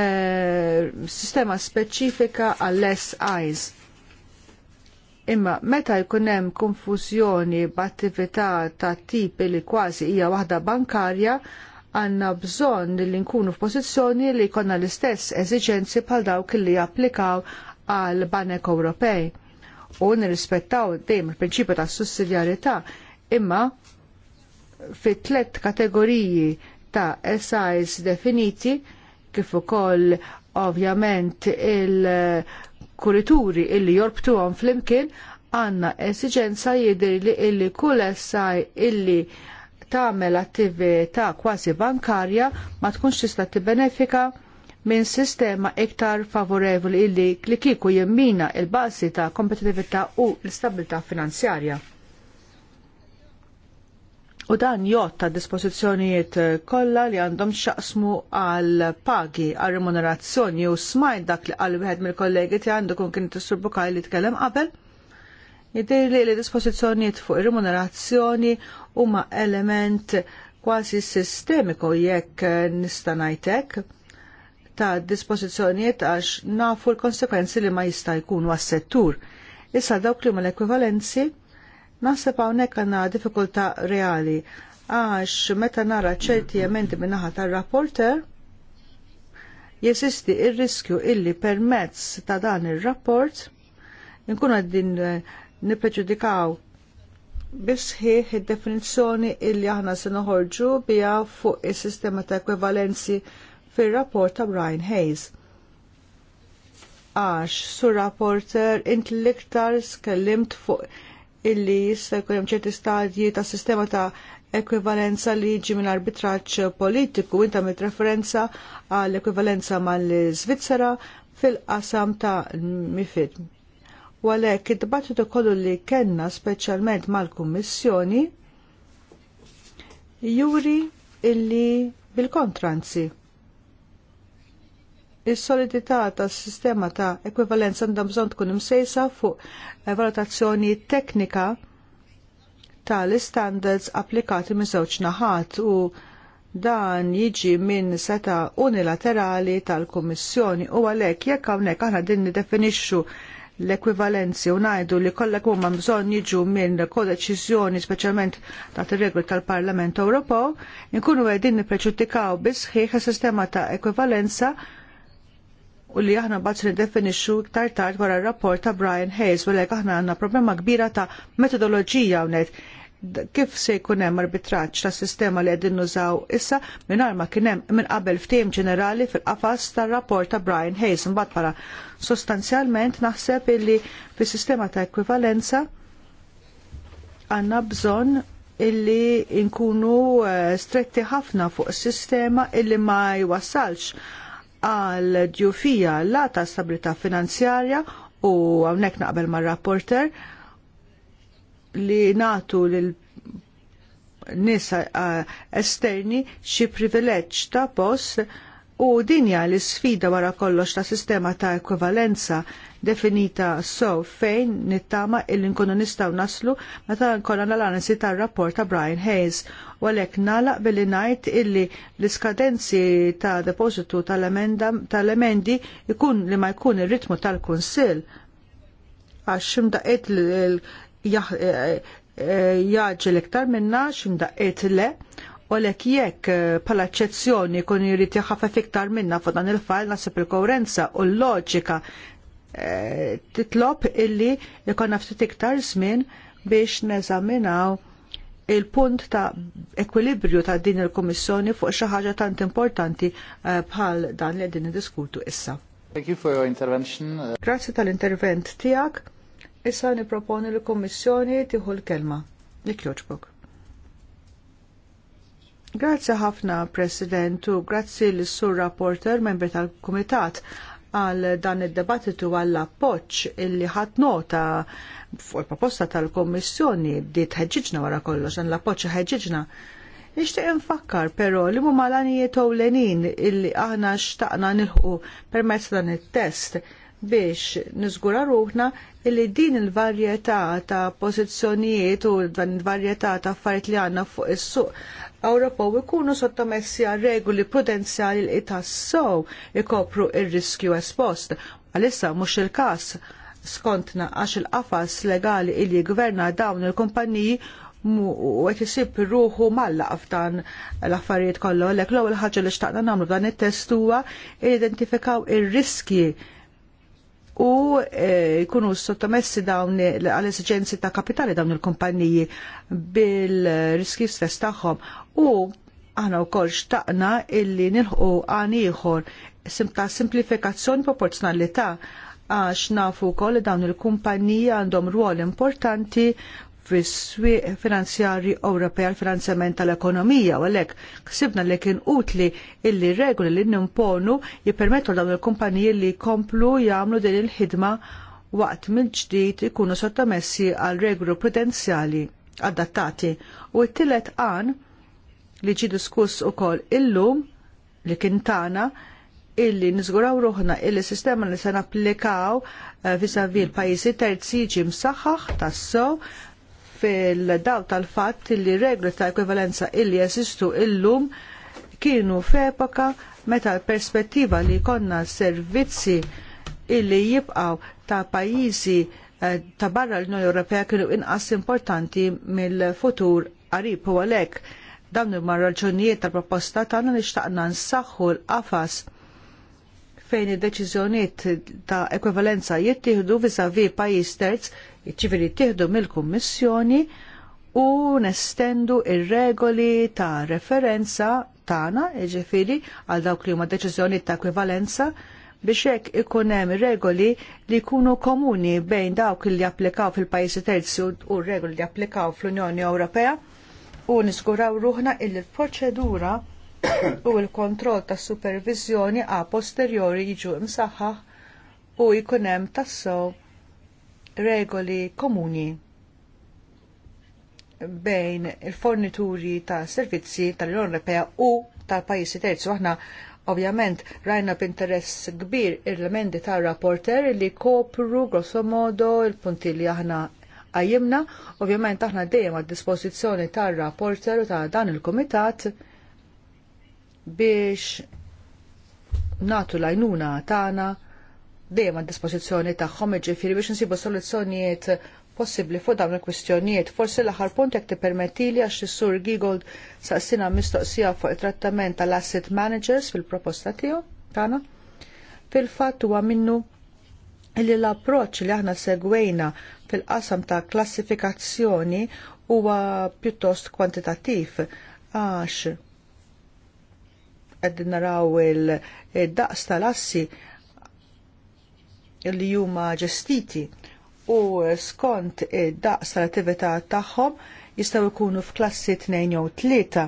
S3: sistema speċifika għall SIs Imma meta jkun hemm konfużjoni b'attività ta' tip li kważi hija waħda bankarja, għandna bżonn li nkunu f'pożizzjoni li jkollna l-istess eżiġenzi bħal dawk li japplikaw għal Banek Ewropej u nirrispettaw dejjem il-prinċipju ta' sussidjarjetà imma fit tlet kategoriji ta' SIs definiti kif ukoll ovvjament il- kurituri illi jorbtuhom flimkien għanna esiġenza jidri li illi kull essaj illi tagħmel attività kważi bankarja ma tkunx tista' tibbenefika minn sistema iktar favorevoli illi li kieku jimmina il-bażi ta' kompetitività u l-istabilità finanzjarja. U dan ta' dispożizzjonijiet eh, kollha li għandhom xaqsmu għal pagi għal remunerazzjoni u smajt dak li għal wieħed mill-kollegi ti għandu kun kien tisturbu kaj li tkellem qabel. Jidir li l-dispożizzjonijiet fuq remunerazzjoni huma element kważi sistemiku jekk eh, nistanajtek ta' dispozizjonijiet għax nafu l-konsekwenzi li ma jista' jkunu għas-settur. Issa dawk li huma l-ekwivalenzi Naħseb hawnhekk għandna diffikultà reali għax meta nara ċerti jementi minnaħa tar-rapporter jesisti il-riskju illi permezz ta' dan ir-rapport nkun din eh, nipreġudikaw bisħi id-definizzjoni illi aħna se noħorġu biha fuq is-sistema ta' ekvivalenzi fir-rapport ta' Brian Hayes. Għax, sur rapporter, inti l-iktar skellimt fuq illi jista' jkun hemm ċerti stadji ta' sistema ta' ekwivalenza li jiġi minn arbitraġġ politiku inta mit referenza għall ekwivalenza mal-Svizzera fil-qasam ta' MIFID. U għalhekk id-dibattitu kollu li kellna speċjalment mal-Kummissjoni juri illi bil-kontranzi Is-solidità tas-sistema ta' ekwivalenza għandha bżonn tkun imsejsa fuq valutazzjoni teknika tal-standards applikati minn żewġ naħat u dan jiġi minn seta unilaterali tal-Kummissjoni u għalhekk jekk hawnhekk aħna din nidefinixxu l-ekwivalenzi u ngħidu li kollek huma bżonn jiġu minn kodeċiżjoni speċjalment taħt ir-regoli tal-Parlament Ewropew, inkunu qegħdin nippreġudikaw bi sħiħ is-sistema ta' ekwivalenza u li aħna mbagħad nidefinixxu iktar tard wara r-rapport ta' Brian Hayes u lek aħna għandna problema kbira ta' metodoloġija hawnhekk kif se jkun hemm arbitraġġ tas sistema li qegħdin nużaw issa mingħajr ma kien hemm minn qabel ftehim ġenerali fil-qafas tar-rapport ta' Brian Hayes imbagħad bħala sostanzjalment naħseb illi fis-sistema ta' ekwivalenza għandna bżonn illi nkunu eh, stretti ħafna fuq sistema illi ma jwassalx għal ġufija la ta' stabilità finanzjarja u għawnek naqbel ma' rapporter li natu lil nisa eh, esterni xi privileġġ ta' post U dinja l isfida wara kollox ta' sistema ta' ekvivalenza definita so fejn nittama il-inkunu nistaw naslu meta nkollna l-analisi tar rapport ta' Brian Hayes. U għalhekk nagħlaq billi ngħid illi l-iskadenzi ta' depositu tal-emendi ikun li ma jkun ir-ritmu tal-Kunsill għax ximdaqiet eh, eh, jaġġel iktar minna ximdaqiet le U jekk bħala eh, eċċezzjoni kun jrid jaħaf iktar minna fuq dan il-fall nasib il-koerenza u l-loġika eh, titlob illi jkollna ftit iktar żmien biex neżaminaw il-punt ta' ekwilibrju ta' din il-Kummissjoni fuq xi ħaġa tant importanti eh, bħal dan li qegħdin niddiskutu issa. Thank you for your intervention. Grazzi tal-intervent tiegħek. Issa nipproponi l-Kummissjoni tieħu l-kelma. Nick jogħġbok. Grazzi ħafna, President, u grazzi l-Sur Rapporter, membri tal-Kumitat, għal dan id-debattitu għall appoġġ illi ħadd nota fuq il-proposta tal-Kommissjoni di tħedġiġna wara kollox, dan l-appoġġ ħedġiġna. Nixtieq infakkar però li huma malanijiet ewlenin illi aħna xtaqna nilħu permezz dan it-test biex niżgura ruħna illi din il-varjetà ta' pożizzjonijiet u dan il-varjetà ta' affarijiet li għandna fuq is-suq Ewropew ikunu sottomessi għal regoli prudenzjali li tassow ikopru ir-riskju espost. Għalissa mhux il-każ skontna għax il-qafas legali illi gverna dawn il-kumpaniji mu għet jisib ruħu malla f'dan l-affarijiet kollu. Lek l-ewwel ħaġa li xtaqna nagħmlu dan it testuwa huwa identifikaw ir-riski u e, jkunu e, sottomessi dawn għal esigenzi ta' kapitali dawn il-kumpanniji bil-riski stess tagħhom u aħna wkoll xtaqna illi nilħu għan ieħor ta' simplifikazzjoni proporzjonalità għax nafu wkoll li dawn il kumpanniji għandhom ruol importanti fis-swieq finanzjarji Ewropej għal finanzjament tal-ekonomija u għalhekk ksibna li kien utli illi regoli li nimponu jippermettu dawn il-kumpaniji li jkomplu jagħmlu din il-ħidma waqt mill-ġdid ikunu sottomessi għal regoli prudenzjali adattati u t tillet għan li ġi diskuss ukoll illum li kien tagħna illi nizguraw ruħna illi sistema li se napplikaw eh, vis-a-vis il pajjiżi terzi ġi msaħħaħ tas-sew fil-daw tal-fatt li regli ta' ekwivalenza illi jesistu illum kienu f'epoka meta l-perspettiva li konna servizzi illi jibqaw ta' pajjiżi eh, ta' barra l-Unjoni Ewropea kienu inqas importanti mill-futur qarib u għalhekk dawn huma raġunijiet tal-proposta tagħna li xtaqna nsaħħu l-qafas fejn id-deċiżjonijiet ta' ekwivalenza jittieħdu viżavi pajjiż terz ċivili tieħdu mill-Kummissjoni u nestendu ir-regoli ta' referenza tagħna, jiġifieri għal dawk li huma deċiżjoni ta' ekwivalenza biex hekk ikun hemm regoli li jkunu komuni bejn dawk li japplikaw fil-pajjiżi terzi u regoli li japplikaw fl-Unjoni Ewropea u niskuraw ruħna il proċedura u l-kontroll tas supervizjoni a posteriori jiġu msaħħaħ u jkun hemm tassew regoli komuni bejn il-fornituri ta' servizzi tal-Unjoni Ewropea u tal-pajjiżi terzi. Aħna ovvjament rajna b'interess kbir il remendi ta' rapporter li kopru grossomodo il-punti li aħna għajimna. Ovvjament aħna dejjem għad dispożizzjoni tar rapporter u ta' dan il-komitat biex natu lajnuna tagħna dejjem għad dispożizzjoni tagħhom iġifieri biex insibu soluzzjonijiet possibbli fuq dawn il-kwistjonijiet. Forsi l-aħħar punt jekk tippermettili għax is-sur Gigold saqsina mistoqsija fuq it-trattament tal-asset managers fil-proposta tiegħu tagħna. Fil-fatt huwa minnu illi l approċċ li aħna segwejna fil-qasam ta' klassifikazzjoni huwa pjuttost kwantitattiv għax qed naraw il-daqs tal-assi li huma ġestiti u skont id-daqs tal-attività tagħhom jistgħu jkunu f'klassi tnejn jew tlieta.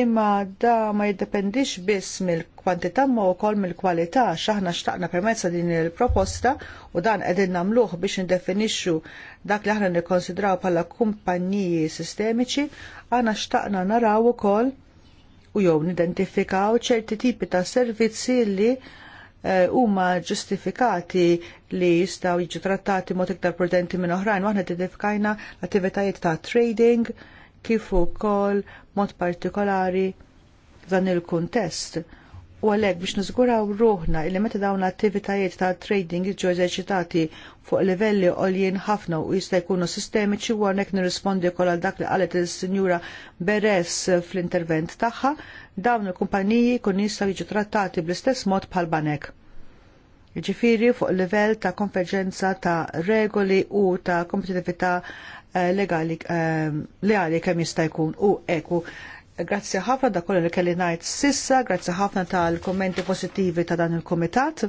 S3: Imma da ma jiddependix biss mill-kwantità ma wkoll mill-kwalità x'aħna xtaqna permezza din il-proposta u dan qegħdin nagħmluh biex nindefinixxu dak li aħna nikkonsidraw bħala kumpanniji sistemiċi, aħna xtaqna naraw ukoll u jew nidentifikaw ċerti tipi ta' servizzi li Eh, huma ġustifikati li jistgħu jiġu trattati mod iktar prudenti minn oħrajn, waħna identifikajna l-attivitajiet ta' trading kif ukoll mod partikolari dan il-kuntest U għalhekk biex niżguraw ruħna li meta dawn l-attivitajiet ta' trading jiġu eżerċitati fuq livelli għoljien ħafna u jista' jkunu sistemiċi u għonek nirrispondi wkoll għal dak li qalet il-Sinjura Beres fl-intervent tagħha, dawn il-kumpaniji kun jista' jiġu trattati bl-istess mod bħal banek. Ġifiri fuq livell ta' konverġenza ta' regoli u ta' kompetitività eh, legali eh, leali kemm jista' jkun u eku Grazzi ħafna da kollu li kelli ngħid sissa, grazzi ħafna tal-kommenti pozittivi ta' dan il-Kumitat.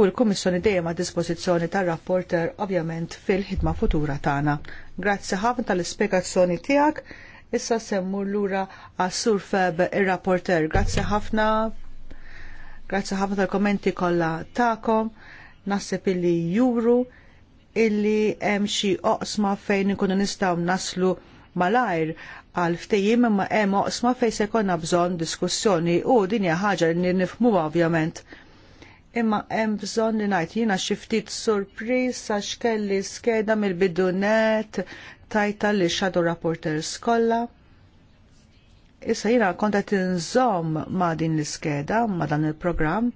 S3: U l-Kummissjoni dejjem a dispożizzjoni tar-rapporter ovvjament fil-ħidma futura tagħna. Grazzi ħafna tal-ispjegazzjoni tiegħek. Issa semmur lura għas-Sur Feb ir-rapporter. Grazzi ħafna. Grazzi ħafna tal-kommenti kollha tagħkom. Naħseb illi juru illi hemm xi oqsma fejn ikunu nistgħu naslu malajr għal ftejim imma hemm oqsma fejn se jkollna bżonn diskussjoni u din hija ħaġa li nifhmuha ovvjament. Imma hemm bżonn li ngħid jiena xi ftit surpriż għax kelli skeda mill-bidunet tajta li shadow rapporters kollha. Issa jiena konta tinżomm ma' din l-iskeda, ma' dan il-programm,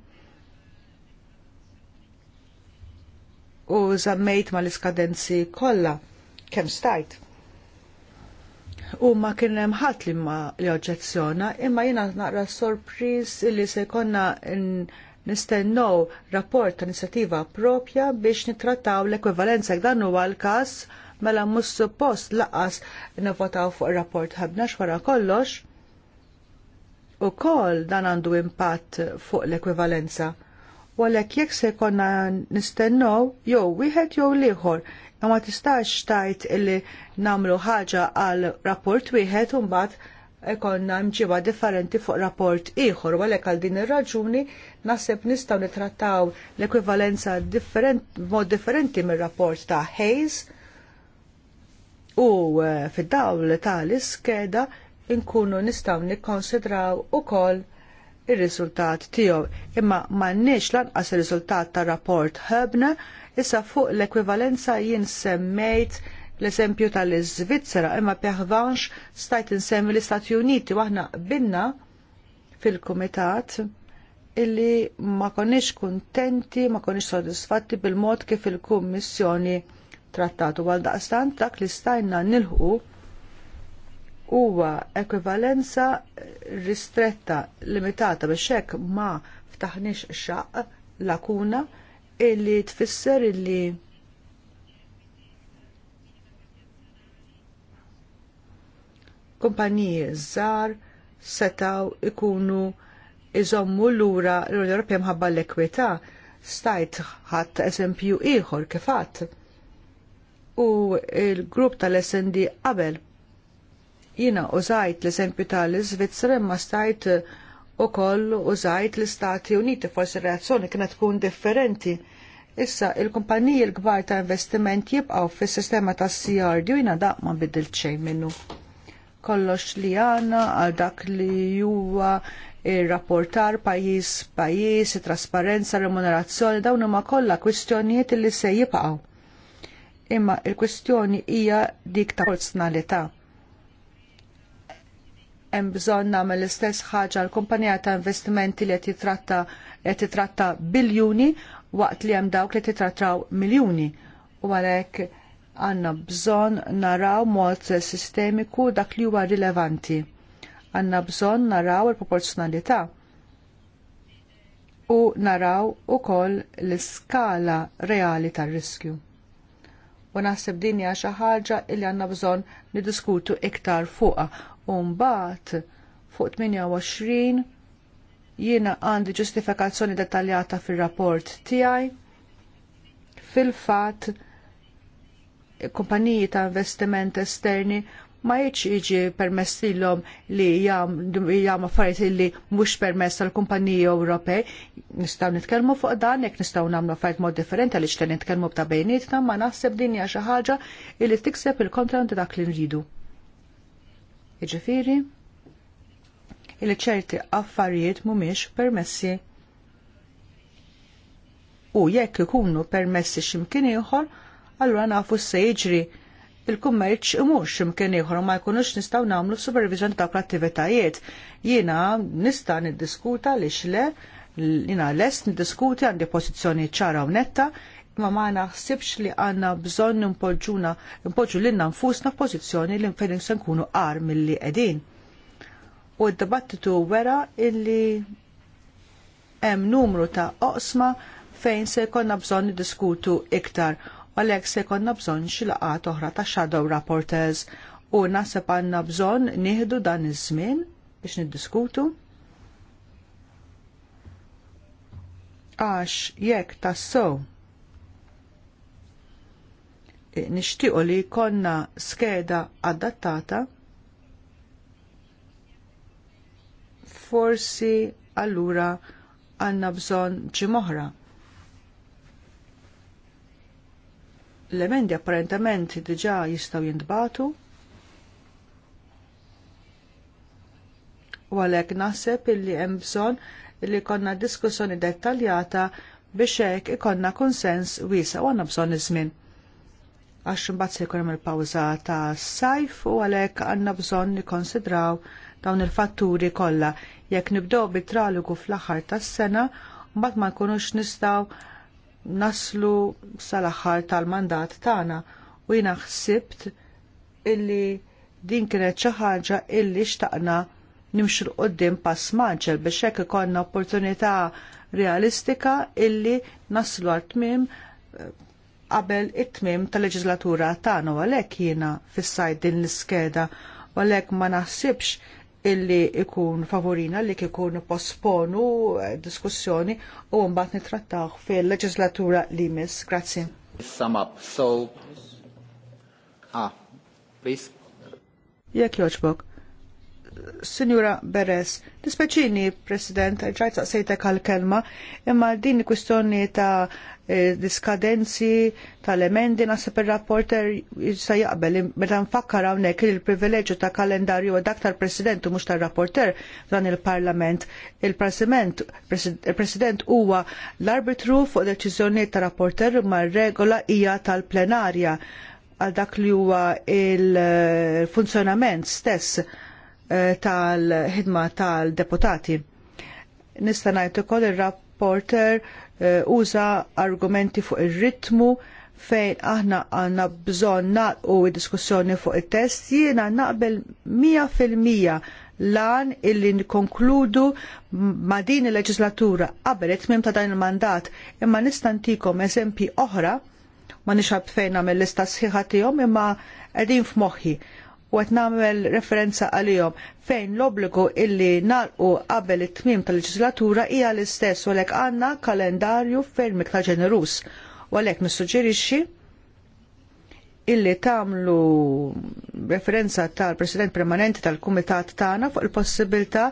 S3: u zammejt ma l-iskadenzi kolla kem stajt u ma kien hemm ħadd li ma li oġġezzjona, imma jiena naqra sorpriż li se jkollna nistennew rapport ta' inizjattiva propja biex nittrattaw l-ekwivalenza dan huwa l-każ mela mhux suppost laqas nivvotaw fuq ir-rapport ħabnax wara kollox. U koll dan għandu impatt fuq l-ekwivalenza. Walek jekk se jkollna nistennew jew wieħed jew liħor, ieħor ma ma tistax tajt illi namlu ħaġa għal rapport wieħed u mbagħad ekonna mġiba differenti fuq rapport ieħor għalhekk għal din ir-raġuni naħseb nistgħu nitrattaw l-ekwivalenza different, mod differenti mir-rapport ta' Hayes u eh, fid-dawl tal-iskeda inkunu nistgħu nikkonsidraw ukoll ir-riżultat tiegħu imma m'għandniex lanqas ir-riżultat tar rapport Herbner Issa fuq l-ekwivalenza jien semmejt l-eżempju tal-Iżvizzera imma perħvanx stajt insemmi l-Istati Uniti waħna binna fil-Kumitat illi ma konniex kuntenti, ma konniex sodisfatti bil-mod kif il-Kummissjoni trattatu għal daqstant dak li stajna nilħu huwa ekwivalenza ristretta limitata biex hekk ma ftaħniex xaq lakuna illi tfisser illi kumpaniji żgħar setaw ikunu iżommu lura l-Unjoni mħabba l-ekwità stajt ħadd eżempju ieħor kif għadd. U l grupp tal-SND qabel jiena użajt l-eżempju tal-Iżvizzera imma stajt uh, u koll użajt l-Istati Uniti, forsi reazzjoni kienet tkun differenti. Issa, il-kumpaniji l-gbar ta' investiment jibqaw fis sistema ta' CRD u jina da' ma' bidil xejn minnu. Kollox li għana għal dak li juwa il-rapportar pajis pajis, trasparenza, remunerazzjoni, dawn huma kollha kwistjonijiet li se jibqaw. Imma il-kwistjoni hija dik ta' personalità hemm bżonn nagħmel l-istess ħaġa l-kumpanija ta' investimenti li qed titratta biljuni waqt li hemm dawk li titrattaw miljuni. U għalhekk għandna bżonn naraw mod sistemiku dak li huwa rilevanti. Għandna bżonn naraw il-proporzjonalità u naraw ukoll l-iskala reali tar-riskju. U naħseb din hija xi ħaġa li għandna bżonn niddiskutu iktar fuqha u mbagħad fuq 28 jiena għandi ġustifikazzjoni dettaljata fir-rapport tiegħi fil-fatt kumpaniji ta' investiment esterni ma jieċ iġi permessilhom li jgħam affarijiet li mhux permess tal kumpaniji Ewropej. Nistgħu nitkellmu fuq dan jek nistgħu nagħmlu affarijiet mod differenti għaliex ta' nitkellmu b'ta' bejnietna ma naħseb din hija xi ħaġa li tikseb il-kontra dak li nridu. Iġifiri, il ċerti affarijiet mhumiex permessi u jekk ikunu permessi x'imkien ieħor, allura nafu se jiġri il-kummerċ imur x'imkien ieħor ma jkunux nistgħu nagħmlu supervision ta' attivitajiet. Jiena nista' niddiskuta li xle jina lest niddiskuti għandi pożizzjoni ċara u netta ma ma naħsibx li għanna bżonn impoġġuna impoġġu l-inna nfusna f-pozizjoni li fejn se nkunu għar mill-li qegħdin. U d-dibattitu wera illi hemm numru ta' oqsma fejn se jkollna bżonn diskutu iktar u għalek se jkollna bżonn xi laqgħat oħra ta' shadow rapporters u naħseb għandna bżonn nieħdu dan iż-żmien biex niddiskutu. Għax jekk tassew nixtiequ li jkollna skeda adattata forsi allura għandna bżonn ġimohra. L-emendi apparentament diġà jistgħu jintbagħtu. u għalhekk naħseb illi hemm bżonn li konna diskussjoni dettaljata biex hekk ikonna konsens wiesa u għandna bżonn iż-żmien għax imbagħad se jkun hemm il-pawża ta' sajf u għalhekk għandna bżonn nikkonsidraw dawn il-fatturi kollha. Jekk nibdew bit-traligu fl-aħħar tas-sena, mbagħad ma nkunux nistgħu naslu sal-aħħar tal-mandat tagħna u jiena ħsibt illi din kienet xi ħaġa illi xtaqna nimxu l-qoddim pass maġel biex hekk ikollna opportunità realistika illi naslu għal tmiem qabel it-tmim tal-leġislatura tagħna u għalhekk jiena fis-sajd din l-iskeda u għalhekk ma naħsibx illi ikun favorina li ikun posponu eh, diskussjoni u mbagħad nittrattaw fil-leġislatura li miss. Grazzi.
S1: Sum up. So
S3: ah, please. Jekk joġbok. Signora Beres, dispeċini, President, ġajt saqsejtek għal-kelma, imma din kwistjoni ta' Eh, diskadenzi tal-emendi nasib il-rapporter jista jaqbel meta nfakkar hawnhekk il-privileġġju ta' kalendarju dak tal-President u mhux tar-rapporter dan il-Parlament. Il-President il-President huwa l-arbitru fuq deċiżjonijiet tar-rapporter ma' regola hija tal-plenarja għal dak li huwa il-funzjonament stess eh, tal-ħidma tal-deputati. Nista' ngħid ukoll ir-rapporter Eh, uża argumenti fuq ir-ritmu fejn aħna għandna bżonn naqgħu diskussjoni fuq it-test jiena naqbel 100 fil-mija lan illi nkonkludu ma' din il-leġislatura qabel it tmim ta' dan il-mandat imma nistantikom eżempi oħra ma nixab fejn għamil lista sħiħa tiegħu imma qegħdin f'moħħi u għet nagħmel referenza għalihom fejn l-obbligu illi nalqu qabel it-tmiem tal-leġislatura hija l-istess u għalhekk għandna kalendarju fejn miktar ġenerus. U għalhekk nissuġġerixxi illi tagħmlu referenza tal-President Permanenti tal-Kumitat tagħna fuq il-possibilità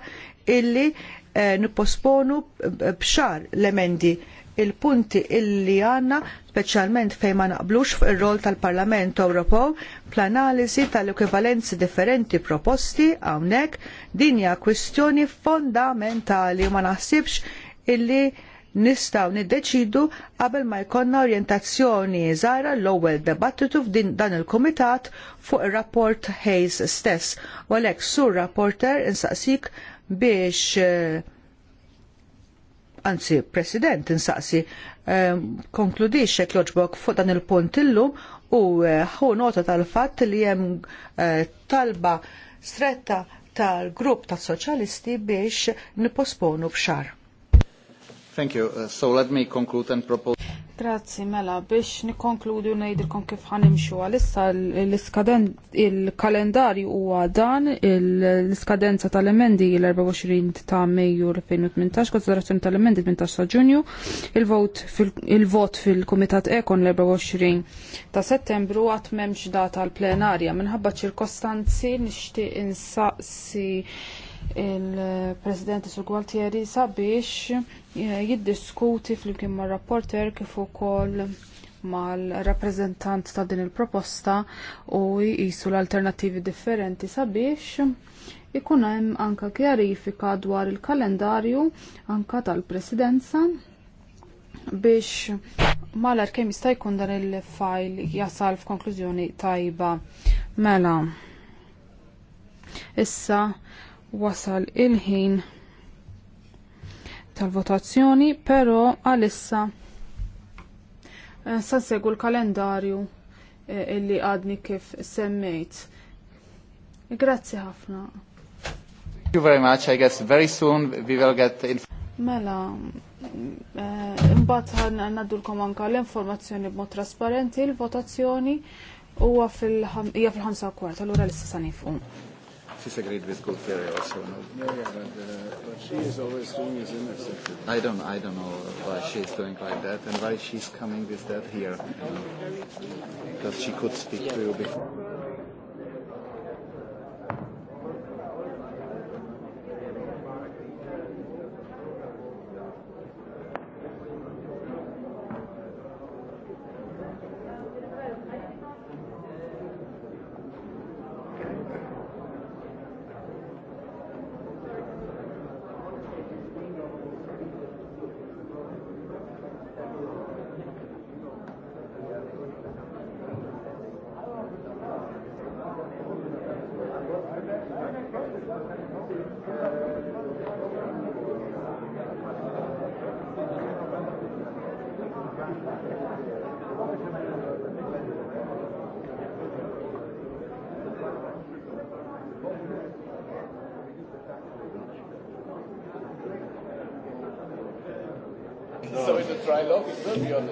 S3: illi eh, nipposponu b'xar l-emendi il-punti illi għandna speċjalment fejn ma naqblux fuq ir-rol tal-Parlament Ewropew fl-analiżi tal-ekwivalenzi differenti proposti hawnhekk din hija kwistjoni fondamentali u ma naħsibx illi nistgħu niddeċidu qabel ma jkollna orjentazzjoni żgħira l-ewwel debattitu f'din dan il-kumitat fuq ir-rapport Hayes stess. Walek sur rapporter insaqsik biex eh, anzi President insaqsi ehm, konkludix xek loġbok fuq dan il-punt illum u eh, ħu nota tal-fatt li hemm eh, talba stretta tal-grupp
S4: ta' soċjalisti biex niposponu b'xar.
S1: Thank you. Uh, so let me conclude and propose.
S4: Grazzi, mela, biex nikonkludu ngħidilkom kif ħanimxu għalissa il-kalendarju huwa dan l-iskadenza tal-emendi l-24 ta' Mejju 2018, konsiderazzjoni tal-emendi 18 ta' Ġunju, il-vot fil-Kumitat Ekon l-24 ta' Settembru għat memx data l-plenarja minħabba ċirkostanzi nixtieq insaqsi il-President Sur Gualtieri sabiex eh, jiddiskuti flimkien mar rapporter kif ukoll mal-rappreżentant ta' din il-proposta u jisu l-alternattivi differenti sabiex ikun hemm anke kjarifika dwar il-kalendarju anke tal-Presidenza biex malar kemm jista' jkun dan il-fajl jasal f'konklużjoni tajba. Mela. Issa wasal il-ħin tal-votazzjoni, pero għalissa eh, sa segu l-kalendarju eh, illi għadni kif semmejt. Grazzi ħafna.
S1: Thank you very much. I guess very soon we will get
S4: Mela, eh, imbagħad naddulkom anka l-informazzjoni b'mod trasparenti, l-votazzjoni u fil-ħamsa kwart, allura l-istessa
S1: She's agreed with Gulfieri also. No?
S5: Yeah, yeah, but, uh, but she is always doing is inacceptable.
S1: I don't, I don't know why she's doing like that and why she's coming with that here. You
S5: know?
S1: Because she could speak to you before.
S5: trilogue, it will be on the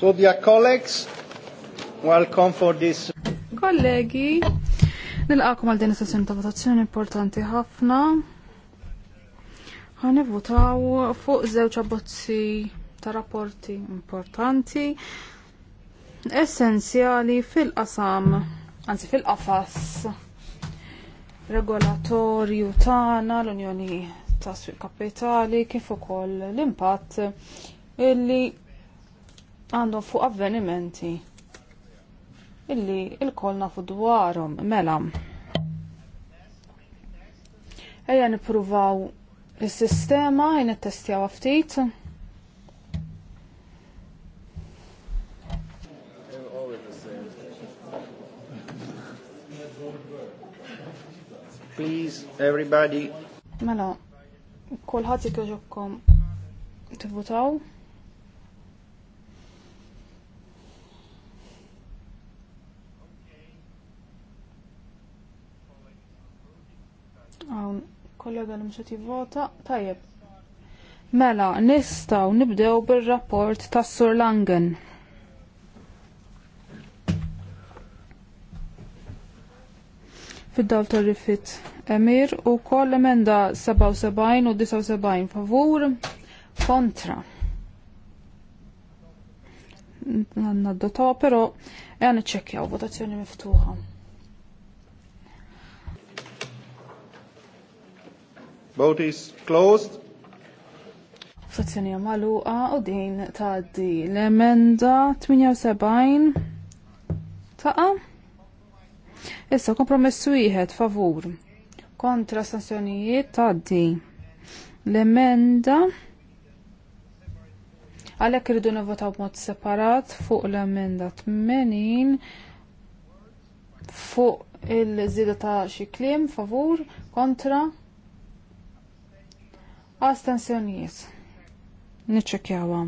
S1: So dear colleagues, welcome for this.
S4: Kollegi, nilqakom għal din is-sessjoni ta' votazzjoni importanti ħafna. votaw fuq żewġ abbozzi ta' rapporti importanti essenzjali fil-qasam, anzi fil-qafas regolatorju tagħna l-Unjoni tas Kapitali kif ukoll l-impatt illi għandhom fuq avvenimenti illi il-kol nafu dwarom, mela. Ejja nippruvaw is-sistema jien ittestjaw ftit.
S5: Please,
S1: everybody.
S4: Mela, kolħat jikħuġukom tivutaw. Għan kollega li mxet jivvota, tajjeb. Mela, nistaw nibdew bil-rapport tas Sur Langen. Fid-dal rifit Emir u koll emenda 77 u 79 favur kontra. Għanna ta' pero għan ċekjaw votazzjoni miftuħa.
S1: Vote is closed.
S4: Fazzjoni magħluqa u din tgħaddi l-emenda 78 taqa'. Issa kompromessu wieħed favur kontra sanzjonijiet di L-emenda għalhekk irridu nivvotaw b'mod separat fuq l-emenda 80 fuq il zida ta' xi kliem favur kontra Astensjonijiet. Niċċekjawa.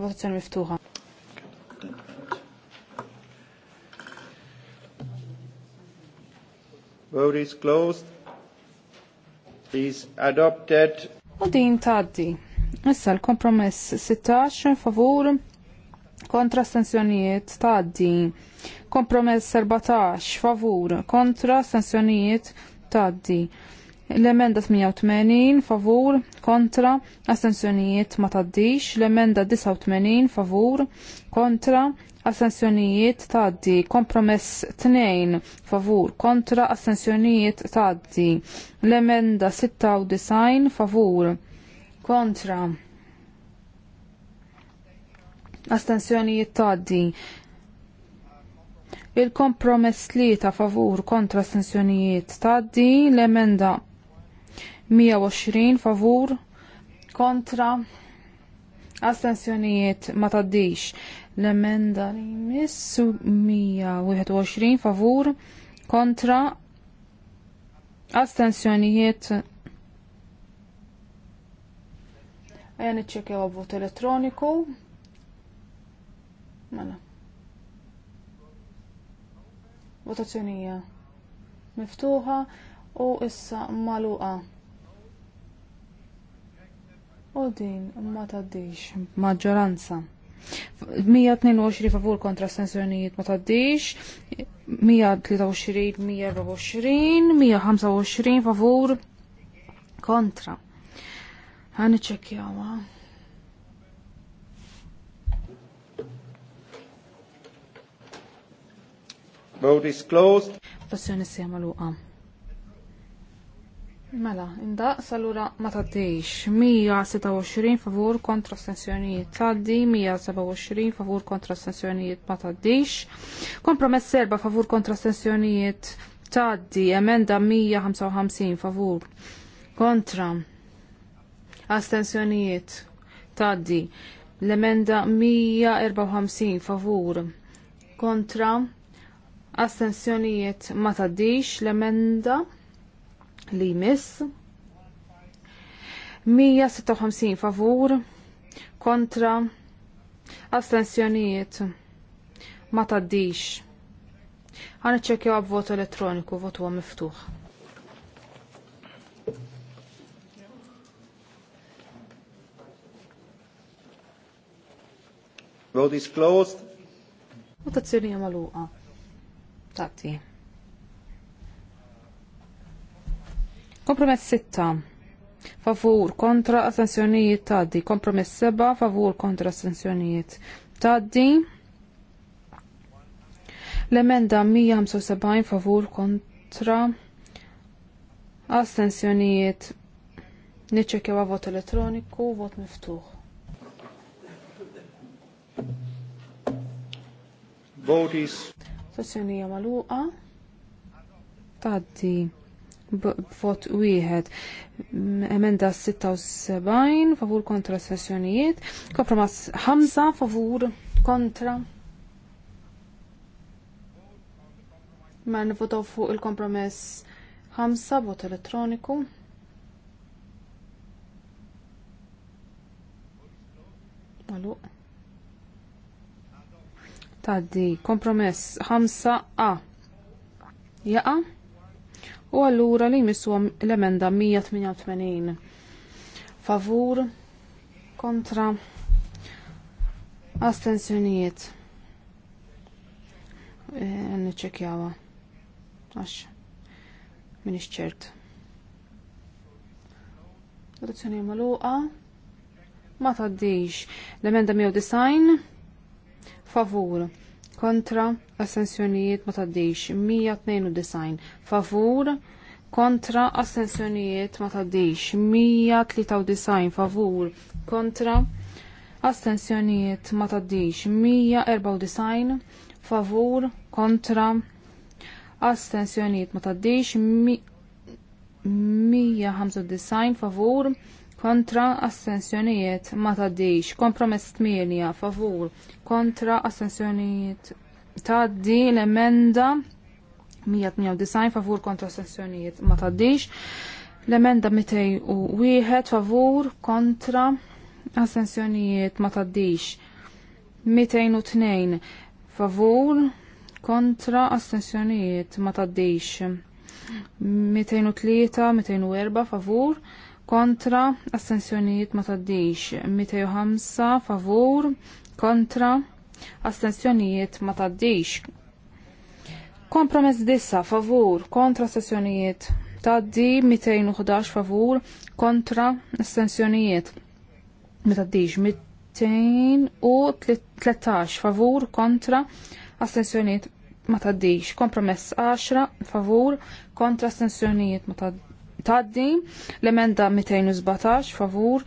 S4: Votazzjoni miftuħa.
S1: Vote is closed. Is adopted.
S4: U din taddi. Issa l-kompromess 16 favur kontra sanzjonijiet taddi. Kompromess 14 favur kontra sanzjonijiet taddi. L-emenda 88 favur kontra astensjonijiet ma taddix. L-emenda 89 favur kontra astensjonijiet taddi. Kompromess 2 favur kontra astensjonijiet taddi. L-emenda 96 favur kontra astensjonijiet taddi. Il-kompromess li ta' favur kontra astensjonijiet taddi. L-emenda 120 favur kontra astensjonijiet ma taddix l-emenda li missu 121 favur kontra astensjonijiet għajan iċċekjaw vot elettroniku mela votazzjonija miftuħa u issa maluqa u din ma taddix maġġoranza. 122 favur kontra astensjonijiet ma taddix, 123, 124, 125 favur kontra. Għani iċċekjawa.
S1: Vote is closed.
S4: Passjoni s-sema l Mela, inda salura ma taddix 126 favur kontra stensjonijiet taddi, 127 favur kontra stensjonijiet ma taddix, kompromess serba favur kontra stensjonijiet taddi, emenda 155 favur kontra astensjonijiet taddi, l-emenda 154 favur kontra astensjonijiet ma taddix, l-emenda li jmiss. 156 favur kontra astensjonijiet ma taddix. Għan għab b'vot elettroniku, vot huwa miftuħ.
S1: Vote is closed.
S4: Votazzjoni hija magħluqa. Tatti. Kompromess 6. Favur kontra astensjonijiet taddi. Kompromess 7. Favur kontra astensjonijiet taddi. L-emenda 175 favur kontra astensjonijiet Niċċekjaw vot elettroniku, vot miftuħ. Votis. Sessjonija maluqa. Taddi b'vot wieħed. Emenda 76 favur kontra sessjonijiet, kompromess 5 favur kontra Ma nivotaw fuq il-kompromess 5 vot elettroniku. Malu. Taddi, kompromess 5A. Jaqa? u allura li jmissuhom l-emenda 188. Favur kontra astensjonijiet. E, Għax min ċert. Votazzjoni magħluqa ma taddix l-emenda 190 favur kontra assenzjonijiet ma taddix 192 favur kontra assenzjonijiet ma taddix 193 favur kontra assenzjonijiet ma taddix 194 favur kontra astensjonijiet ma taddix 195 favur kontra assenzjonijiet ma taddix. Kompromess 8 favur kontra assenzjonijiet taddi l-emenda 198 favur kontra assenzjonijiet ma taddix. L-emenda 201 favur kontra assenzjonijiet ma taddix. 202 favur kontra assenzjonijiet ma taddix. 203, 204 favur kontra astensjonijiet ma taddix 205 favur kontra astensjonijiet ma taddix kompromess dissa favur kontra astensjonijiet taddi 211 favur kontra astensjonijiet ma taddix 213 favur kontra astensjonijiet ma taddix kompromess 10 favur kontra astensjonijiet ma taddix taddi, l-emenda 217 favur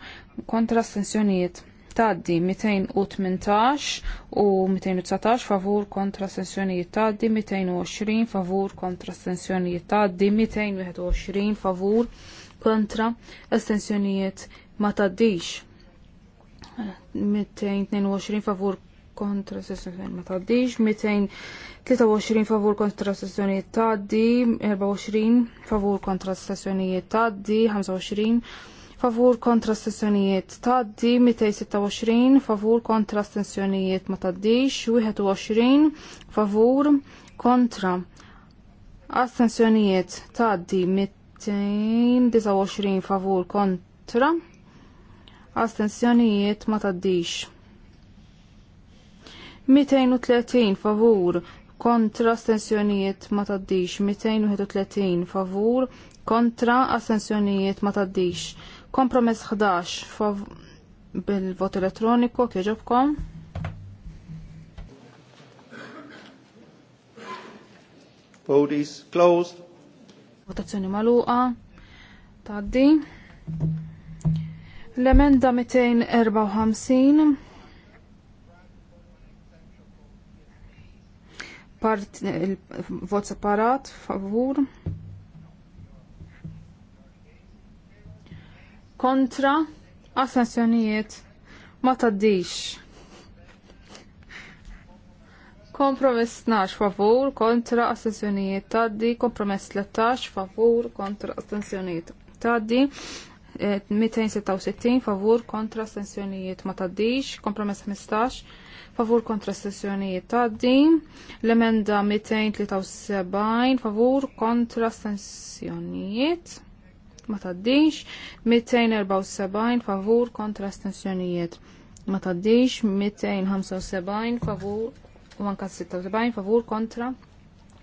S4: kontra astensjonijiet taddi 218 u 219 favur kontra astensjonijiet taddi, 220 favur kontra astensjonijiet taddi, 221 favur kontra estensjonijiet ma taddix. 222 favur kontra sessjoni ma taddix, 223 favur kontra sessjoni taddi, 24 favur kontra sessjoni taddi, 25 favur kontra stessjonijiet taddi, 226 favur kontra stessjonijiet ma taddix, 21 favur kontra astensjonijiet taddi, 229 favur kontra astensjonijiet ma taddix. 230 favur kontra astensjonijiet ma taddix 231 favur kontra astensjonijiet ma taddix kompromess 11 bil-vot elettroniku kieġobkom
S1: Vote is closed.
S4: Votazzjoni maluqa. Taddi. L-emenda 254 part il-vot separat favur kontra assenzjonijiet ma taddix kompromess nax, favur kontra assenzjonijiet taddi kompromess lettax, favur kontra astensjonijiet taddi 266 favur kontra astensjonijiet. ma taddix kompromess 15 favur kontra ta' din, l-emenda 273 favur kontra astensjonijiet ma taddix, 274 favur kontra astensjonijiet ma taddix, 275 favur u ta' 76 favur kontra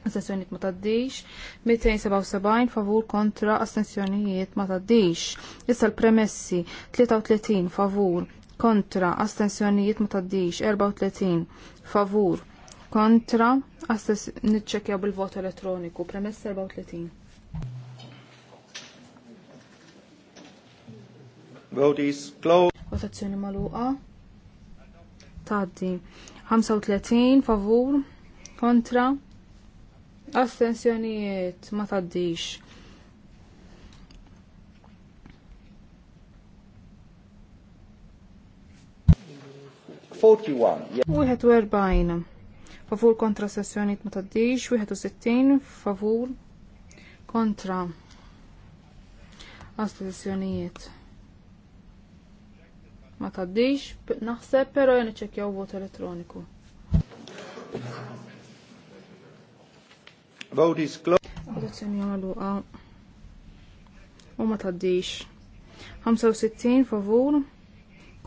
S4: astensjonijiet ma taddix, 277 favur kontra astensjonijiet ma taddix. Issa l-premessi 33 favur kontra astensjonijiet ma taddix 34 favur kontra nitċekja bil-vot elettroniku premess 34
S1: Vote is closed.
S4: Votazzjoni maluqa. Taddi. 35 favur kontra astensjonijiet ma taddix 41. Favur kontra sessjoni ma taddix, 61 favur kontra għaslu Ma taddix, naħseb pero jen iċċekjaw vot elettroniku.
S1: Vote is closed.
S4: Votazzjoni għaluqa. U ma taddix. 65 favur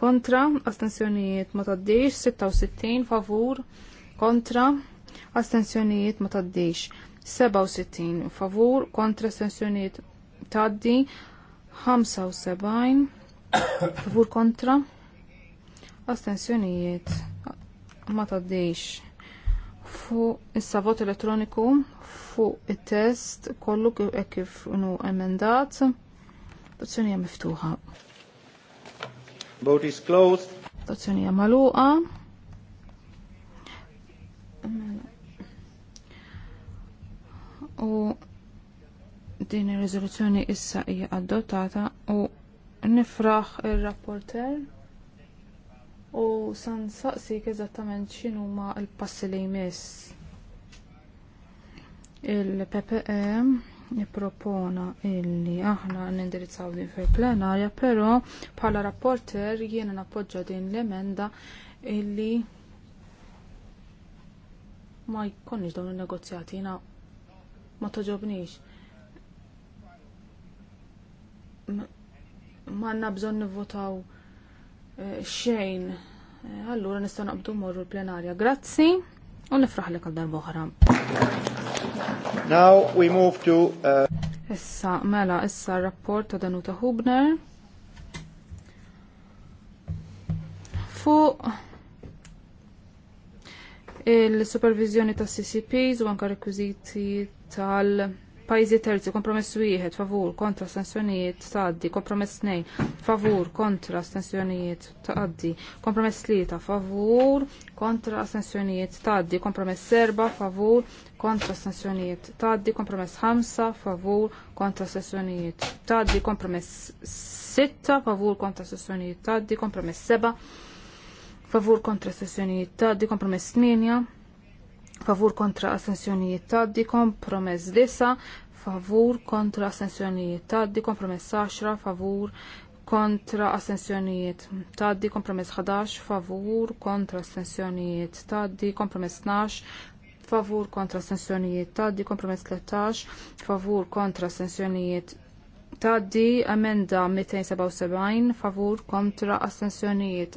S4: kontra, astensjonijiet ma taddix, 66 favur, kontra, astensjonijiet ma taddix, 67 favur, kontra astensjonijiet taddi, 75 favur kontra, astensjonijiet ma taddix. Fu issa vot elettroniku fu it-test kollu e kif kif emendat, votazzjoni miftuħa.
S1: Vote is closed.
S4: Votazzjoni hija magħluqa. U din ir-riżoluzzjoni issa hija adottata u nifraħ ir-rapporter u san saqsik eżattament x'inhuma l-passi li jmiss il-PPM e nippropona illi aħna nindirizzaw din fil-plenarja, però bħala rapporter jiena nappoġġa din l-emenda illi ma jkonniex dawn il-negozjati jiena ma toġobniex. Ma għandna bżonn nivvotaw eh, xejn. Eh, allura nista' naqbdu morru l-plenarja. Grazzi u nifraħlek għal darba oħra.
S1: Now we move to... Uh,
S4: issa, mela, issa rapport ta' Danuta Hubner. Fu il-supervizjoni ta' ccp u anka rekwiziti tal-pajzi terzi kompromess wieħed favur kontra stensjonijiet ta' kompromess nej favur kontra stensjonijiet ta' kompromess lieta favur kontra stensjonijiet ta' kompromess serba favur kontra sessjonijiet. taddi, kompromess 5 favur kontra sessjonijiet. taddi, kompromess 6 favur kontra sessjonijiet. taddi, kompromess 7 favur kontra sessjonijiet. taddi, kompromess 8 favur kontra sessjonijiet. taddi, kompromess 9 favur kontra sessjonijiet. taddi, kompromess 10 favur kontra assenzjonijiet. taddi kompromess 11 favur kontra assenzjonijiet. taddi kompromess 12 favur kontra sensjonijiet taddi, kompromess 13, favur kontra sensjonijiet taddi, emenda 277, favur kontra assenzjonijiet.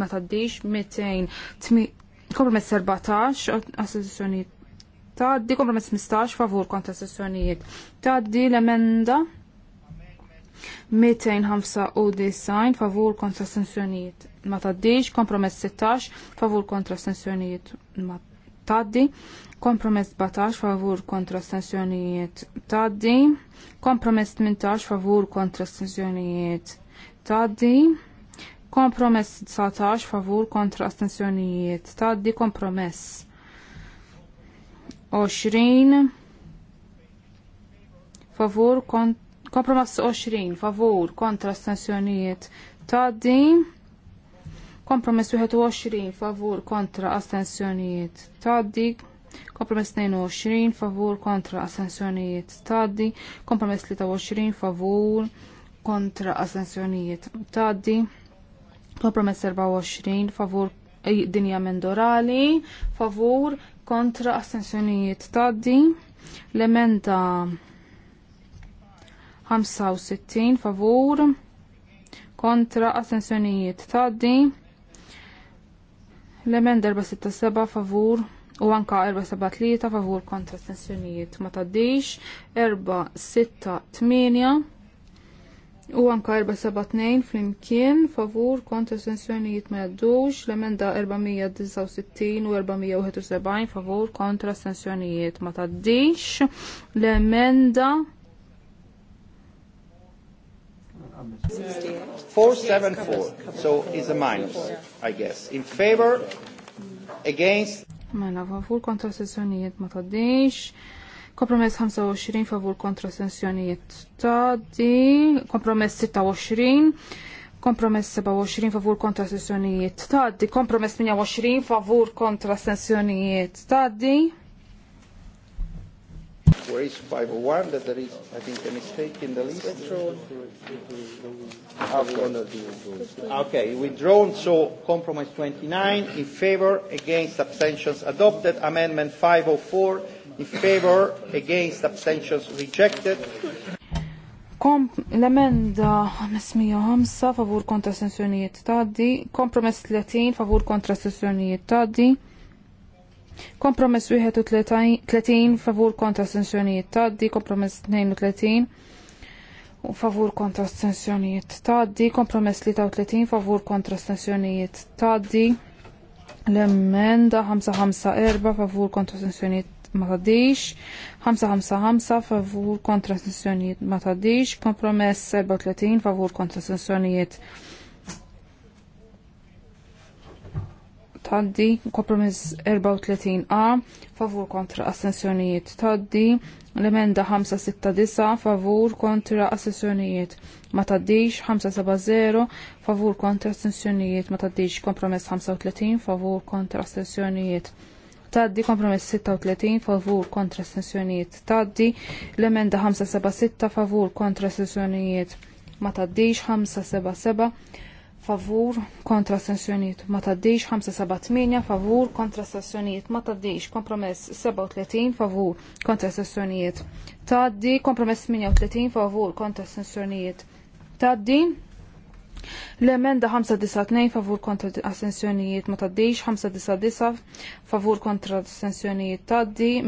S4: ma taddix, 200, kompromess 14, astensjonijiet taddi, kompromess 15, favur kontra astensjonijiet taddi, l-emenda 295 favur kontra astensjonijiet ma taddix, kompromess 16, favur kontra astensjonijiet ma taddix taddi, kompromess 17 favur kontra astensjonijiet taddi, kompromess 18 favur kontra astensjonijiet taddi, kompromess 19 favur kontra astensjonijiet taddi, kompromess 20 favur kont kompromess 20 favur kontra astensjonijiet taddi, Kompromess 21 favur kontra astensjonijiet taddi. Kompromess 22 favur kontra astensjonijiet taddi. Kompromess 23 favur kontra astensjonijiet taddi. Kompromess 24 favur eh, dinja mendorali, favur kontra astensjonijiet taddi. L-emenda 65 favur kontra astensjonijiet taddi L-emend 467 favur u anka 473 favur kontra astensjonijiet ma taddix, 468 u anka 472 flimkien favur kontra astensjonijiet ma jaddux, l-emenda 469 u 471 favur kontra astensjonijiet ma taddix, l-emenda
S1: 474, so it's a minus, I guess. In favor, against.
S4: Mela, favur kontra sessjonijiet ma taddix. Kompromess 25 favur kontra sessjonijiet taddi. Kompromess 26. Kompromess 27 favur kontra sessjonijiet taddi. Kompromess 28 favur kontra sessjonijiet taddi.
S1: Where is 501? That there is, I think, a mistake in the list. Withdrawn. Okay. withdrawn. So compromise 29 in favor, against abstentions adopted. Amendment 504 in favor, against abstentions rejected.
S4: Kom l-emenda 505 favur kontra sessjonijiet taddi, kompromess 30 favur kontra sessjonijiet taddi. Kompromess 31 favur kontra sensjonijiet taddi, kompromess 32 favur kontra sensjonijiet taddi, kompromess 33 favur kontra sensjonijiet taddi, l-emenda 554 favur kontra sensjonijiet ma taddix, 555 favur kontra sensjonijiet ma taddix, kompromess 37 favur kontra sensjonijiet taddi, taddi, kompromiss 34a, favur kontra assenzjonijiet taddi, l-emenda 569, favur kontra assenzjonijiet ma taddix, 570, favur kontra assenzjonijiet ma taddix, kompromiss 35, favur kontra assenzjonijiet taddi, kompromess 36, favur kontra sessjonijiet taddi, l-emenda 576, favur kontra sessjonijiet ma taddix, 577, favur kontra sensjoniet ma taddix 578 favur kontra sensjoniet ma taddix kompromess 37 favur kontra sensjoniet taddi kompromess 38 favur kontra sensjoniet taddi L-emenda 592 favur kontra assenzjonijiet ma taddix, 599 favur kontra assenzjonijiet taddi,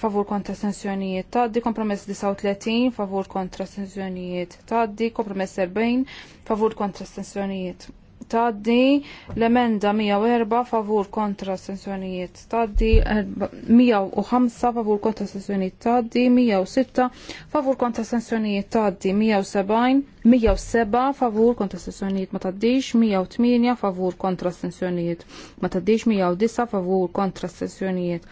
S4: favur kontra astensjonijiet taddi, kompromess 39, favur kontra astensjonijiet taddi, kompromess 40, favur kontra astensjonijiet taddi, l-emenda 104, favur kontra astensjonijiet taddi, 105, favur kontra astensjonijiet taddi, 106, favur kontra sanzjonijiet taddi, 170, 107, favur kontra sanzjonijiet ma taddix, 108, favur kontra sanzjonijiet ma taddix, 109, favur kontra sanzjonijiet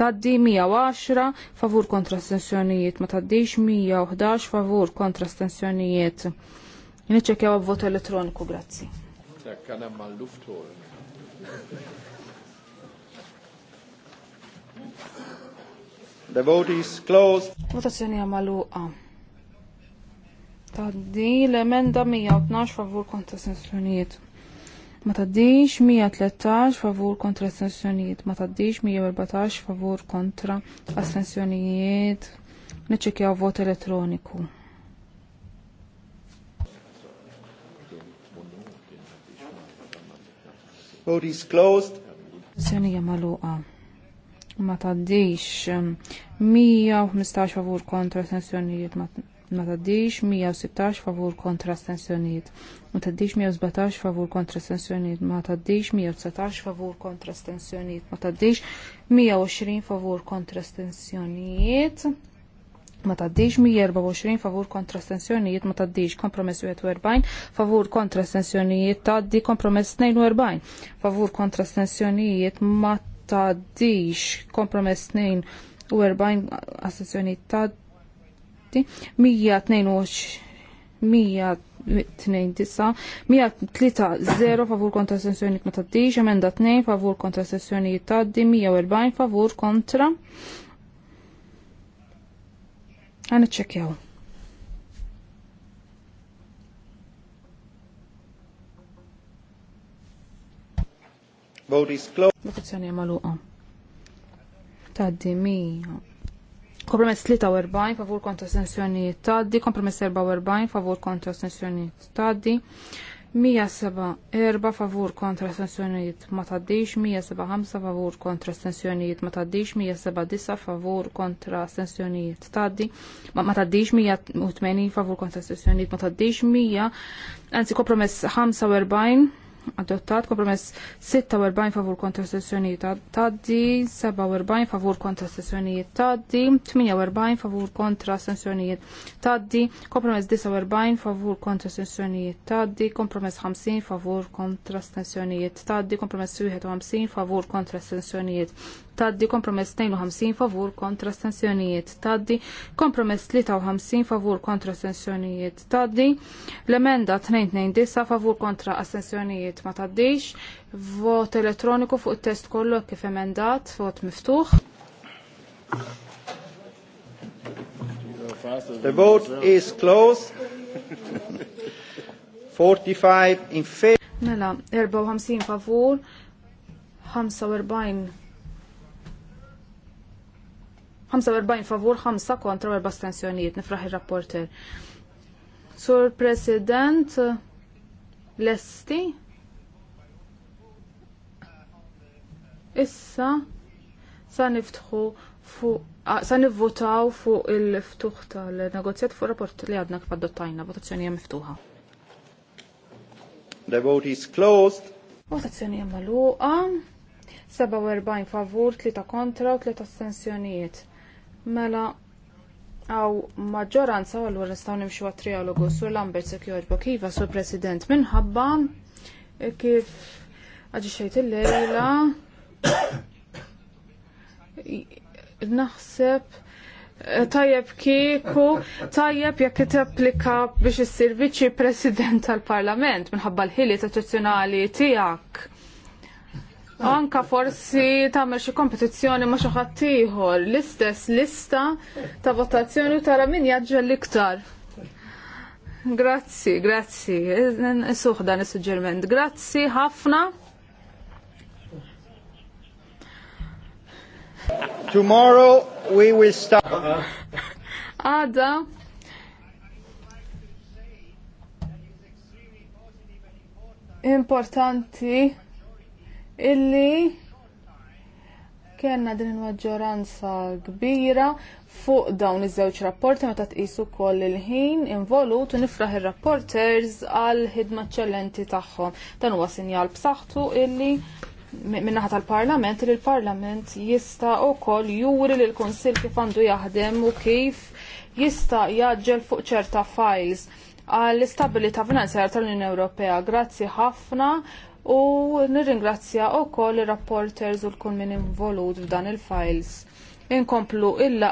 S4: taddi 110 favur kontra stensjonijiet ma tgħaddix 111 favur kontra astensjonijiet. Niċċekjaw vot elettroniku, grazzi.
S1: Er The vote is closed.
S4: Votazzjoni għamaluqa. Taddi l-emenda 112 favur kontra astensjonijiet ma taddix 113 favur kontra astensjonijiet, ma taddix 114 favur kontra astensjonijiet. Niċċekjaw vot elettroniku.
S1: Vote is closed.
S4: Sjonija maluqa. Ma taddix 115 favur kontra astensjonijiet, ma ma taddix 116 favur kontra stensjoniet, ma taddix 117 favur kontra stensjoniet, ma taddix 119 favur kontra stensjoniet, ma taddix 120 favur kontra stensjoniet, ma taddix 124 favur kontra stensjoniet, ma taddix kompromess 41 favur kontra astensjonijiet, taddi kompromess 42 favur kontra stensjoniet, ma taddix kompromess 42 astensjonijiet, taddi taddi, 0 favur kontra sessjonijiet ma taddix, emenda 2 favur kontra sessjonijiet taddi, 140 favur kontra. Għan iċċekjaw. Votazzjoni maluqa. Taddi 100. Kompromess 43 favur kontra sensjoni taddi, kompromess 44 favur kontra sensjoni taddi, 174 favur kontra astensjonijiet ma taddix, 175 favur kontra astensjonijiet ma taddix, 179 favur kontra astensjonijiet taddi, ma, ma taddix 180 favur kontra astensjonijiet ma taddix, 100 anzi kompromess 45 adottat, kompromess 46 favur kontra sessjonijiet taddi, 47 favur kontra sessjonijiet taddi, 48 favur kontra sessjonijiet taddi, kompromess 49 favur kontra sessjonijiet taddi, kompromess 50 favur kontra sessjonijiet taddi, kompromess 51 favur kontra sessjonijiet taddi kompromess 52 favur kontra stensjonijiet taddi kompromess 53 favur kontra stensjonijiet taddi l-emenda 229 favur kontra astensjonijiet ma taddix vot elettroniku fuq test kollu kif emendat vot miftuħ
S5: The vote is closed.
S1: 45 in favor.
S4: Mela, 54 favur, 45 45 favur, 5 kontra u 4 astensjonijiet. Nifraħ rapporter Sur President Lesti. Issa sa niftħu fuq sa nivvotaw fuq il-ftuħ tal-negozjat fuq rapport li għadna kif adottajna, votazzjoni jem miftuħa. The vote is closed. Votazzjoni jem magħluqa. 47 favur, 3 kontra u 3 astensjonijiet Mela, għaw maġġoranza għallu nistaw nimxu għat-trialogu sur Lambert Secure Bokiva sur President minħabba kif għagġiċejt il-lejla naħseb tajjeb kieku tajjeb jekk t-applika biex issir sirviċi President tal-Parlament minħabba l ħili eċezzjonali tiegħek Anka forsi ta' xi kompetizzjoni ma' xi ħadd l-istess lista ta' votazzjoni u tara min jaġġel iktar. Grazzi, grazzi. nisuħ dan il-sugġerment. Grazzi ħafna.
S1: Tomorrow we will start.
S4: Għada. Importanti illi kellna din il-maġġoranza kbira fuq dawn iż-żewġ rapporti meta tqisu koll il-ħin involut u nifraħ ir-rapporters għal ħidma ċellenti tagħhom. Dan huwa sinjal b'saħħtu illi minnaħa tal-Parlament li l-Parlament jista' wkoll juri lil kunsill kif għandu jaħdem u kif jista' jaġġel fuq ċerta files għall-istabilità finanzjarja tal-Unjoni Ewropea. Grazzi ħafna u nirringrazzja wkoll ir rapporters u l-kun min involut f'dan il-files. Inkomplu illa